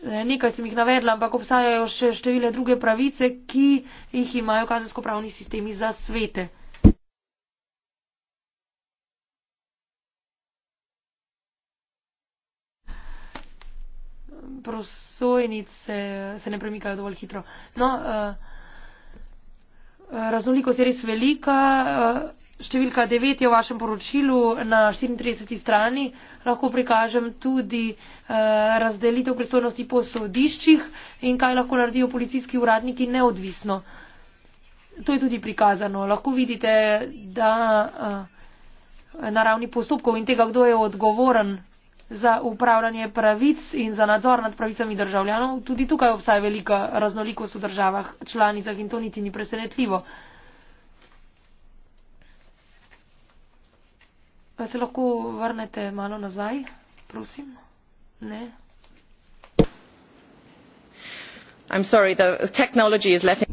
Uh, nekaj sem jih navedla, ampak obstajajo še številne druge pravice, ki jih imajo kazensko-pravni sistemi za svete. prosojnic se, se ne premikajo dovolj hitro. No, eh, raznolikost je res velika. Eh, številka 9 je v vašem poročilu na 34. strani. Lahko prikažem tudi eh, razdelitev pristojnosti po sodiščih in kaj lahko naredijo policijski uradniki neodvisno. To je tudi prikazano. Lahko vidite, da na ravni postopkov in tega, kdo je odgovoren za upravljanje pravic in za nadzor nad pravicami državljanov. Tudi tukaj obstaja velika raznolikost v državah članicah in to niti ni presenetljivo. Pa se lahko vrnete malo nazaj, prosim? Ne. I'm sorry, the technology is letting...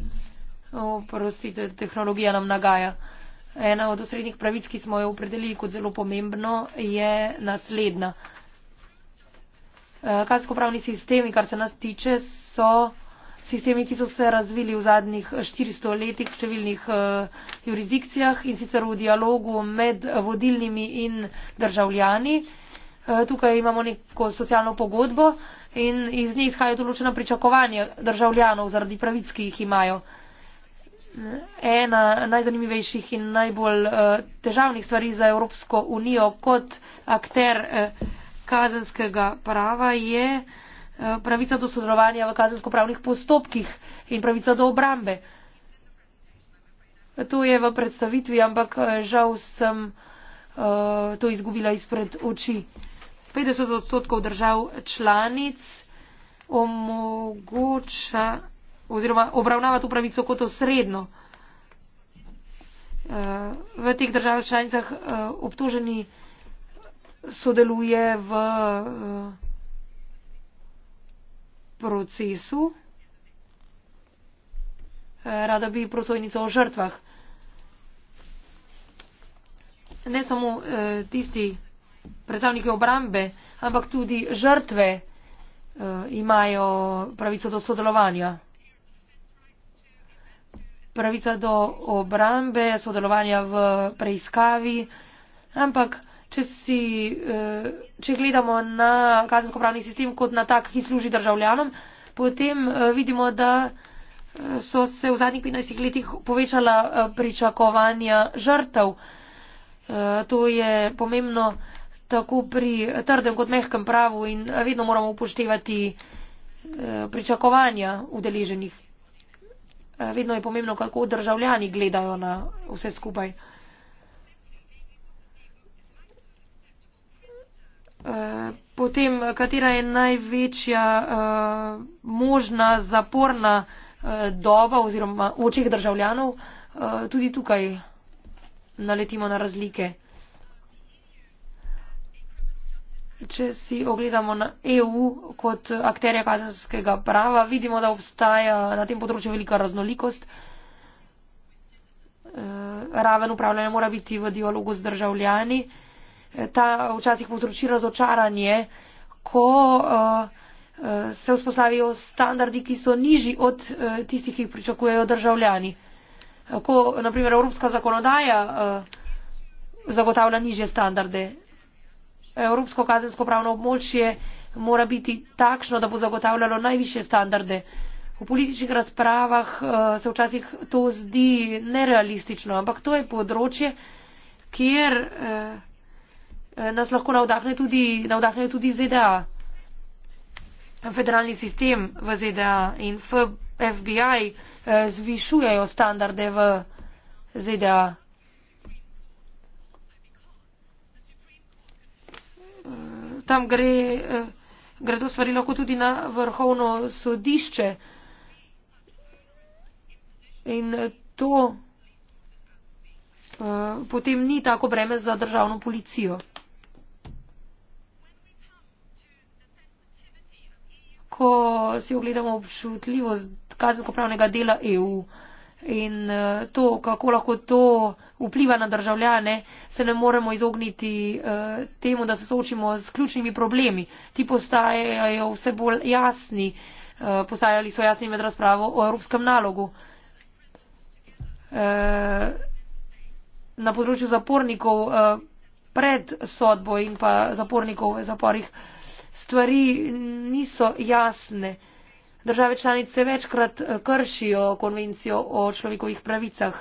Oprostite, tehnologija nam nagaja. Ena od osrednjih pravic, ki smo jo opredelili kot zelo pomembno, je naslednja. Eh, kazenskopravni sistemi, kar se nas tiče, so sistemi, ki so se razvili v zadnjih 400 letih v številnih uh, jurisdikcijah in sicer v dialogu med vodilnimi in državljani. Eh, tukaj imamo neko socialno pogodbo in iz nje izhajajo določena pričakovanja državljanov zaradi pravic, ki jih imajo. Ena najzanimivejših in najbolj težavnih stvari za Evropsko unijo kot akter kazenskega prava je eh, pravica do sodelovanja v kazensko-pravnih postopkih in pravica do obrambe. To je v predstavitvi, ampak eh, žal sem eh, to izgubila izpred oči. 50 odstotkov držav članic omogoča oziroma obravnava to pravico kot osredno. V teh državah članicah obtoženi sodeluje v eh, procesu. Eh, rada bi prosojnica o žrtvah. Ne samo eh, tisti predstavniki obrambe, ampak tudi žrtve imajo pravico do sodelovanja. Pravica do obrambe, sodelovanja v preiskavi, ampak če, si, eh, če gledamo na kazensko-pravni sistem kot na tak, ki služi državljanom, potem eh, vidimo, da eh, so se v zadnjih 15 letih povečala pričakovanja žrtev. To je pomembno tako pri trdem kot mehkem pravu in vedno moramo upoštevati pričakovanja udeleženih. Vedno je pomembno, kako državljani gledajo na vse skupaj. Potem, katera je največja eh, možna zaporna eh, doba oziroma v očeh državljanov, eh, tudi tukaj naletimo na razlike. Če si ogledamo na EU kot akterja kazenskega prava, vidimo, da obstaja na tem področju velika raznolikost. Raven upravljanja mora biti v dialogu z državljani ta včasih povzroči razočaranje, ko eh, eh, se vzpostavijo standardi, ki so nižji od eh, tistih, ki jih pričakujejo državljani. Ko, naprimer, evropska zakonodaja zagotavlja nižje standarde. Evropsko kazensko pravno območje mora biti takšno, da bo zagotavljalo najviše standarde. V političnih razpravah se včasih to zdi nerealistično, ampak to je področje, kjer Eh, nas lahko navdahne tudi, navdahne tudi ZDA, federalni sistem v ZDA in FBI eh, zvišujejo standarde v ZDA. Eh, tam gre, gre to stvari lahko tudi na vrhovno sodišče. In to uh, potem ni tako breme za državno policijo. lahko si ogledamo občutljivost kazenskopravnega dela EU in eh, to, kako lahko to vpliva na državljane, se ne moremo izogniti eh, temu, da se soočimo s ključnimi problemi. Ti postajajo vse bolj jasni, eh, postajali so jasni med razpravo o evropskem nalogu. Na področju zapornikov pred sodbo in pa zapornikov v zaporih stvari niso jasne. Države članice večkrat eh, kršijo konvencijo o človekovih pravicah.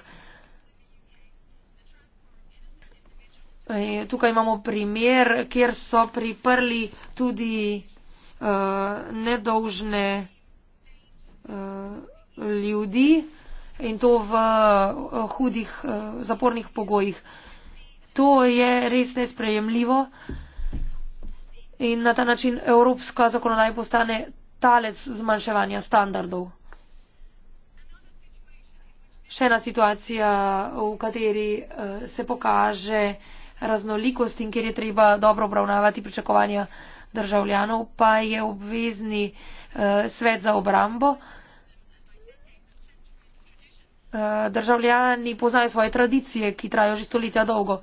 Eh, tukaj imamo primer, kjer so priprli tudi uh, nedolžne uh, ljudi in to v uh, hudih uh, zapornih pogojih. To je res nesprejemljivo. Uh, in na ta način evropska zakonodaja postane talec zmanjševanja standardov. Še ena situacija, v kateri eh, se pokaže raznolikost in kjer je treba dobro obravnavati pričakovanja državljanov, pa je obvezni eh, svet za obrambo. Eh, državljani poznajo svoje tradicije, ki trajo že stoletja dolgo.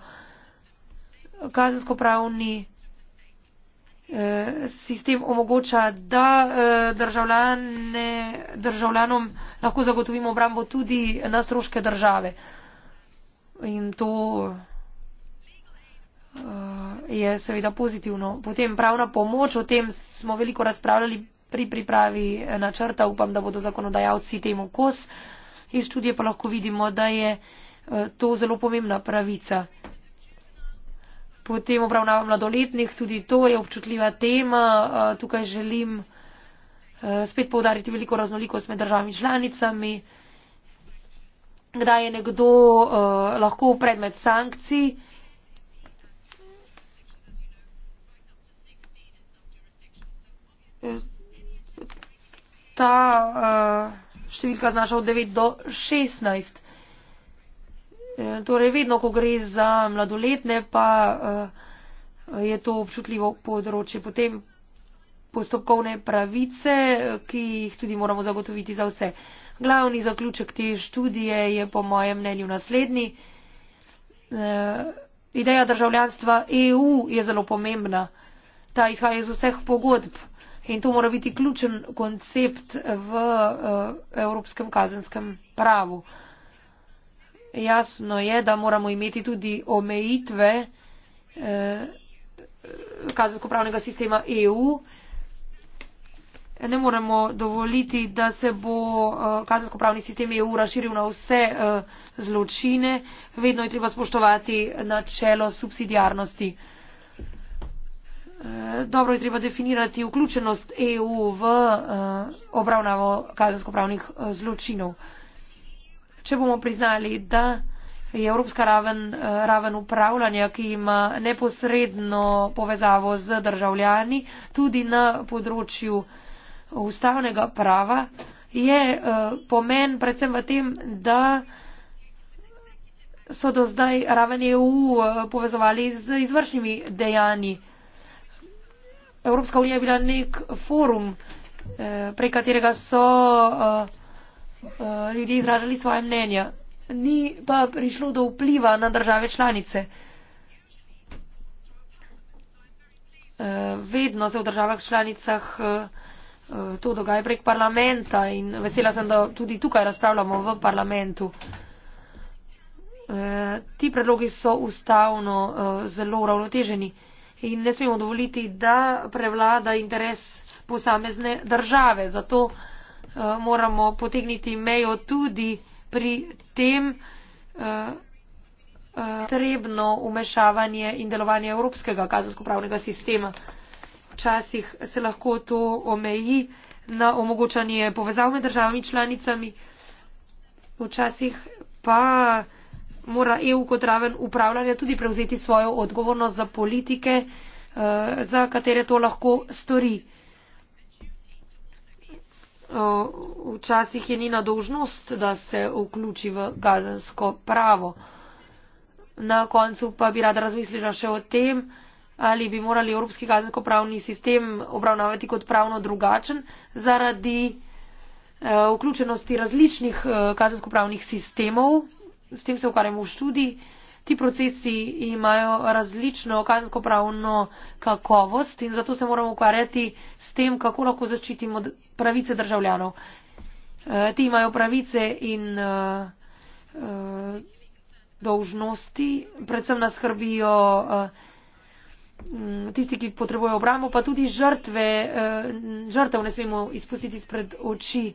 Kazensko pravni sistem omogoča, da eh, državljanom lahko zagotovimo obrambo tudi na stroške države. In to eh, je seveda pozitivno. Potem pravna pomoč, o tem smo veliko razpravljali pri pripravi eh, načrta, upam, da bodo zakonodajalci temu kos. Iz študije pa lahko vidimo, da je to zelo pomembna pravica. Potem obravnava mladoletnih, tudi to je občutljiva tema. Tukaj želim spet povdariti veliko raznolikost med državami članicami. Kdaj je nekdo lahko predmet sankcij? Ta uh, številka znaša od 9 do 16. Eh, torej, vedno, ko gre za mladoletne, pa eh, je to občutljivo področje. Potem postopkovne pravice, eh, ki jih tudi moramo zagotoviti za vse. Glavni zaključek te študije je po mojem mnenju naslednji. Ideja državljanstva EU je zelo pomembna. Ta izhaja iz vseh pogodb in to mora biti ključen koncept v evropskem kazenskem pravu jasno je, da moramo imeti tudi omejitve eh, kazensko pravnega sistema EU. Ne moremo dovoliti, da se bo eh, kazensko pravni sistem EU razširil na vse eh, zločine. Vedno je treba spoštovati načelo subsidijarnosti. Eh, dobro je treba definirati vključenost EU v uh, obravnavo kazensko-pravnih uh, eh, zločinov. Uh, če bomo priznali, da je evropska raven, eh, raven upravljanja, ki ima neposredno povezavo z državljani, tudi na področju ustavnega prava, je eh, pomen predvsem v tem, da so do zdaj raven EU eh, povezovali z izvršnimi dejanji. Evropska unija je bila nek forum, prek katerega so Eh, ljudje izražali svoje mnenja. Ni pa prišlo do vpliva na države članice. Eh, vedno se v državah članicah eh, to dogaja prek parlamenta in vesela sem, da tudi tukaj razpravljamo v parlamentu. Ti predlogi so ustavno zelo ravnoteženi in ne smemo dovoliti, da prevlada interes posamezne države. Zato Eh, moramo potegniti mejo tudi pri tem eh, eh, potrebno uh, uh, umešavanje in delovanje evropskega kazensko-pravnega sistema. Včasih se lahko to omeji na omogočanje povezav med državami članicami, včasih pa mora EU kot raven upravljanja tudi prevzeti svojo odgovornost za politike, uh, za katere to lahko stori včasih je njena dožnost, da se vključi v gazansko pravo. Na koncu pa bi rada razmislila še o tem, ali bi morali evropski gazansko pravni sistem obravnavati kot pravno drugačen zaradi e, vključenosti različnih e, gazansko pravnih sistemov. S tem se ukvarjamo v študiji. Ti procesi imajo različno kazensko pravno kakovost in zato se moramo ukvarjati s tem, kako lahko zaščitimo pravice državljanov. Eh, ti imajo pravice in eh, eh, dolžnosti, predvsem nas skrbijo tisti, ki potrebujejo obramo, pa tudi žrtve, žrtev ne smemo izpustiti spred oči.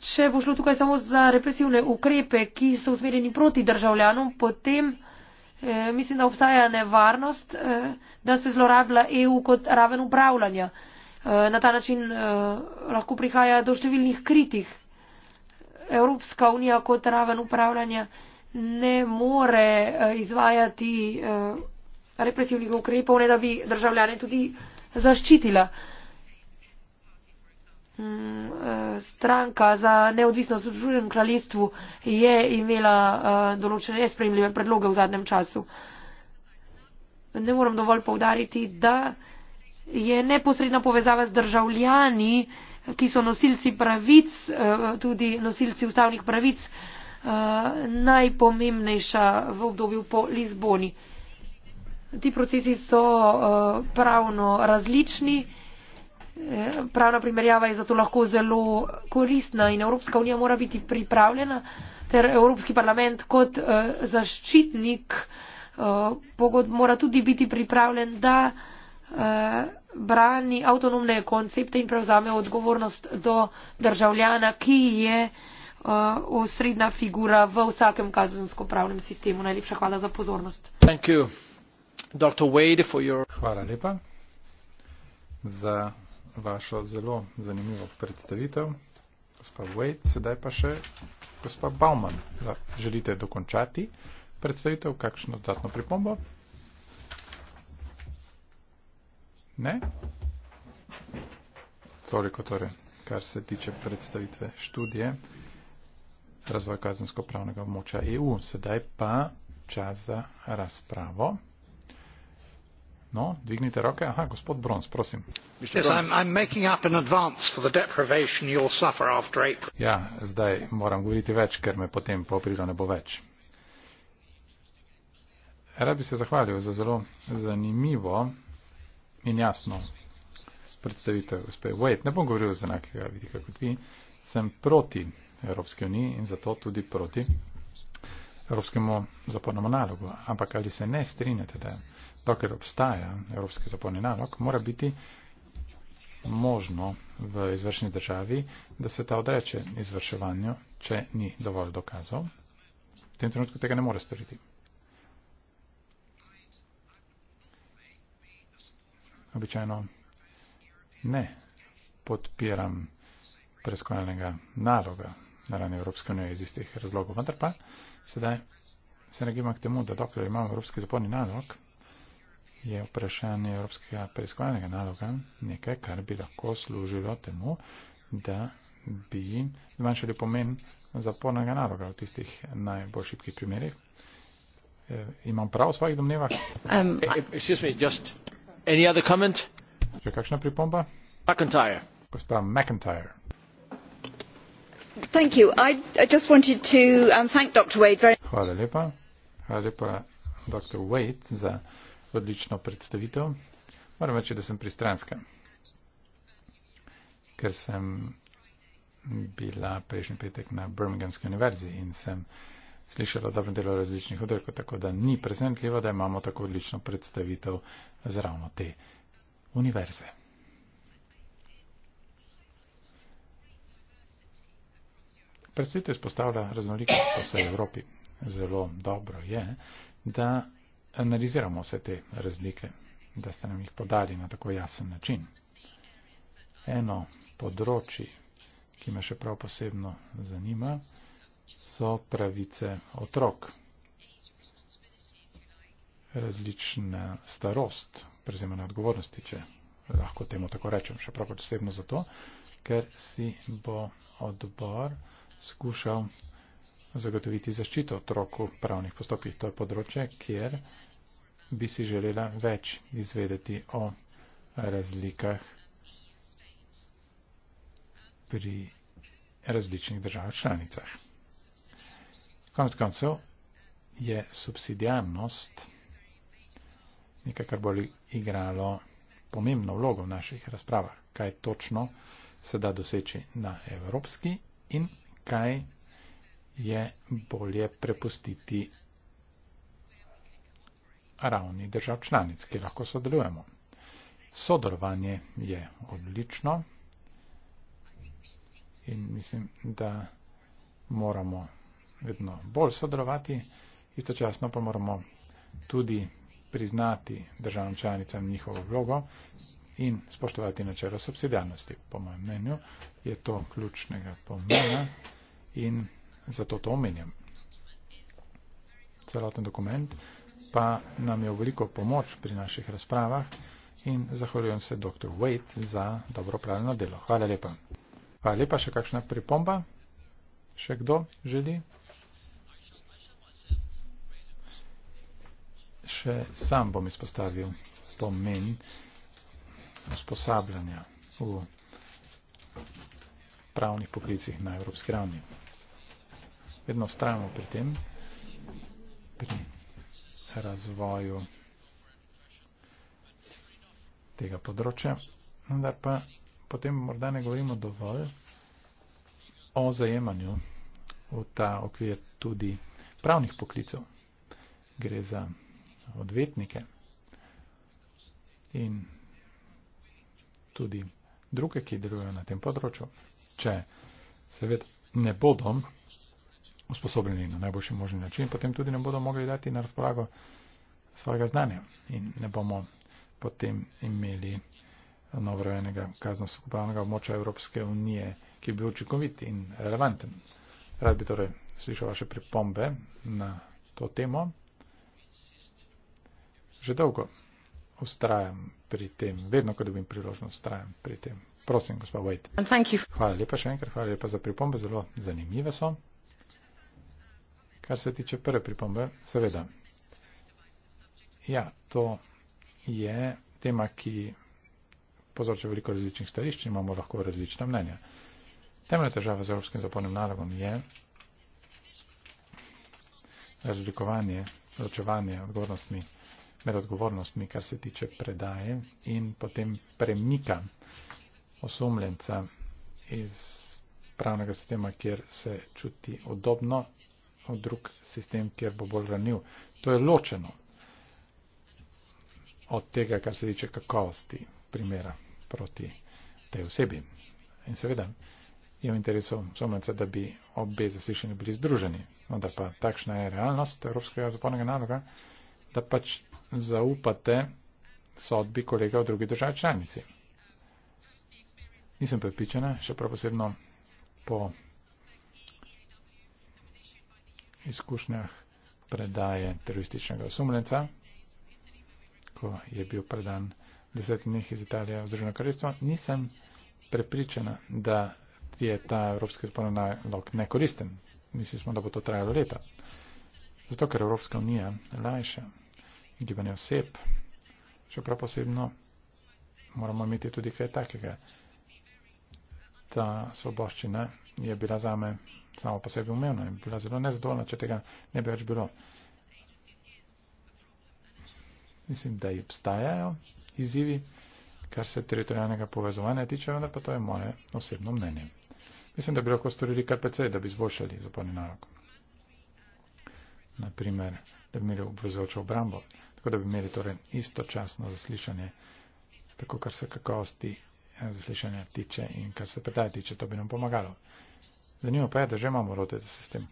Če bo šlo tukaj samo za represivne ukrepe, ki so usmerjeni proti državljanom, potem Eh, mislim, da obstaja nevarnost, eh, da se zlorablja EU kot raven upravljanja. Eh, na ta način lahko prihaja do številnih kritih. Evropska unija kot raven upravljanja ne more izvajati represivnih ukrepov, ne da bi državljane tudi zaščitila. Mm, eh, stranka za neodvisnost v Združenem kraljestvu je imela eh, določene nespremljive predloge v zadnjem času. Ne moram dovolj povdariti, da je neposredna povezava z državljani, ki so nosilci pravic, eh, tudi nosilci ustavnih pravic, najpomembnejša v obdobju po Lizboni. Ti procesi so pravno različni pravna primerjava je zato lahko zelo koristna in Evropska unija mora biti pripravljena ter Evropski parlament kot uh, zaščitnik uh, eh, pogod mora tudi biti pripravljen, da uh, brani avtonomne koncepte in prevzame odgovornost do državljana, ki je uh, osrednja figura v vsakem kazensko-pravnem sistemu. Najlepša hvala za pozornost. Hvala lepa za vašo zelo zanimivo predstavitev. Gospa Wade, sedaj pa še gospa Bauman. Da, želite dokončati predstavitev, kakšno dodatno pripombo? Ne? Toliko torej, kar se tiče predstavitve študije razvoja kazensko-pravnega območja EU. Sedaj pa čas za razpravo. No, dvignite roke. Aha, gospod Brons, prosim. Yes, ja, zdaj moram govoriti več, ker me potem po aprilu ne bo več. Rad bi se zahvalil za zelo zanimivo in jasno predstavitev gospe Wade. Ne bom govoril z enakega vidika kot vi. Sem proti Evropske unije in zato tudi proti evropskemu zapornemu nalogu. Ampak ali se ne strinjate, da dokler obstaja evropski zaporni nalog, mora biti možno v izvršni državi, da se ta odreče izvrševanju, če ni dovolj dokazov. V tem trenutku tega ne more storiti. Običajno ne podpiram preiskovalnega naloga na ravni Evropske unije iz istih razlogov, vendar pa Sedaj se nagima k temu, da dokler imamo evropski zaporni nalog, je vprašanje evropskega preiskovalnega naloga nekaj, kar bi lahko služilo temu, da bi zmanjšali pomen zapornega naloga v tistih najbolj šibkih primerih. E, imam prav v svojih domnevah? Um, Je eh, eh, kakšna pripomba? McIntyre. Gospod McIntyre. Um, Hvala lepa. Hvala lepa, dr. Wade, za odlično predstavitev. Moram reči, da sem pristranska, ker sem bila prejšnji petek na Birminghamski univerzi in sem slišala dobro delo različnih odrekov, tako da ni presenetljivo, da imamo tako odlično predstavitev z ravno te univerze. Predsednik izpostavlja raznolikost po vsej Evropi. Zelo dobro je, da analiziramo vse te razlike, da ste nam jih podali na tako jasen način. Eno področje, ki me še prav posebno zanima, so pravice otrok. Različna starost, prezimene odgovornosti, če lahko temu tako rečem, še prav posebno zato, ker si bo odbor skušal zagotoviti zaščito otroku v pravnih postopkih. To je področje, kjer bi si želela več izvedeti o razlikah pri različnih državah članicah. Konec koncev je subsidijarnost nekaj, kar bo igralo pomembno vlogo v naših razpravah, kaj točno se da doseči na evropski in kaj je bolje prepustiti ravni držav članic, ki lahko sodelujemo. Sodelovanje je odlično in mislim, da moramo vedno bolj sodelovati, istočasno pa moramo tudi priznati državam članicam njihovo vlogo, in spoštovati načelo subsidijalnosti. Po mojem mnenju je to ključnega pomena in zato to omenjam. Celoten dokument pa nam je v veliko pomoč pri naših razpravah in zahvaljujem se dr. Wade za dobro pravilno delo. Hvala lepa. Hvala lepa, še kakšna pripomba? Še kdo želi? Še sam bom izpostavil pomen usposabljanja v pravnih poklicih na evropski ravni. Vedno vztrajamo pri tem, pri razvoju tega področja, vendar pa potem morda ne govorimo dovolj o zajemanju v ta okvir tudi pravnih poklicov. Gre za odvetnike in tudi druge, ki delujejo na tem področju, če seveda ne bodo usposobljeni na najboljši možni način, potem tudi ne bodo mogli dati na razpolago svojega znanja in ne bomo potem imeli novorojenega kaznostko pravnega območja Evropske unije, ki bi bil učinkovit in relevanten. Rad bi torej slišal vaše pripombe na to temo. Že dolgo ustrajam pri tem, vedno, ko dobim priložnost, ustrajam pri tem. Prosim, gospod Vojt. Hvala lepa še enkrat, hvala lepa za pripombe, zelo zanimive so. Kar se tiče prve pripombe, seveda. Ja, to je tema, ki povzroča veliko različnih stališč in imamo lahko različna mnenja. Temeljna težava z evropskim zapornim nalogom je razlikovanje, odločevanje odgovornostmi med odgovornostmi, kar se tiče predaje in potem premika osumljenca iz pravnega sistema, kjer se čuti odobno, v drug sistem, kjer bo bolj ranil. To je ločeno od tega, kar se tiče kakovosti primera proti tej osebi. In seveda je v interesu osumljenca, da bi obe zaslišanji bili združeni. No, da pa takšna je realnost Evropskega zapornega naloga, da pač zaupate sodbi kolega v drugi državi članici. Nisem predpičena, še prav posebno po izkušnjah predaje terorističnega osumljenca, ko je bil predan deset dneh iz Italije v Združeno kraljestvo, nisem prepričana, da je ta evropski ponovnalog nekoristen. Mislim smo, da bo to trajalo leta. Zato, ker Evropska unija lajša gibanje oseb, še prav posebno moramo imeti tudi kaj takega. Ta svoboščina je bila za me samo po sebi umevna in bila zelo nezadovoljna, če tega ne bi več bilo. Mislim, da obstajajo izzivi, kar se teritorijalnega povezovanja tiče, vendar pa to je moje osebno mnenje. Mislim, da bi lahko storili KPC, da bi izboljšali zaporni narok. Naprimer, da bi imeli obvezočo obrambo, tako da bi imeli torej istočasno zaslišanje, tako kar se kakovosti eh, zaslišanja tiče in kar se predaj tiče, to bi nam pomagalo. Zanimivo pa je, da že imamo rote, da se s tem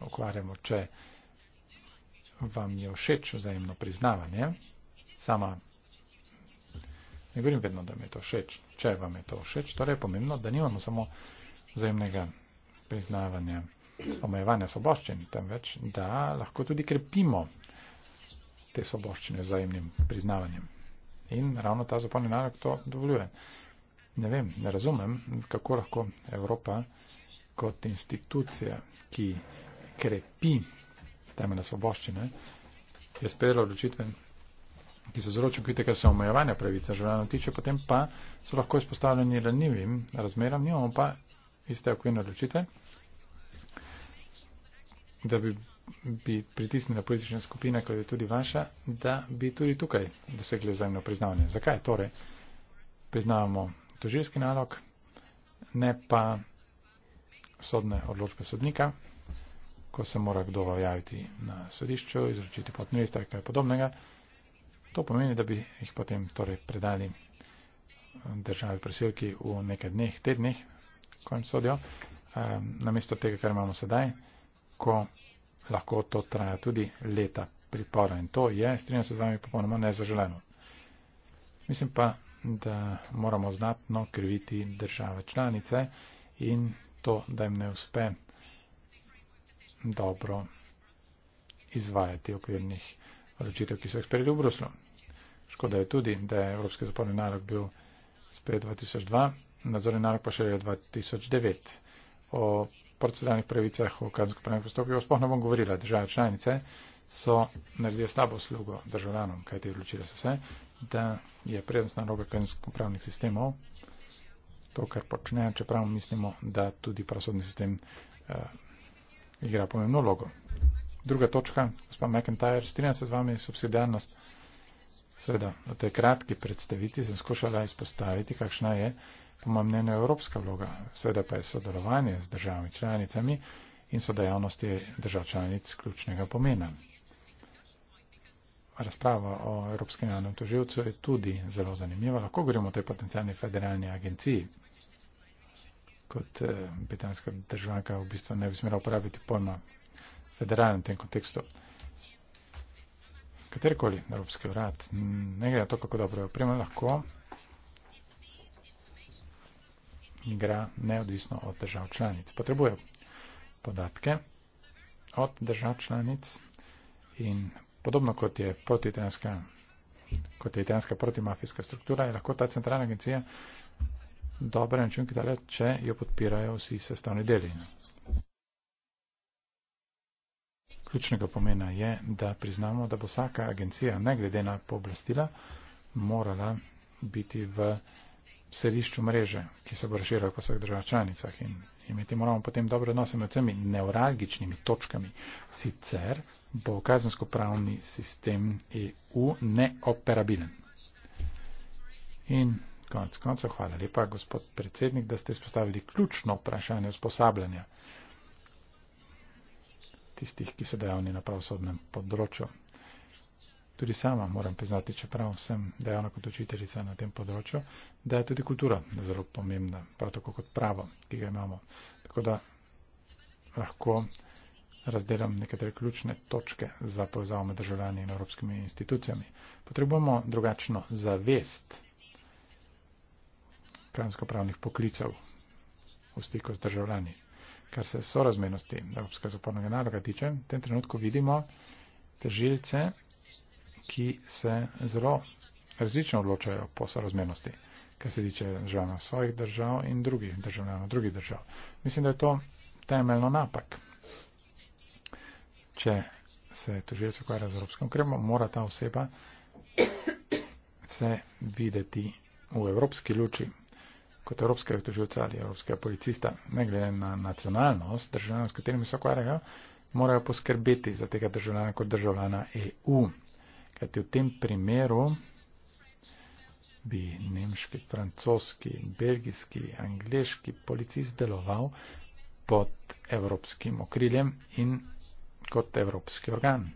ukvarjamo, če vam je všeč vzajemno priznavanje, sama ne govorim vedno, da mi je to všeč, če vam je to všeč, torej je pomembno, da nimamo samo vzajemnega priznavanja omejevanja soboščin, temveč da lahko tudi krepimo te soboščine z zajemnim priznavanjem. In ravno ta zaporni narod to dovoljuje. Ne vem, ne razumem, kako lahko Evropa kot institucija, ki krepi temeljne soboščine, je sprejela odločitve, ki so zelo čukite, ker se omejevanja pravice življenja tiče, potem pa so lahko izpostavljeni ranivim razmeram, nimamo pa iste okvirne odločitve, da bi, bi pritisnila politična skupina, kot je tudi vaša, da bi tudi tukaj dosegli vzajemno priznavanje. Zakaj torej priznavamo tožilski nalog, ne pa sodne odločbe sodnika, ko se mora kdo javiti na sodišču, izročiti potno list ali kaj podobnega. To pomeni, da bi jih potem torej predali državi prosilki v nekaj dneh, tednih, ko jim sodijo, ehm, namesto tega, kar imamo sedaj lahko, lahko to traja tudi leta pripora in to je, strinjam se z vami, popolnoma nezaželeno. Mislim pa, da moramo znatno kriviti države članice in to, da jim ne uspe dobro izvajati okvirnih odločitev, ki so jih sprejeli v Bruslu. Škoda je tudi, da je Evropski zaporni nalog bil sprejet 2002, nadzorni nalog pa še je 2009. O porcelanih pravicah v kazensko pravnem postopku, o spohnem bom govorila, države članice so naredile slabo slugo državljanom, kajte odločile so se, da je prednostna roga kazensko pravnih sistemov to, kar počnejo, čeprav mislimo, da tudi pravosodni sistem uh, igra pomembno vlogo. Druga točka, gospod McIntyre, strinjam se z vami, subsidijarnost. Sveda, v tej kratki predstaviti sem skušala izpostaviti, kakšna je uh, pomem mnenju, evropska vloga, seveda pa je sodelovanje z državami članicami in sodejavnosti držav članic ključnega pomena. Razprava o Evropskem javnem toživcu je tudi zelo zanimiva. Lahko govorimo o tej potencijalni federalni agenciji. Kot eh, britanska državljanka v bistvu ne bi smela uporabiti pojma federalnem tem kontekstu. Katerikoli Evropski urad, ne glede na to, kako dobro je oprema, lahko igra neodvisno od držav članic. Potrebujejo podatke od držav članic in podobno kot je protitranska kot je italijanska protimafijska struktura, je lahko ta centralna agencija dobra način, ki dalje, če jo podpirajo vsi sestavni deli. Ključnega pomena je, da priznamo, da bo vsaka agencija, ne glede na pooblastila, morala biti v središču mreže, ki se bo razširila po vseh državah članicah in imeti moramo potem dobre odnose med vsemi neuralgičnimi točkami. Sicer bo kazensko-pravni sistem EU neoperabilen. In konec konca, hvala lepa, gospod predsednik, da ste spostavili ključno vprašanje usposabljanja tistih, ki so dejavni na pravosodnem področju tudi sama moram priznati, čeprav sem dejavna kot učiteljica na tem področju, da je tudi kultura zelo pomembna, prav tako kot pravo, ki ga imamo. Tako da lahko razdelam nekatere ključne točke za povezavo med državljani in evropskimi institucijami. Potrebujemo drugačno zavest kazenskopravnih poklicev v stiku z državljani. Kar se sorazmernosti evropskega zapornega naloga tiče, v tem trenutku vidimo težilce ki se zelo različno odločajo po sorazmernosti, kar se tiče državljanov svojih držav in drugih državljanov drugih držav. Mislim, da je to temeljno napak. Če se tužilec ukvarja z evropskim krmom, mora ta oseba se videti v evropski luči kot evropskega tužilca ali evropskega policista, ne glede na nacionalnost državljanov, s katerimi se ukvarjajo, morajo poskrbeti za tega državljana kot državljana EU. Kajte, v tem primeru bi nemški, francoski, belgijski, angliški policist deloval pod evropskim okriljem in kot evropski organ.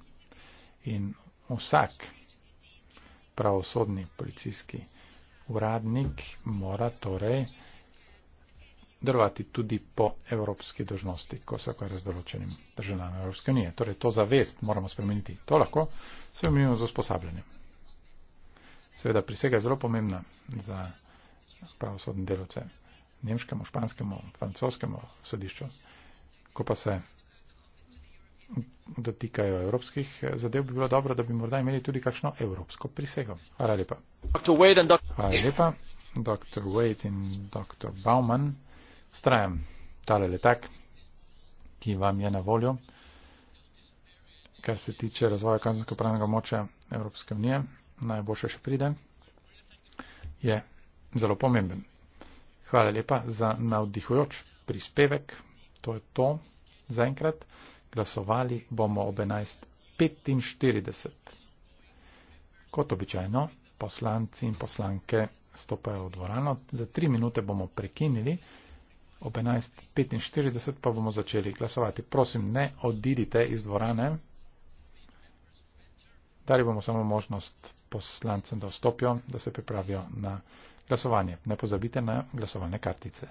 In vsak pravosodni policijski uradnik mora torej delovati tudi po evropski dožnosti, ko se ukvarja z določenim državljanom Evropske unije. Torej, to zavest moramo spremeniti. To lahko spremenimo z usposabljanjem. Seveda, prisega je zelo pomembna za pravosodne delovce nemškemu, španskemu, francoskemu sodišču. Ko pa se dotikajo evropskih zadev, bi bilo dobro, da bi morda imeli tudi kakšno evropsko prisego. Hvala lepa. Hvala lepa. Dr. Wade in dr. Bauman strajam. Tale letak, ki vam je na voljo, kar se tiče razvoja kazensko pravnega moča Evropske unije, najboljše še pride, je zelo pomemben. Hvala lepa za navdihujoč prispevek. To je to za enkrat. Glasovali bomo ob 11.45. Kot običajno, poslanci in poslanke stopajo v dvorano. Za tri minute bomo prekinili ob 11.45 pa bomo začeli glasovati. Prosim, ne odidite iz dvorane. Dali bomo samo možnost poslancem, da vstopijo, da se pripravijo na glasovanje. Ne pozabite na glasovalne kartice.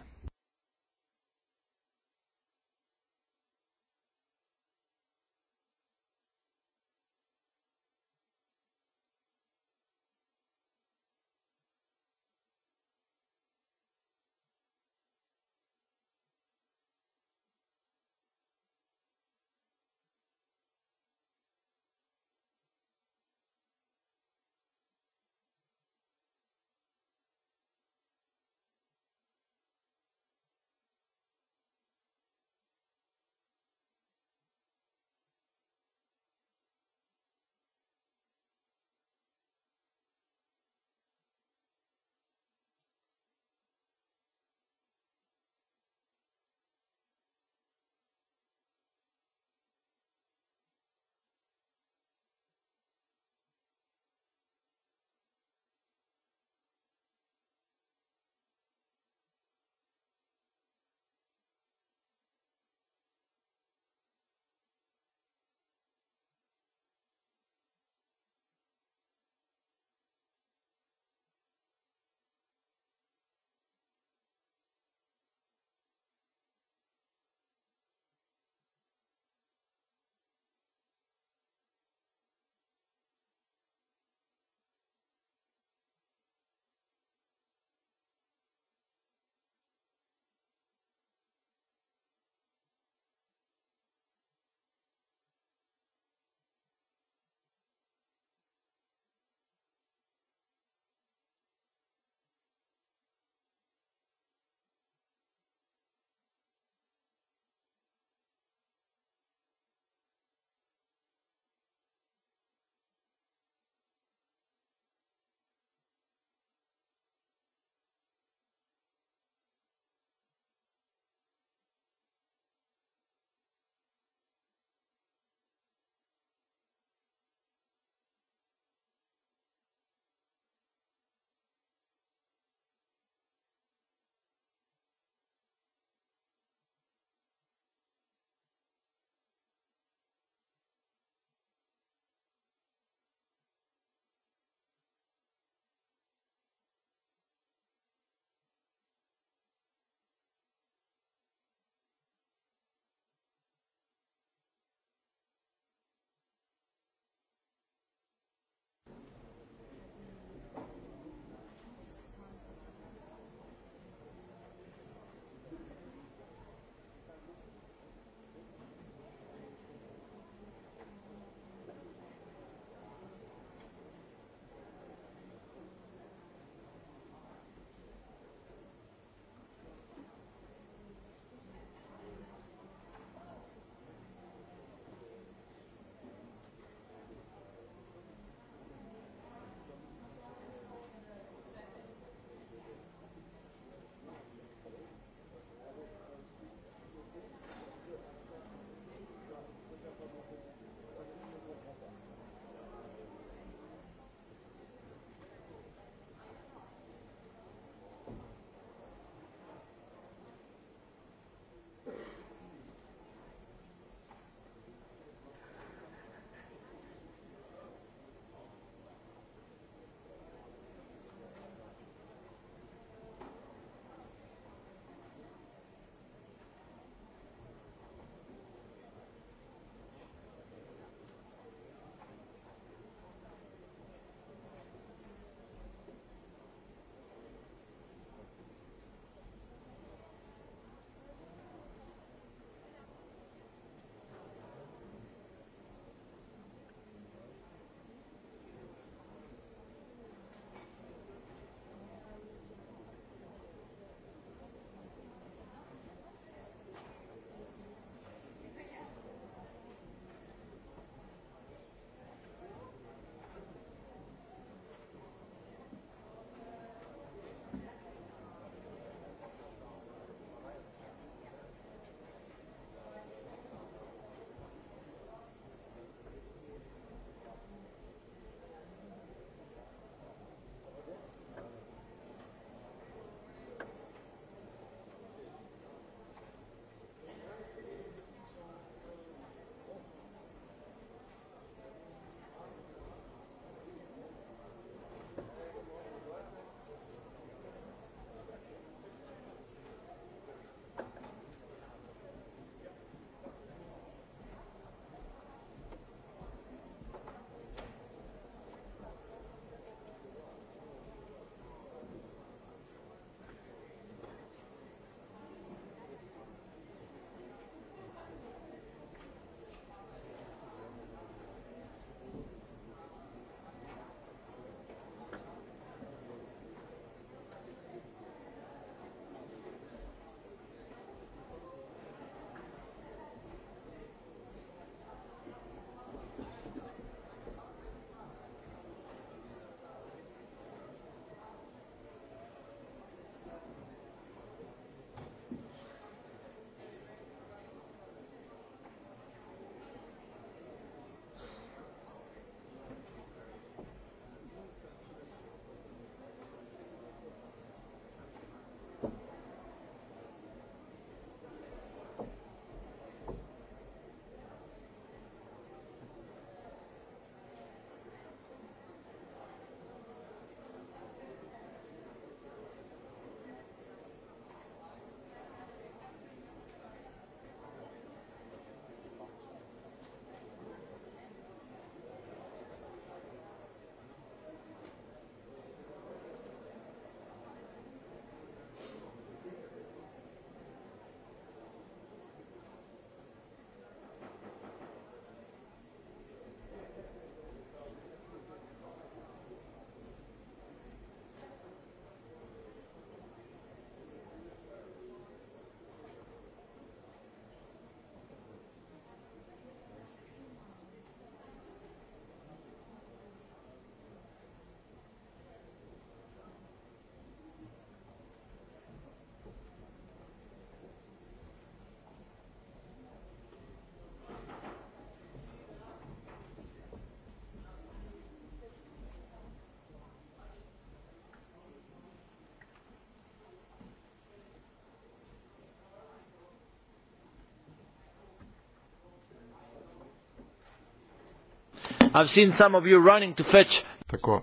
Tako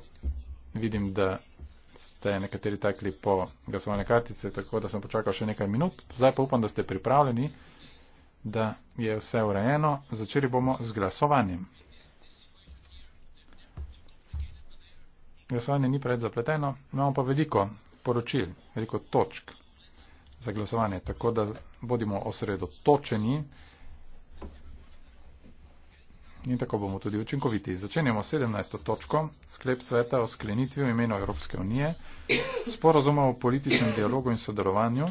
vidim, da ste nekateri takli po glasovalne kartice, tako da sem počakal še nekaj minut. Zdaj pa upam, da ste pripravljeni, da je vse urejeno. Začeli bomo z glasovanjem. Glasovanje ni preveč zapleteno, imamo no, pa veliko poročil, veliko točk za glasovanje, tako da bodimo osredotočeni in tako bomo tudi učinkoviti. Začenjamo 17. točko, sklep sveta o sklenitvi v imenu Evropske unije, sporozuma o političnem dialogu in sodelovanju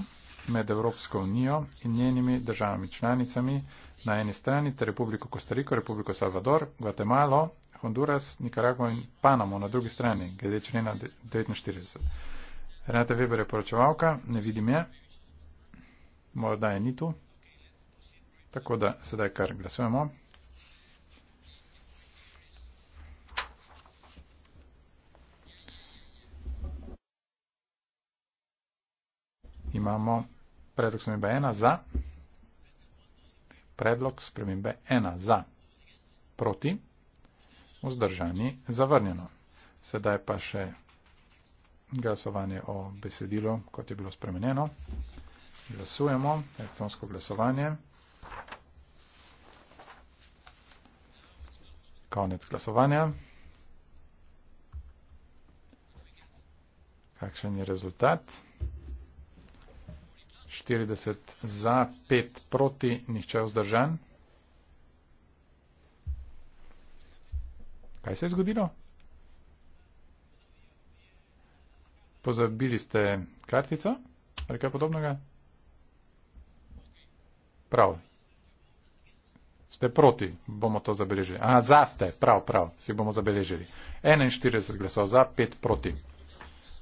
med Evropsko unijo in njenimi državami članicami na eni strani ter Republiko Kostariko, Republiko Salvador, Gvatemalo, Honduras, Nikaragvo in Panamo na drugi strani, glede člena 49. Renata Weber je poročevalka, ne vidim je, morda je ni tu. Tako da sedaj kar glasujemo. imamo predlog spremembe 1 za, predlog spremembe 1 za, proti, vzdržani, zavrnjeno. Sedaj pa še glasovanje o besedilu, kot je bilo spremenjeno. Glasujemo, elektronsko glasovanje. Konec glasovanja. Kakšen je rezultat? 40 za, 5 proti, nihče vzdržan. Kaj se je zgodilo? Pozabili ste kartico ali kaj podobnega? Prav. Ste proti, bomo to zabeležili. A, za ste, prav, prav, si bomo zabeležili. 41 glasov za, 5 proti.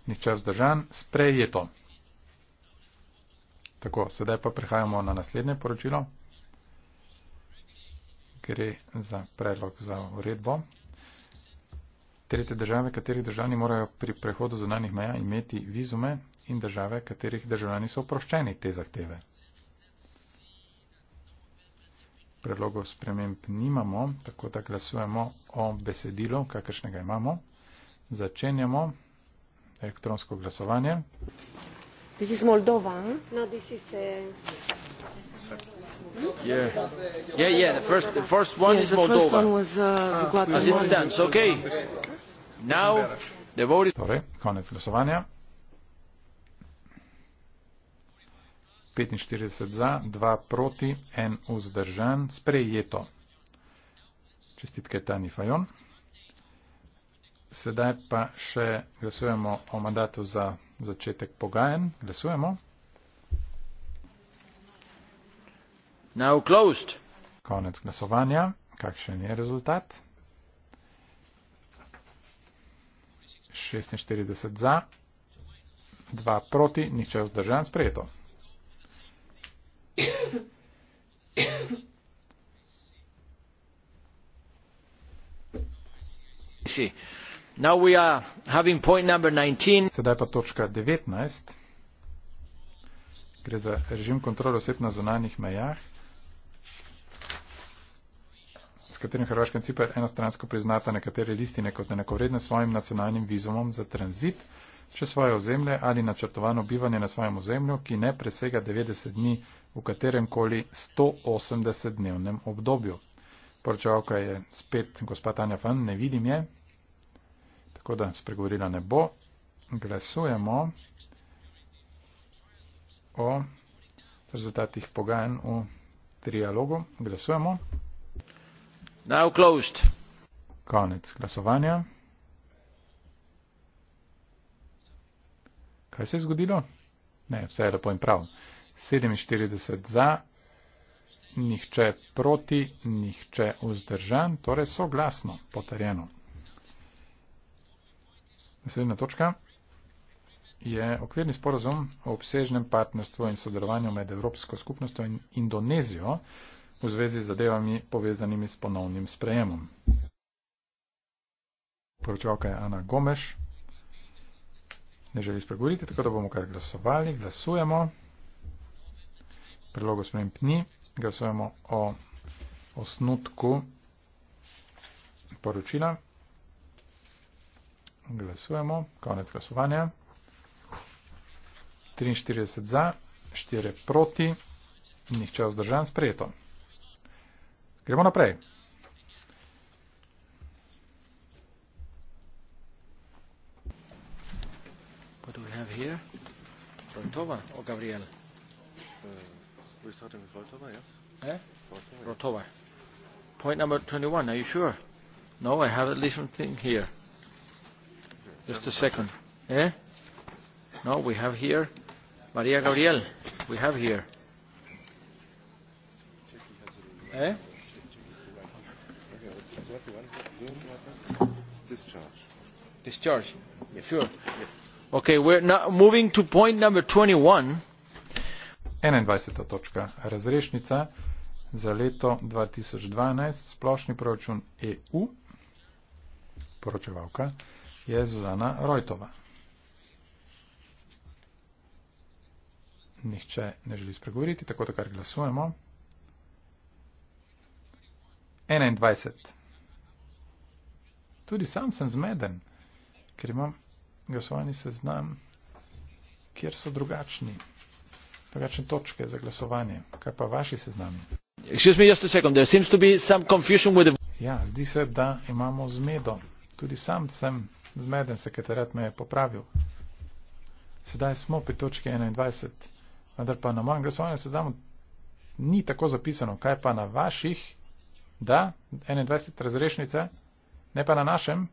Nihče vzdržan, sprejeto. Tako, sedaj pa prehajamo na naslednje poročilo. Gre za predlog za uredbo. Tretje države, katerih državljani morajo pri prehodu zunanih meja imeti vizume in države, katerih državljani so oproščeni te zahteve. Predlogov sprememb nimamo, tako da glasujemo o besedilu, kakršnega imamo. Začenjamo elektronsko glasovanje. This is Moldova. Huh? No, this is. Uh, yeah. Yeah, yeah. The first, the first one yes, is the Moldova. The first one was uh, uh, Guatemala. As it stands, okay. Now, the vote is. Torej, konec glasovanja. 45 za, 2 proti, 1 vzdržan, sprejeto. Čestitke Tani Fajon. Sedaj pa še glasujemo o mandatu za začetek pogajen. Glasujemo. Now closed. Konec glasovanja. Kakšen je rezultat? 46 za, 2 proti, niče vzdržan, sprejeto. See sedaj pa točka devetnajst gre za režim kontrol oseb na zunanjih mejah s katerim Hrvaška in Cipar enostransko priznata nekatere listine kot enakovredne svojim nacionalnim vizumom za tranzit, če svoje ozemlje ali načrtovano bivanje na svojem ozemlju, ki ne presega 90 dni v katerem koli 180-dnevnem obdobju. Poročevalka je spet gospa Tanja Fan, ne vidim je tako da spregovorila ne bo. Glasujemo o rezultatih pogajanj v trialogu. Glasujemo. Now closed. Konec glasovanja. Kaj se je zgodilo? Ne, vse je lepo in prav. 47 za, nihče proti, nihče vzdržan, torej soglasno, potrjeno. Naslednja točka je okvirni sporazum o obsežnem partnerstvu in sodelovanju med Evropsko skupnostjo in Indonezijo v zvezi z zadevami povezanimi s ponovnim sprejemom. Poročevalka je Ana Gomeš. Ne želi spregovoriti, tako da bomo kar glasovali. Glasujemo. Predlogo sprejem pni. Glasujemo o osnutku poročila. Glasujemo. Konec glasovanja. 43 za, 4 proti, nihče vzdržan, sprejeto. Gremo naprej. What do we have here? Rotova or oh, Gabriel? Uh, we starting with Rotova, yes. Eh? Rotova. Point number 21, are you sure? No, I have at least one thing here just a second. Eh? No, we have here. Maria Gabriel, we have here. Eh? Discharge. Discharge, yes. sure. Yes. Okay, we're now moving to point number 21. 21. točka. Razrešnica za leto 2012, splošni proračun EU, poročevalka. Uh, je Zuzana Rojtova. Nihče ne želi spregovoriti, tako da kar glasujemo. 21. Tudi sam sem zmeden, ker imam glasovani seznam, kjer so drugačni, drugačne točke za glasovanje. Kaj pa vaši seznami? Me, ja, zdi se, da imamo zmedo. Tudi sam sem zmeden sekretarat me je popravil. Sedaj smo pri točki 21, vendar pa na mojem glasovanju se znamo, ni tako zapisano, kaj pa na vaših, da, 21 razrešnice, ne pa na našem.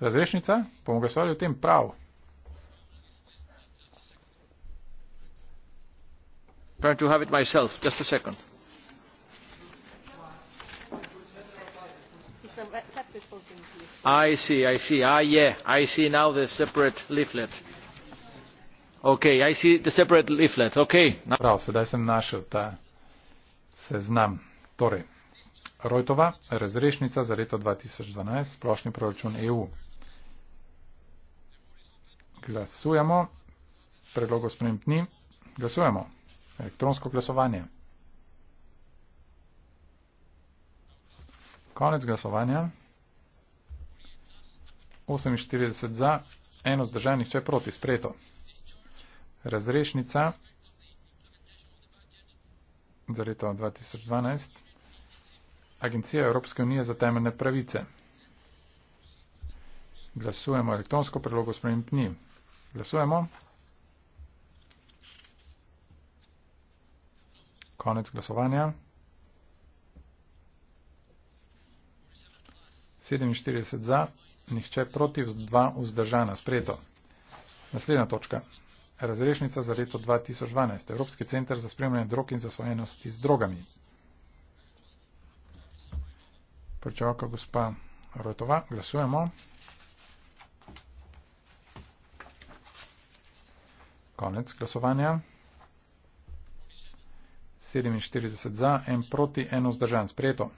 Razrešnica, bomo glasovali o tem prav. Trying to have it myself, just a second. i see i see ah yes i see now the separate leaflet ok i see the separate leaflet ok prav sedaj sem našel ta seznam torej rojtova razrešnica za leto 2012 splošni proračun EU glasujemo predlog gospodin ni glasujemo elektronsko glasovanje konec glasovanja 48 za, eno zdržanih če proti spreto. Razrešnica za leto 2012, Agencija Evropske unije za temeljne pravice. Glasujemo elektronsko prilogo s premjim dni. Glasujemo. Konec glasovanja. 47 za nihče proti, dva vzdržana, sprejeto. Naslednja točka. Razrešnica za leto 2012. Evropski centr za spremljanje drog in zasvojenosti z drogami. Pričavka gospa Rojtova, glasujemo. Konec glasovanja. 47 za, en proti, en vzdržan, sprejeto.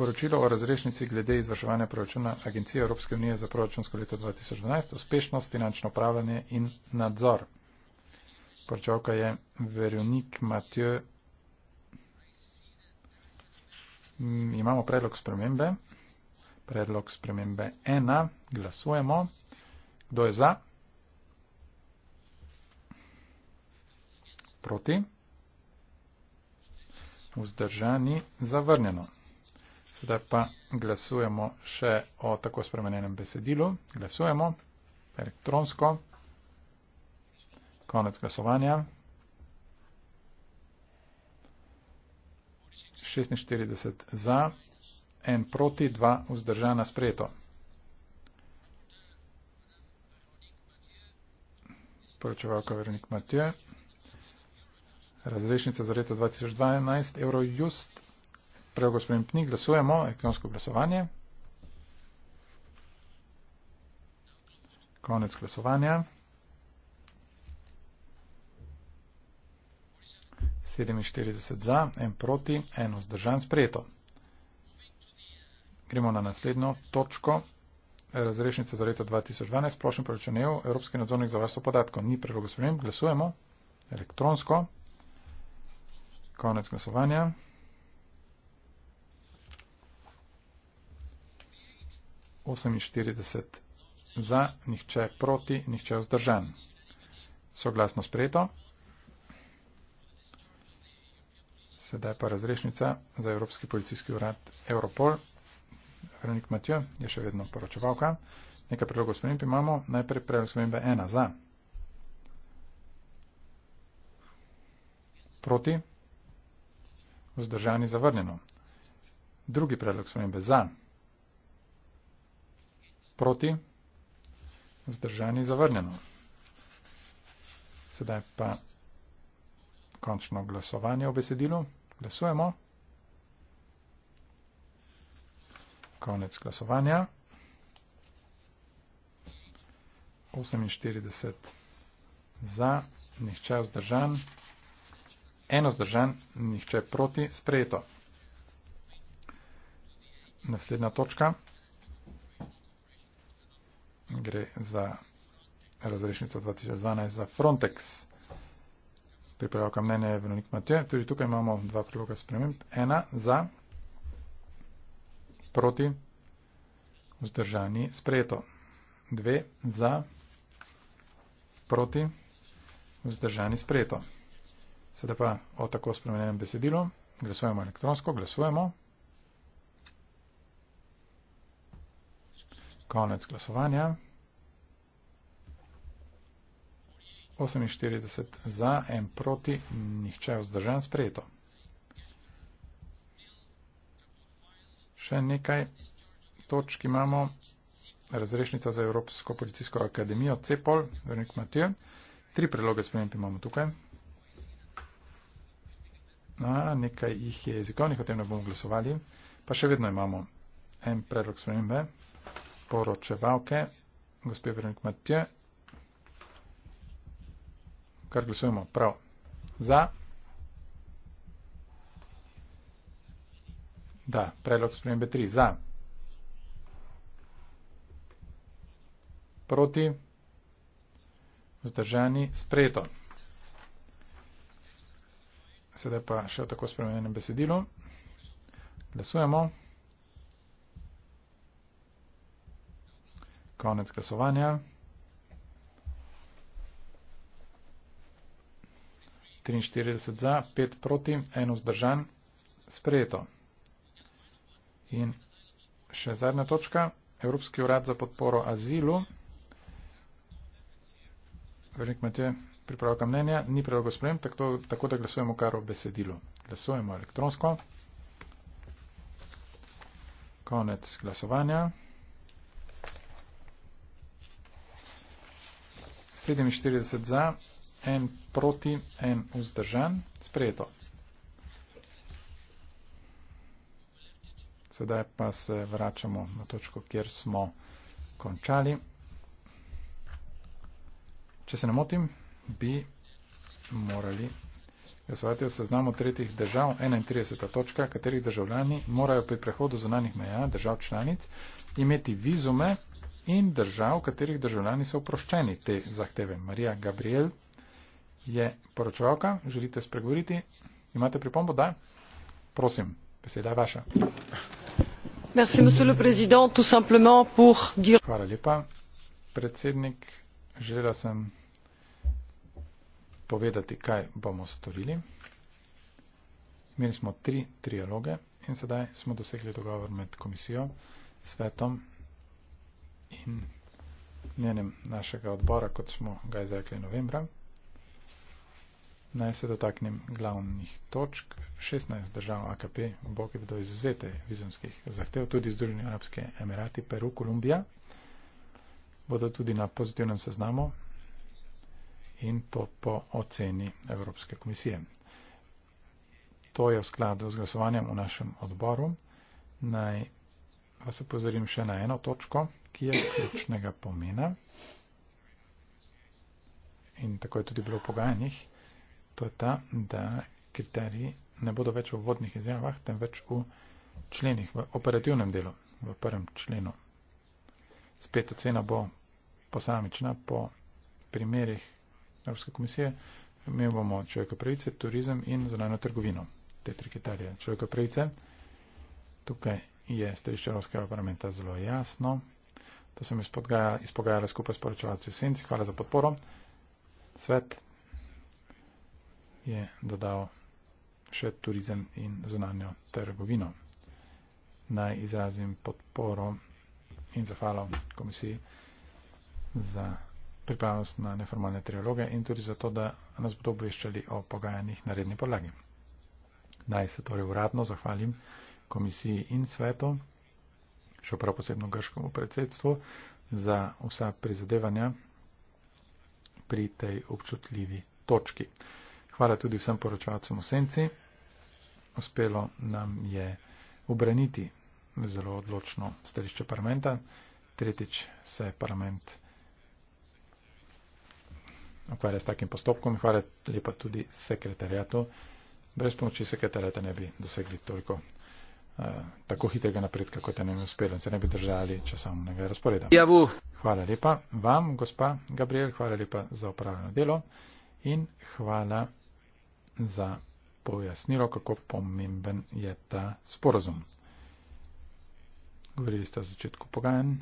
Poročilo o razrešnici glede izvrševanja proračuna Agencije Evropske unije za proračunsko leto 2012, uspešnost, finančno upravljanje in nadzor. Poročavka je Veronik Matjo. Mm, imamo predlog spremembe. Predlog spremembe 1. Glasujemo. Kdo je za? Proti? Vzdržani? Zavrnjeno. Zdaj pa glasujemo še o tako spremenjenem besedilu. Glasujemo elektronsko. Konec glasovanja. 46 za, 1 proti, 2 vzdržana sprejeto. Poročevalka Veronik Matije. Razrešnica za leto 2012, Eurojust prav gospodin Pnik, glasujemo, elektronsko glasovanje. Konec glasovanja. 47 za, en proti, en vzdržan sprejeto. Gremo na naslednjo točko. Razrešnica za leto 2012, prošljem proračunev, Evropski nadzornik za varstvo podatkov. Ni prerogo spremem, glasujemo elektronsko. Konec glasovanja. 48 za, nihče proti, nihče vzdržan. Soglasno sprejeto. Sedaj pa razrešnica za Evropski policijski urad Europol. Veronik Matjo je še vedno poročevalka. Nekaj predlogov sprememb imamo. Najprej predlog spremembe 1 za. Proti. Vzdržani zavrnjeno. Drugi predlog spremembe za proti, vzdržani zavrnjeno. Sedaj pa končno glasovanje o besedilu. Glasujemo. Konec glasovanja. 48 za, nihče vzdržan, eno vzdržan, nihče proti, sprejeto. Naslednja točka gre za razrešnico 2012 za Frontex. Pripravka mnenja je Veronik Matje. Tudi tukaj imamo dva priloga sprememb. Ena za, proti, vzdržani, sprejeto. Dve za, proti, vzdržani, sprejeto. Sedaj pa o tako spremenjenem besedilu. Glasujemo elektronsko, glasujemo. konec glasovanja. 48 za, en proti, nihče vzdržan sprejeto. Še nekaj točk imamo. Razrešnica za Evropsko policijsko akademijo Cepol, Vrnik Matijo. Tri predloge sprememb imamo tukaj. A, nekaj jih je jezikovnih, o tem ne bomo glasovali. Pa še vedno imamo en predlog spremembe poročevalke, gospe Veronik Matje. Kar glasujemo? Prav. Za. Da, predlog spremembe 3. Za. Proti. Vzdržani. Sprejeto. Sedaj pa še o tako spremenjenem besedilu. Glasujemo. Konec glasovanja. 43 za, 5 proti, 1 vzdržan, sprejeto. In še zadnja točka, Evropski urad za podporo azilu. Veliko imate pripravka mnenja, ni predlogo sprejem, tako, tako da glasujemo kar o besedilu. Glasujemo elektronsko. Konec glasovanja. 47 za, 1 proti, 1 vzdržan. Sprejeto. Sedaj pa se vračamo na točko, kjer smo končali. Če se ne motim, bi morali glasovati o seznamu tretjih držav 31. točka, katerih državljani morajo pri prehodu zunanih meja držav članic imeti vizume in držav, katerih državljani so oproščeni te zahteve. Marija Gabriel je poročevalka, želite spregovoriti, imate pripombo, da? Prosim, beseda je vaša. Merci, pour dire... Hvala lepa, predsednik. Želela sem povedati, kaj bomo storili. Imeli smo tri trialoge in sedaj smo dosegli dogovor med komisijo, svetom in njenem našega odbora, kot smo ga izrekli novembra. Naj se dotaknem glavnih točk. 16 držav AKP bo ki bodo izuzete vizumskih zahtev, tudi Združeni Arabske Emirati, Peru, Kolumbija, bodo tudi na pozitivnem seznamu in to po oceni Evropske komisije. To je v skladu z glasovanjem v našem odboru. Naj vas opozorim še na eno točko ki je ključnega pomena. In tako je tudi bilo v pogajanjih, to je ta, da kriteriji ne bodo več v vodnih izjavah, temveč v členih, v operativnem delu, v prvem členu. Spet ocena bo posamična po primerih Evropske komisije. Mi bomo človeka pravice, turizem in zunanjo trgovino. Te tri kriterije človeka pravice. Tukaj je stališče Evropskega parlamenta zelo jasno. To sem izpogajala skupaj s poročevalci v senci. Hvala za podporo. Svet je dodal še turizem in zunanjo trgovino. Naj izrazim podporo in zahvalo komisiji za pripravnost na neformalne trialoge in tudi za to, da nas bodo obveščali o pogajanjih na redni podlagi. Naj se torej uradno zahvalim komisiji in svetu še prav posebno grškemu predsedstvu, za vsa prizadevanja pri tej občutljivi točki. Hvala tudi vsem poročavcem v senci. Uspelo nam je obraniti zelo odločno stališče parlamenta. Tretjič se parlament ukvarja s takim postopkom. Hvala lepa tudi sekretarjatu. Brez pomoči sekretarjata ne bi dosegli toliko Eh, tako hitrega napredka, kot je nam uspelo in se ne bi držali časovnega razporeda. Javu. Hvala lepa vam, gospa Gabriel, hvala lepa za opravljeno delo in hvala za pojasnilo, kako pomemben je ta sporozum. Govorili ste o začetku pogajanj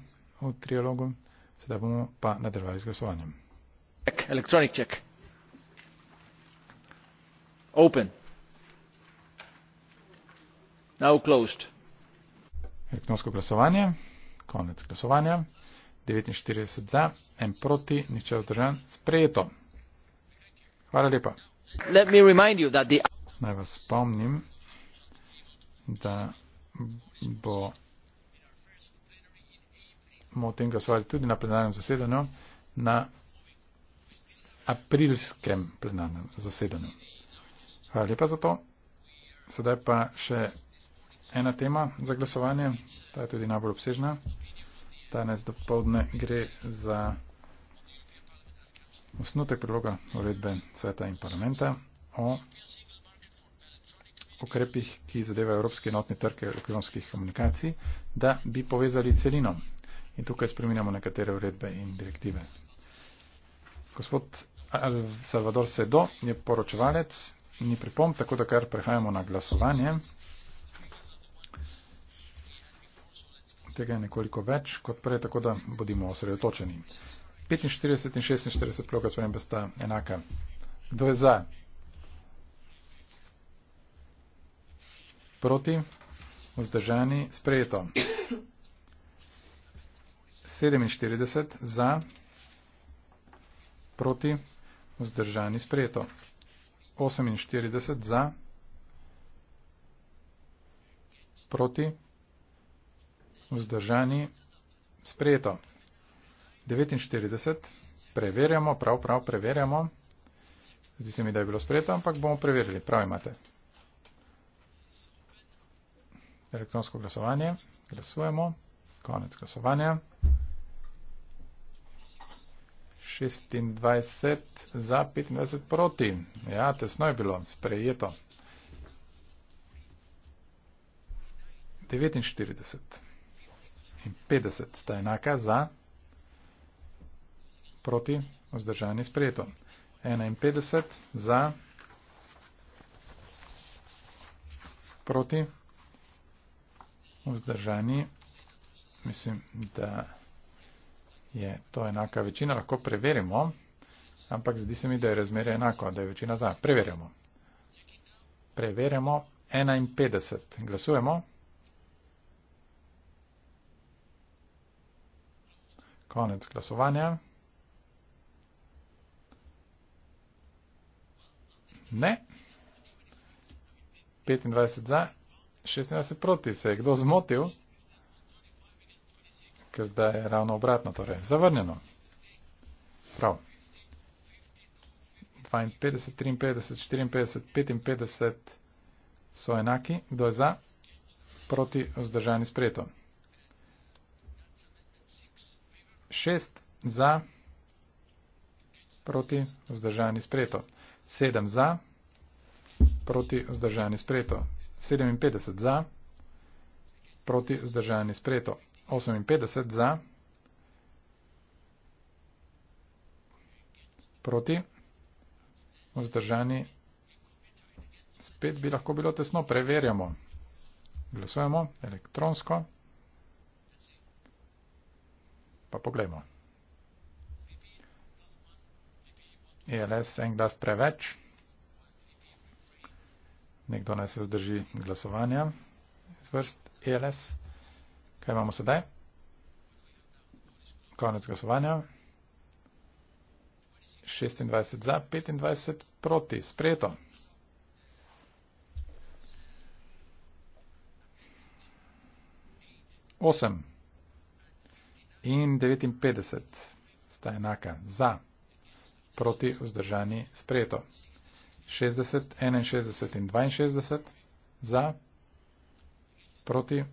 v trialogu, sedaj bomo pa nadaljevali z glasovanjem. Check, electronic check. Open elektronsko glasovanje konec glasovanja 49 za en proti nihče vzdržan sprejeto hvala lepa naj vas spomnim da bo bomo o tem glasovali tudi na plenarnem zasedanju na aprilskem plenarnem zasedanju. Hvala lepa za to. Sedaj pa še ena tema za glasovanje, ta je tudi najbolj obsežna. Danes do povdne gre za osnutek priloga uredbe sveta in parlamenta o ukrepih, ki zadevajo Evropske enotne trge elektronskih komunikacij, da bi povezali celino. In tukaj spreminjamo nekatere uredbe in direktive. Gospod Salvador Sedo je poročevalec, ni pripomp, tako da kar prehajamo na glasovanje. tega je nekoliko več kot prej, tako da bodimo osredotočeni. 45 in 46 ploka spremembe sta enaka. Kdo je za? Proti? Vzdržani? Sprejeto. 47 za? Proti? Vzdržani? Sprejeto. 48 za? Proti? vzdržani, sprejeto. 49, preverjamo, prav, prav, preverjamo. Zdi se mi, da je bilo sprejeto, ampak bomo preverili, prav imate. Elektronsko glasovanje, glasujemo, konec glasovanja. 26 za 25 proti. Ja, tesno je bilo, sprejeto. 49 in 50 sta enaka za, proti, vzdržani sprejeto. 51 za, proti, vzdržani, mislim, da je to enaka večina, lahko preverimo, ampak zdi se mi, da je razmerje enako, da je večina za. Preverjamo. Preverjamo 51. Glasujemo. konec glasovanja. Ne. 25 za, 26 proti se je kdo zmotil, ker zdaj je ravno obratno, torej zavrnjeno. Prav. 52, 53, 54, 55 so enaki, kdo je za, proti vzdržani sprejetom. 6 za, proti, vzdržani spreto. 7 za, proti, vzdržani spreto. 57 za, proti, vzdržani spreto. 58 za, proti, vzdržani spet bi lahko bilo tesno. Preverjamo. Glasujemo elektronsko pa poglejmo. Je les en glas preveč? Nekdo naj se vzdrži glasovanja iz vrst ELS. Kaj imamo sedaj? Konec glasovanja. 26 za, 25 proti. Sprejeto. Osem. Awesome in 59 sta enaka za, proti vzdržani sprejeto. 60, 61 in 62 za, proti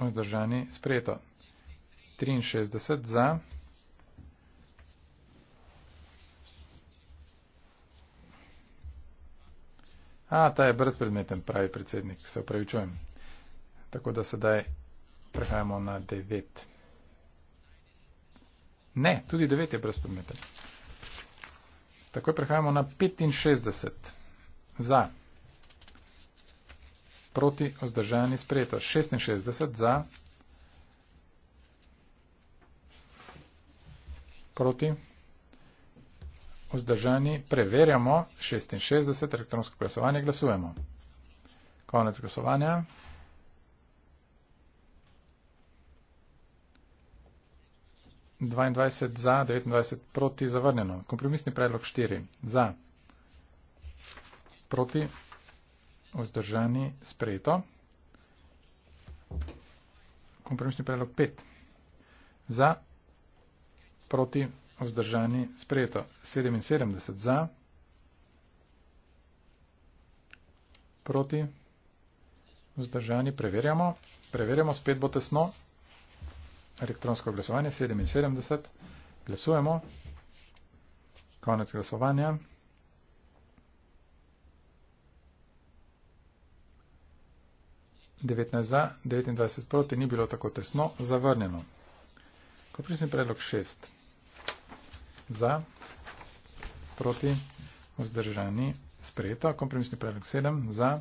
vzdržani sprejeto. 63 za, A, ta je brezpredmeten, pravi predsednik, se upravičujem. Tako da sedaj prehajamo na 9. Ne, tudi 9 je brezpredmeten. Takoj prehajamo na 65 za, proti, vzdržani, sprejeto. 66 za, proti, vzdržani, preverjamo. 66 elektronsko glasovanje glasujemo. Konec glasovanja. 22 za, 29 proti, zavrnjeno. Kompromisni predlog 4 za, proti, vzdržani, sprejeto. Kompromisni predlog 5 za, proti, vzdržani, sprejeto. 77 za, proti, vzdržani, preverjamo. Preverjamo, spet bo tesno elektronsko glasovanje 77. Glasujemo. Konec glasovanja. za, 29 proti ni bilo tako tesno zavrnjeno. Kopresni predlog 6. Za, proti, vzdržani, sprejeto. Kompromisni predlog 7. Za,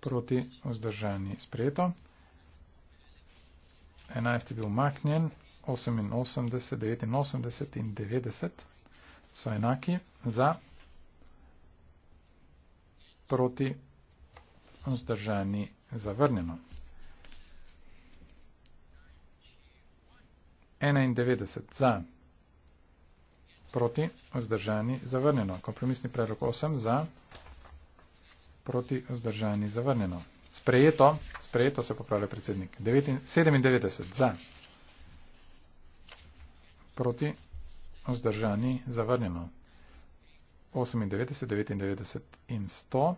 proti, vzdržani, sprejeto. 11 je bil umaknjen, 88, 89 in 90 so enaki za proti vzdržani zavrnjeno. 91 za proti vzdržani zavrnjeno. Kompromisni predlog 8 za proti vzdržani zavrnjeno. Sprejeto, sprejeto se popravlja predsednik. 97 za. Proti, vzdržani, zavrnjeno. 98, 99 in 100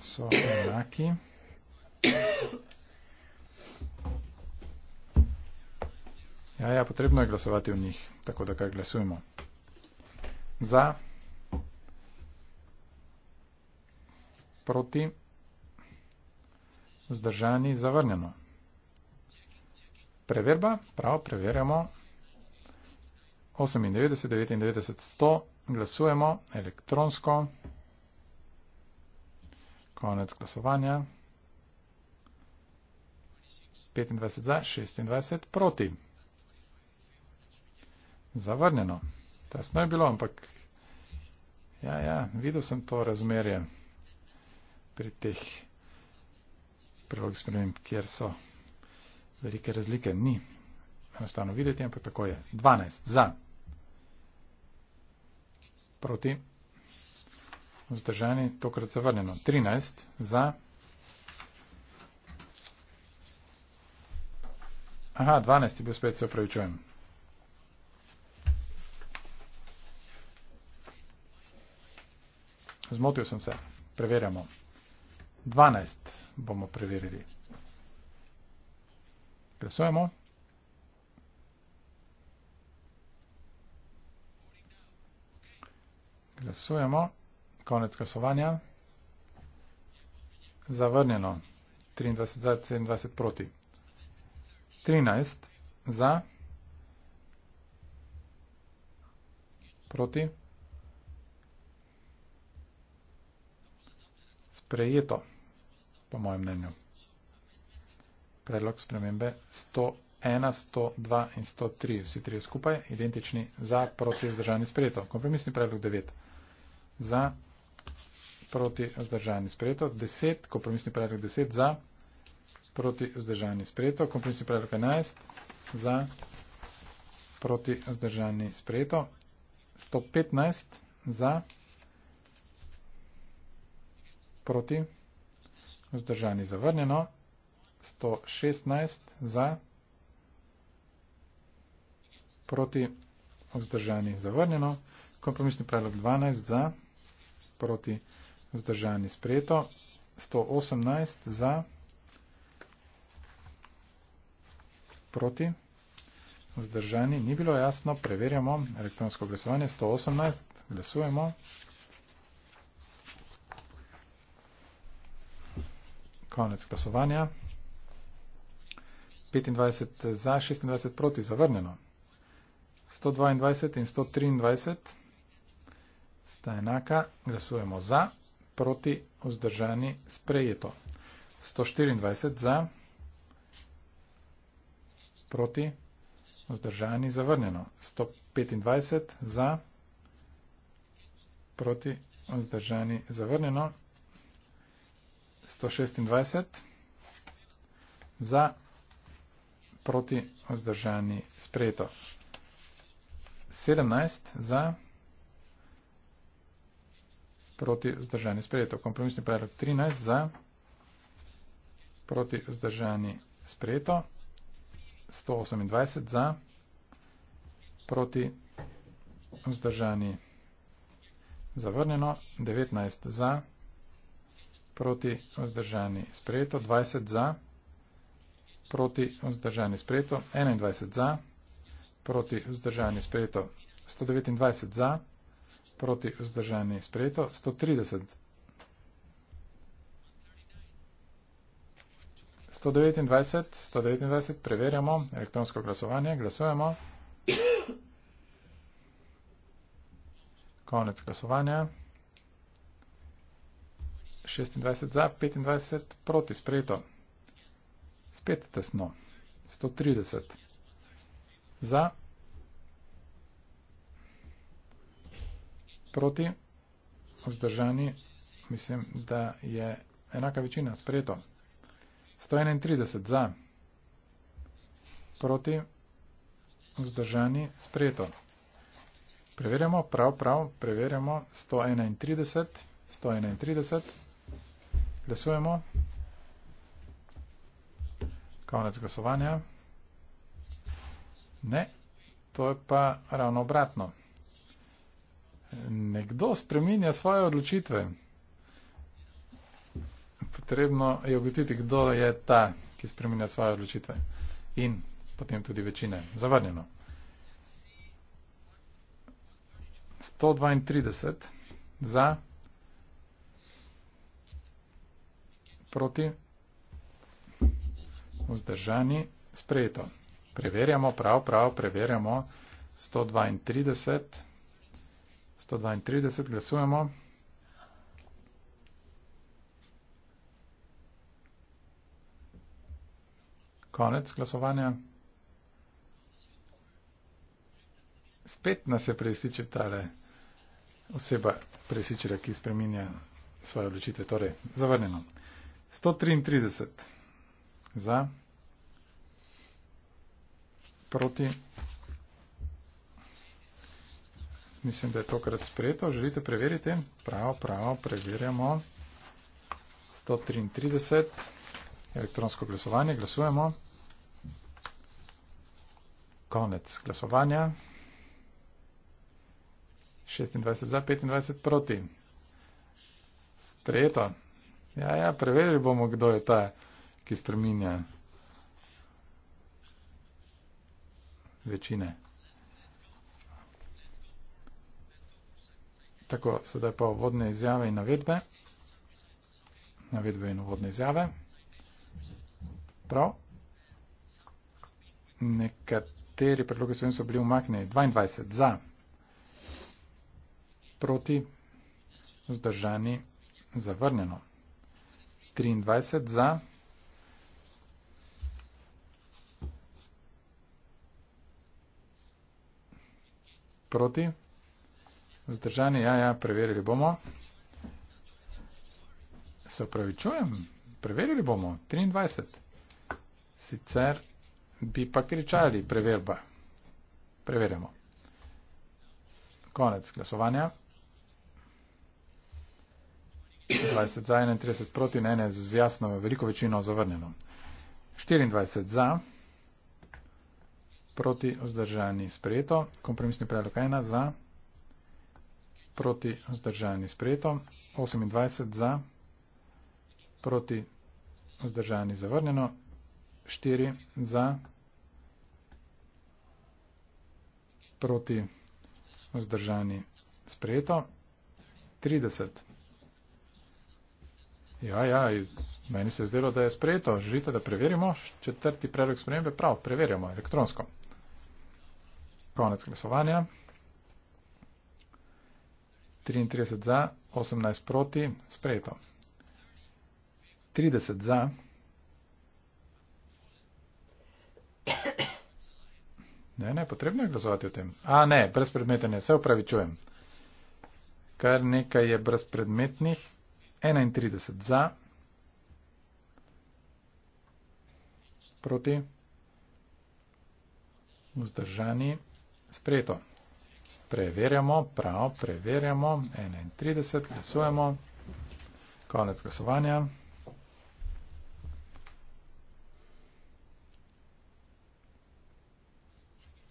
so enaki. Ja, ja, potrebno je glasovati v njih, tako da kaj glasujemo. Za proti, vzdržani, zavrnjeno. Preverba, prav, preverjamo. 98, 99, 100, glasujemo elektronsko. Konec glasovanja. 25 za, 26 proti. Zavrnjeno. Tesno je bilo, ampak ja, ja, videl sem to razmerje pri teh prilog sprememb, kjer so velike razlike. Ni enostavno videti, ampak tako je. 12 za, proti, vzdržani, tokrat zavrnjeno. 13 za, aha, 12 je bil spet, se opravičujem. Zmotil sem se. Preverjamo. 12 bomo preverili. Glasujemo. Glasujemo. Konec glasovanja. Zavrnjeno. 23 za, 27 proti. 13 za, proti. Sprejeto po mojem mnenju. Predlog spremembe 101, 102 in 103, vsi tri skupaj, identični za, proti, vzdržani, sprejeto. Kompromisni predlog 9. Za, proti, vzdržani, sprejeto. 10, kompromisni predlog 10, za, proti, vzdržani, sprejeto. Kompromisni predlog 11, za, proti, vzdržani, sprejeto. 115, za, proti, vzdržani, sprejeto vzdržani zavrnjeno, 116 za, proti vzdržani zavrnjeno, kompromisni predlog 12 za, proti vzdržani sprejeto, 118 za, proti vzdržani, ni bilo jasno, preverjamo elektronsko glasovanje, 118, glasujemo. konec glasovanja. 25 za, 26 proti, zavrnjeno. 122 in 123 sta enaka, glasujemo za, proti, vzdržani, sprejeto. 124 za, proti, vzdržani, zavrnjeno. 125 za, proti, vzdržani, zavrnjeno. 126 za proti vzdržani sprejeto. 17 za proti vzdržani sprejeto. Kompromisni predlog 13 za proti vzdržani sprejeto. 128 za proti vzdržani zavrnjeno. 19 za proti vzdržani sprejeto proti vzdržani sprejeto, 20 za, proti vzdržani sprejeto, 21 za, proti vzdržani sprejeto, 129 za, proti vzdržani sprejeto, 130. 129, 129, preverjamo elektronsko glasovanje, glasujemo. Konec glasovanja. 26 za, 25 proti sprejeto. Spet tesno. 130 za, proti, vzdržani, mislim, da je enaka večina sprejeto. 131 za, proti, vzdržani, sprejeto. Preverjamo, prav, prav, preverjamo, 131, 131. Glasujemo. Konec glasovanja. Ne, to je pa ravno obratno. Nekdo spreminja svoje odločitve. Potrebno je ugotiti, kdo je ta, ki spreminja svoje odločitve. In potem tudi večine. Zavrnjeno. 132 za. proti, vzdržani, sprejeto. Preverjamo, prav, prav, preverjamo. 132, 132, glasujemo. Konec glasovanja. Spet nas je presiče tale oseba presičila, ki spreminja svoje odločitve. Torej, zavrnjeno. 133 za, proti, mislim, da je tokrat sprejeto, želite preveriti? Pravo, pravo, preverjamo. 133, elektronsko glasovanje, glasujemo. Konec glasovanja. 26 za, 25 proti. Sprejeto. Ja, ja, preverili bomo, kdo je ta, ki spreminja večine. Tako, sedaj pa vodne izjave in navedbe. Navedbe in vodne izjave. Prav. Nekateri predloge so jim so bili umaknjeni. 22 za, proti, zdržani, zavrnjeno. 23 za. Proti. Zdržanje, ja, ja, preverili bomo. Se upravičujem, preverili bomo. 23. Sicer bi pa kričali preverba. Preverjamo. Konec glasovanja. 20 za, 31 proti, ne, ne, z jasno veliko večino zavrnjeno. 24 za, proti, vzdržani, sprejeto. Kompromisni predlog 1 za, proti, vzdržani, sprejeto. 28 za, proti, vzdržani, zavrnjeno. 4 za, proti, vzdržani, sprejeto. 30 za. Ja, ja, meni se je zdelo, da je sprejeto. Želite, da preverimo četrti predlog spremembe? Prav, preverjamo elektronsko. Konec glasovanja. 33 za, 18 proti, sprejeto. 30 za. 30 ne, ne, potrebno je glasovati o tem. A ne, brezpredmeten je, se upravičujem. Kar nekaj je brezpredmetnih. 31 za, proti, vzdržani, sprejeto. Preverjamo, prav, preverjamo, 31, glasujemo, konec glasovanja.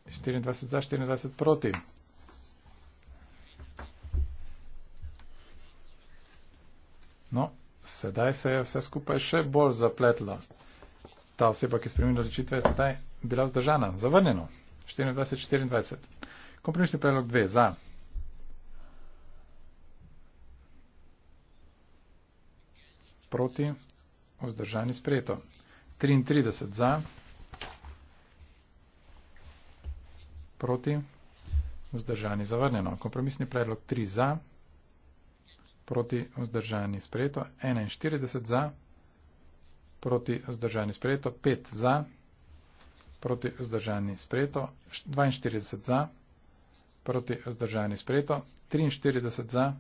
Štirindvajset za, štirindvajset proti. No, sedaj se je vse skupaj še bolj zapletlo. Ta oseba, ki je spremenila odločitve, je sedaj bila vzdržana, zavrnjeno. 24-24. Kompromisni predlog 2 za. Proti. Vzdržani sprejeto. 33 za. Proti. Vzdržani zavrnjeno. Kompromisni predlog 3 za proti vzdržani sprejeto, 41 za, proti vzdržani sprejeto, 5 za, proti vzdržani sprejeto, 42 za, proti vzdržani sprejeto, 43 za,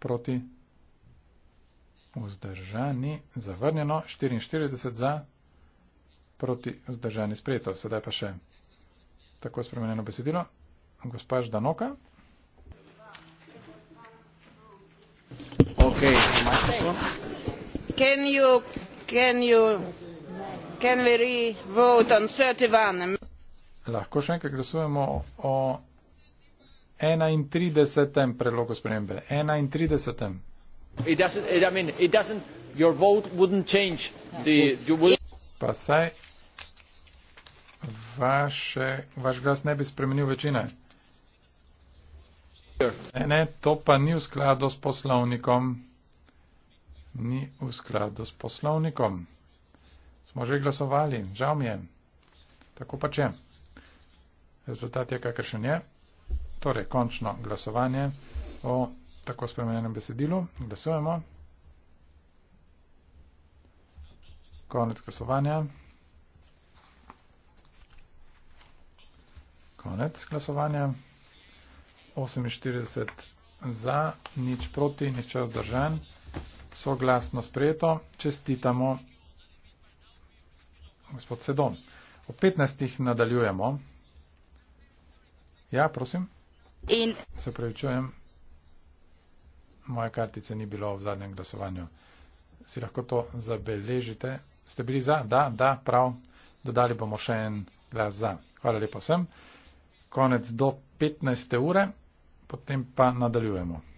proti vzdržani, zavrnjeno, 44 za, proti vzdržani sprejeto. Sedaj pa še tako spremenjeno besedilo. Gospa Ždanoka. Lahko še enkrat glasujemo o 31. prelogu spremembe. 31. It doesn't, it, I mean, it doesn't, your vote wouldn't change the, you would. Pa saj vaše, vaš glas ne bi spremenil večine. Ne, ne, to pa ni v skladu s poslovnikom ni v skladu s poslovnikom. Smo že glasovali, žal mi je. Tako pa če. Rezultat je kakršen je. Torej, končno glasovanje o tako spremenjenem besedilu. Glasujemo. Konec glasovanja. Konec glasovanja. 48 za, nič proti, nič vzdržan soglasno sprejeto, čestitamo gospod Sedon. O 15. nadaljujemo. Ja, prosim. In. Se prevečujem. Moje kartice ni bilo v zadnjem glasovanju. Si lahko to zabeležite. Ste bili za? Da, da, prav. Dodali bomo še en glas za. Hvala lepo vsem. Konec do 15. ure, potem pa nadaljujemo.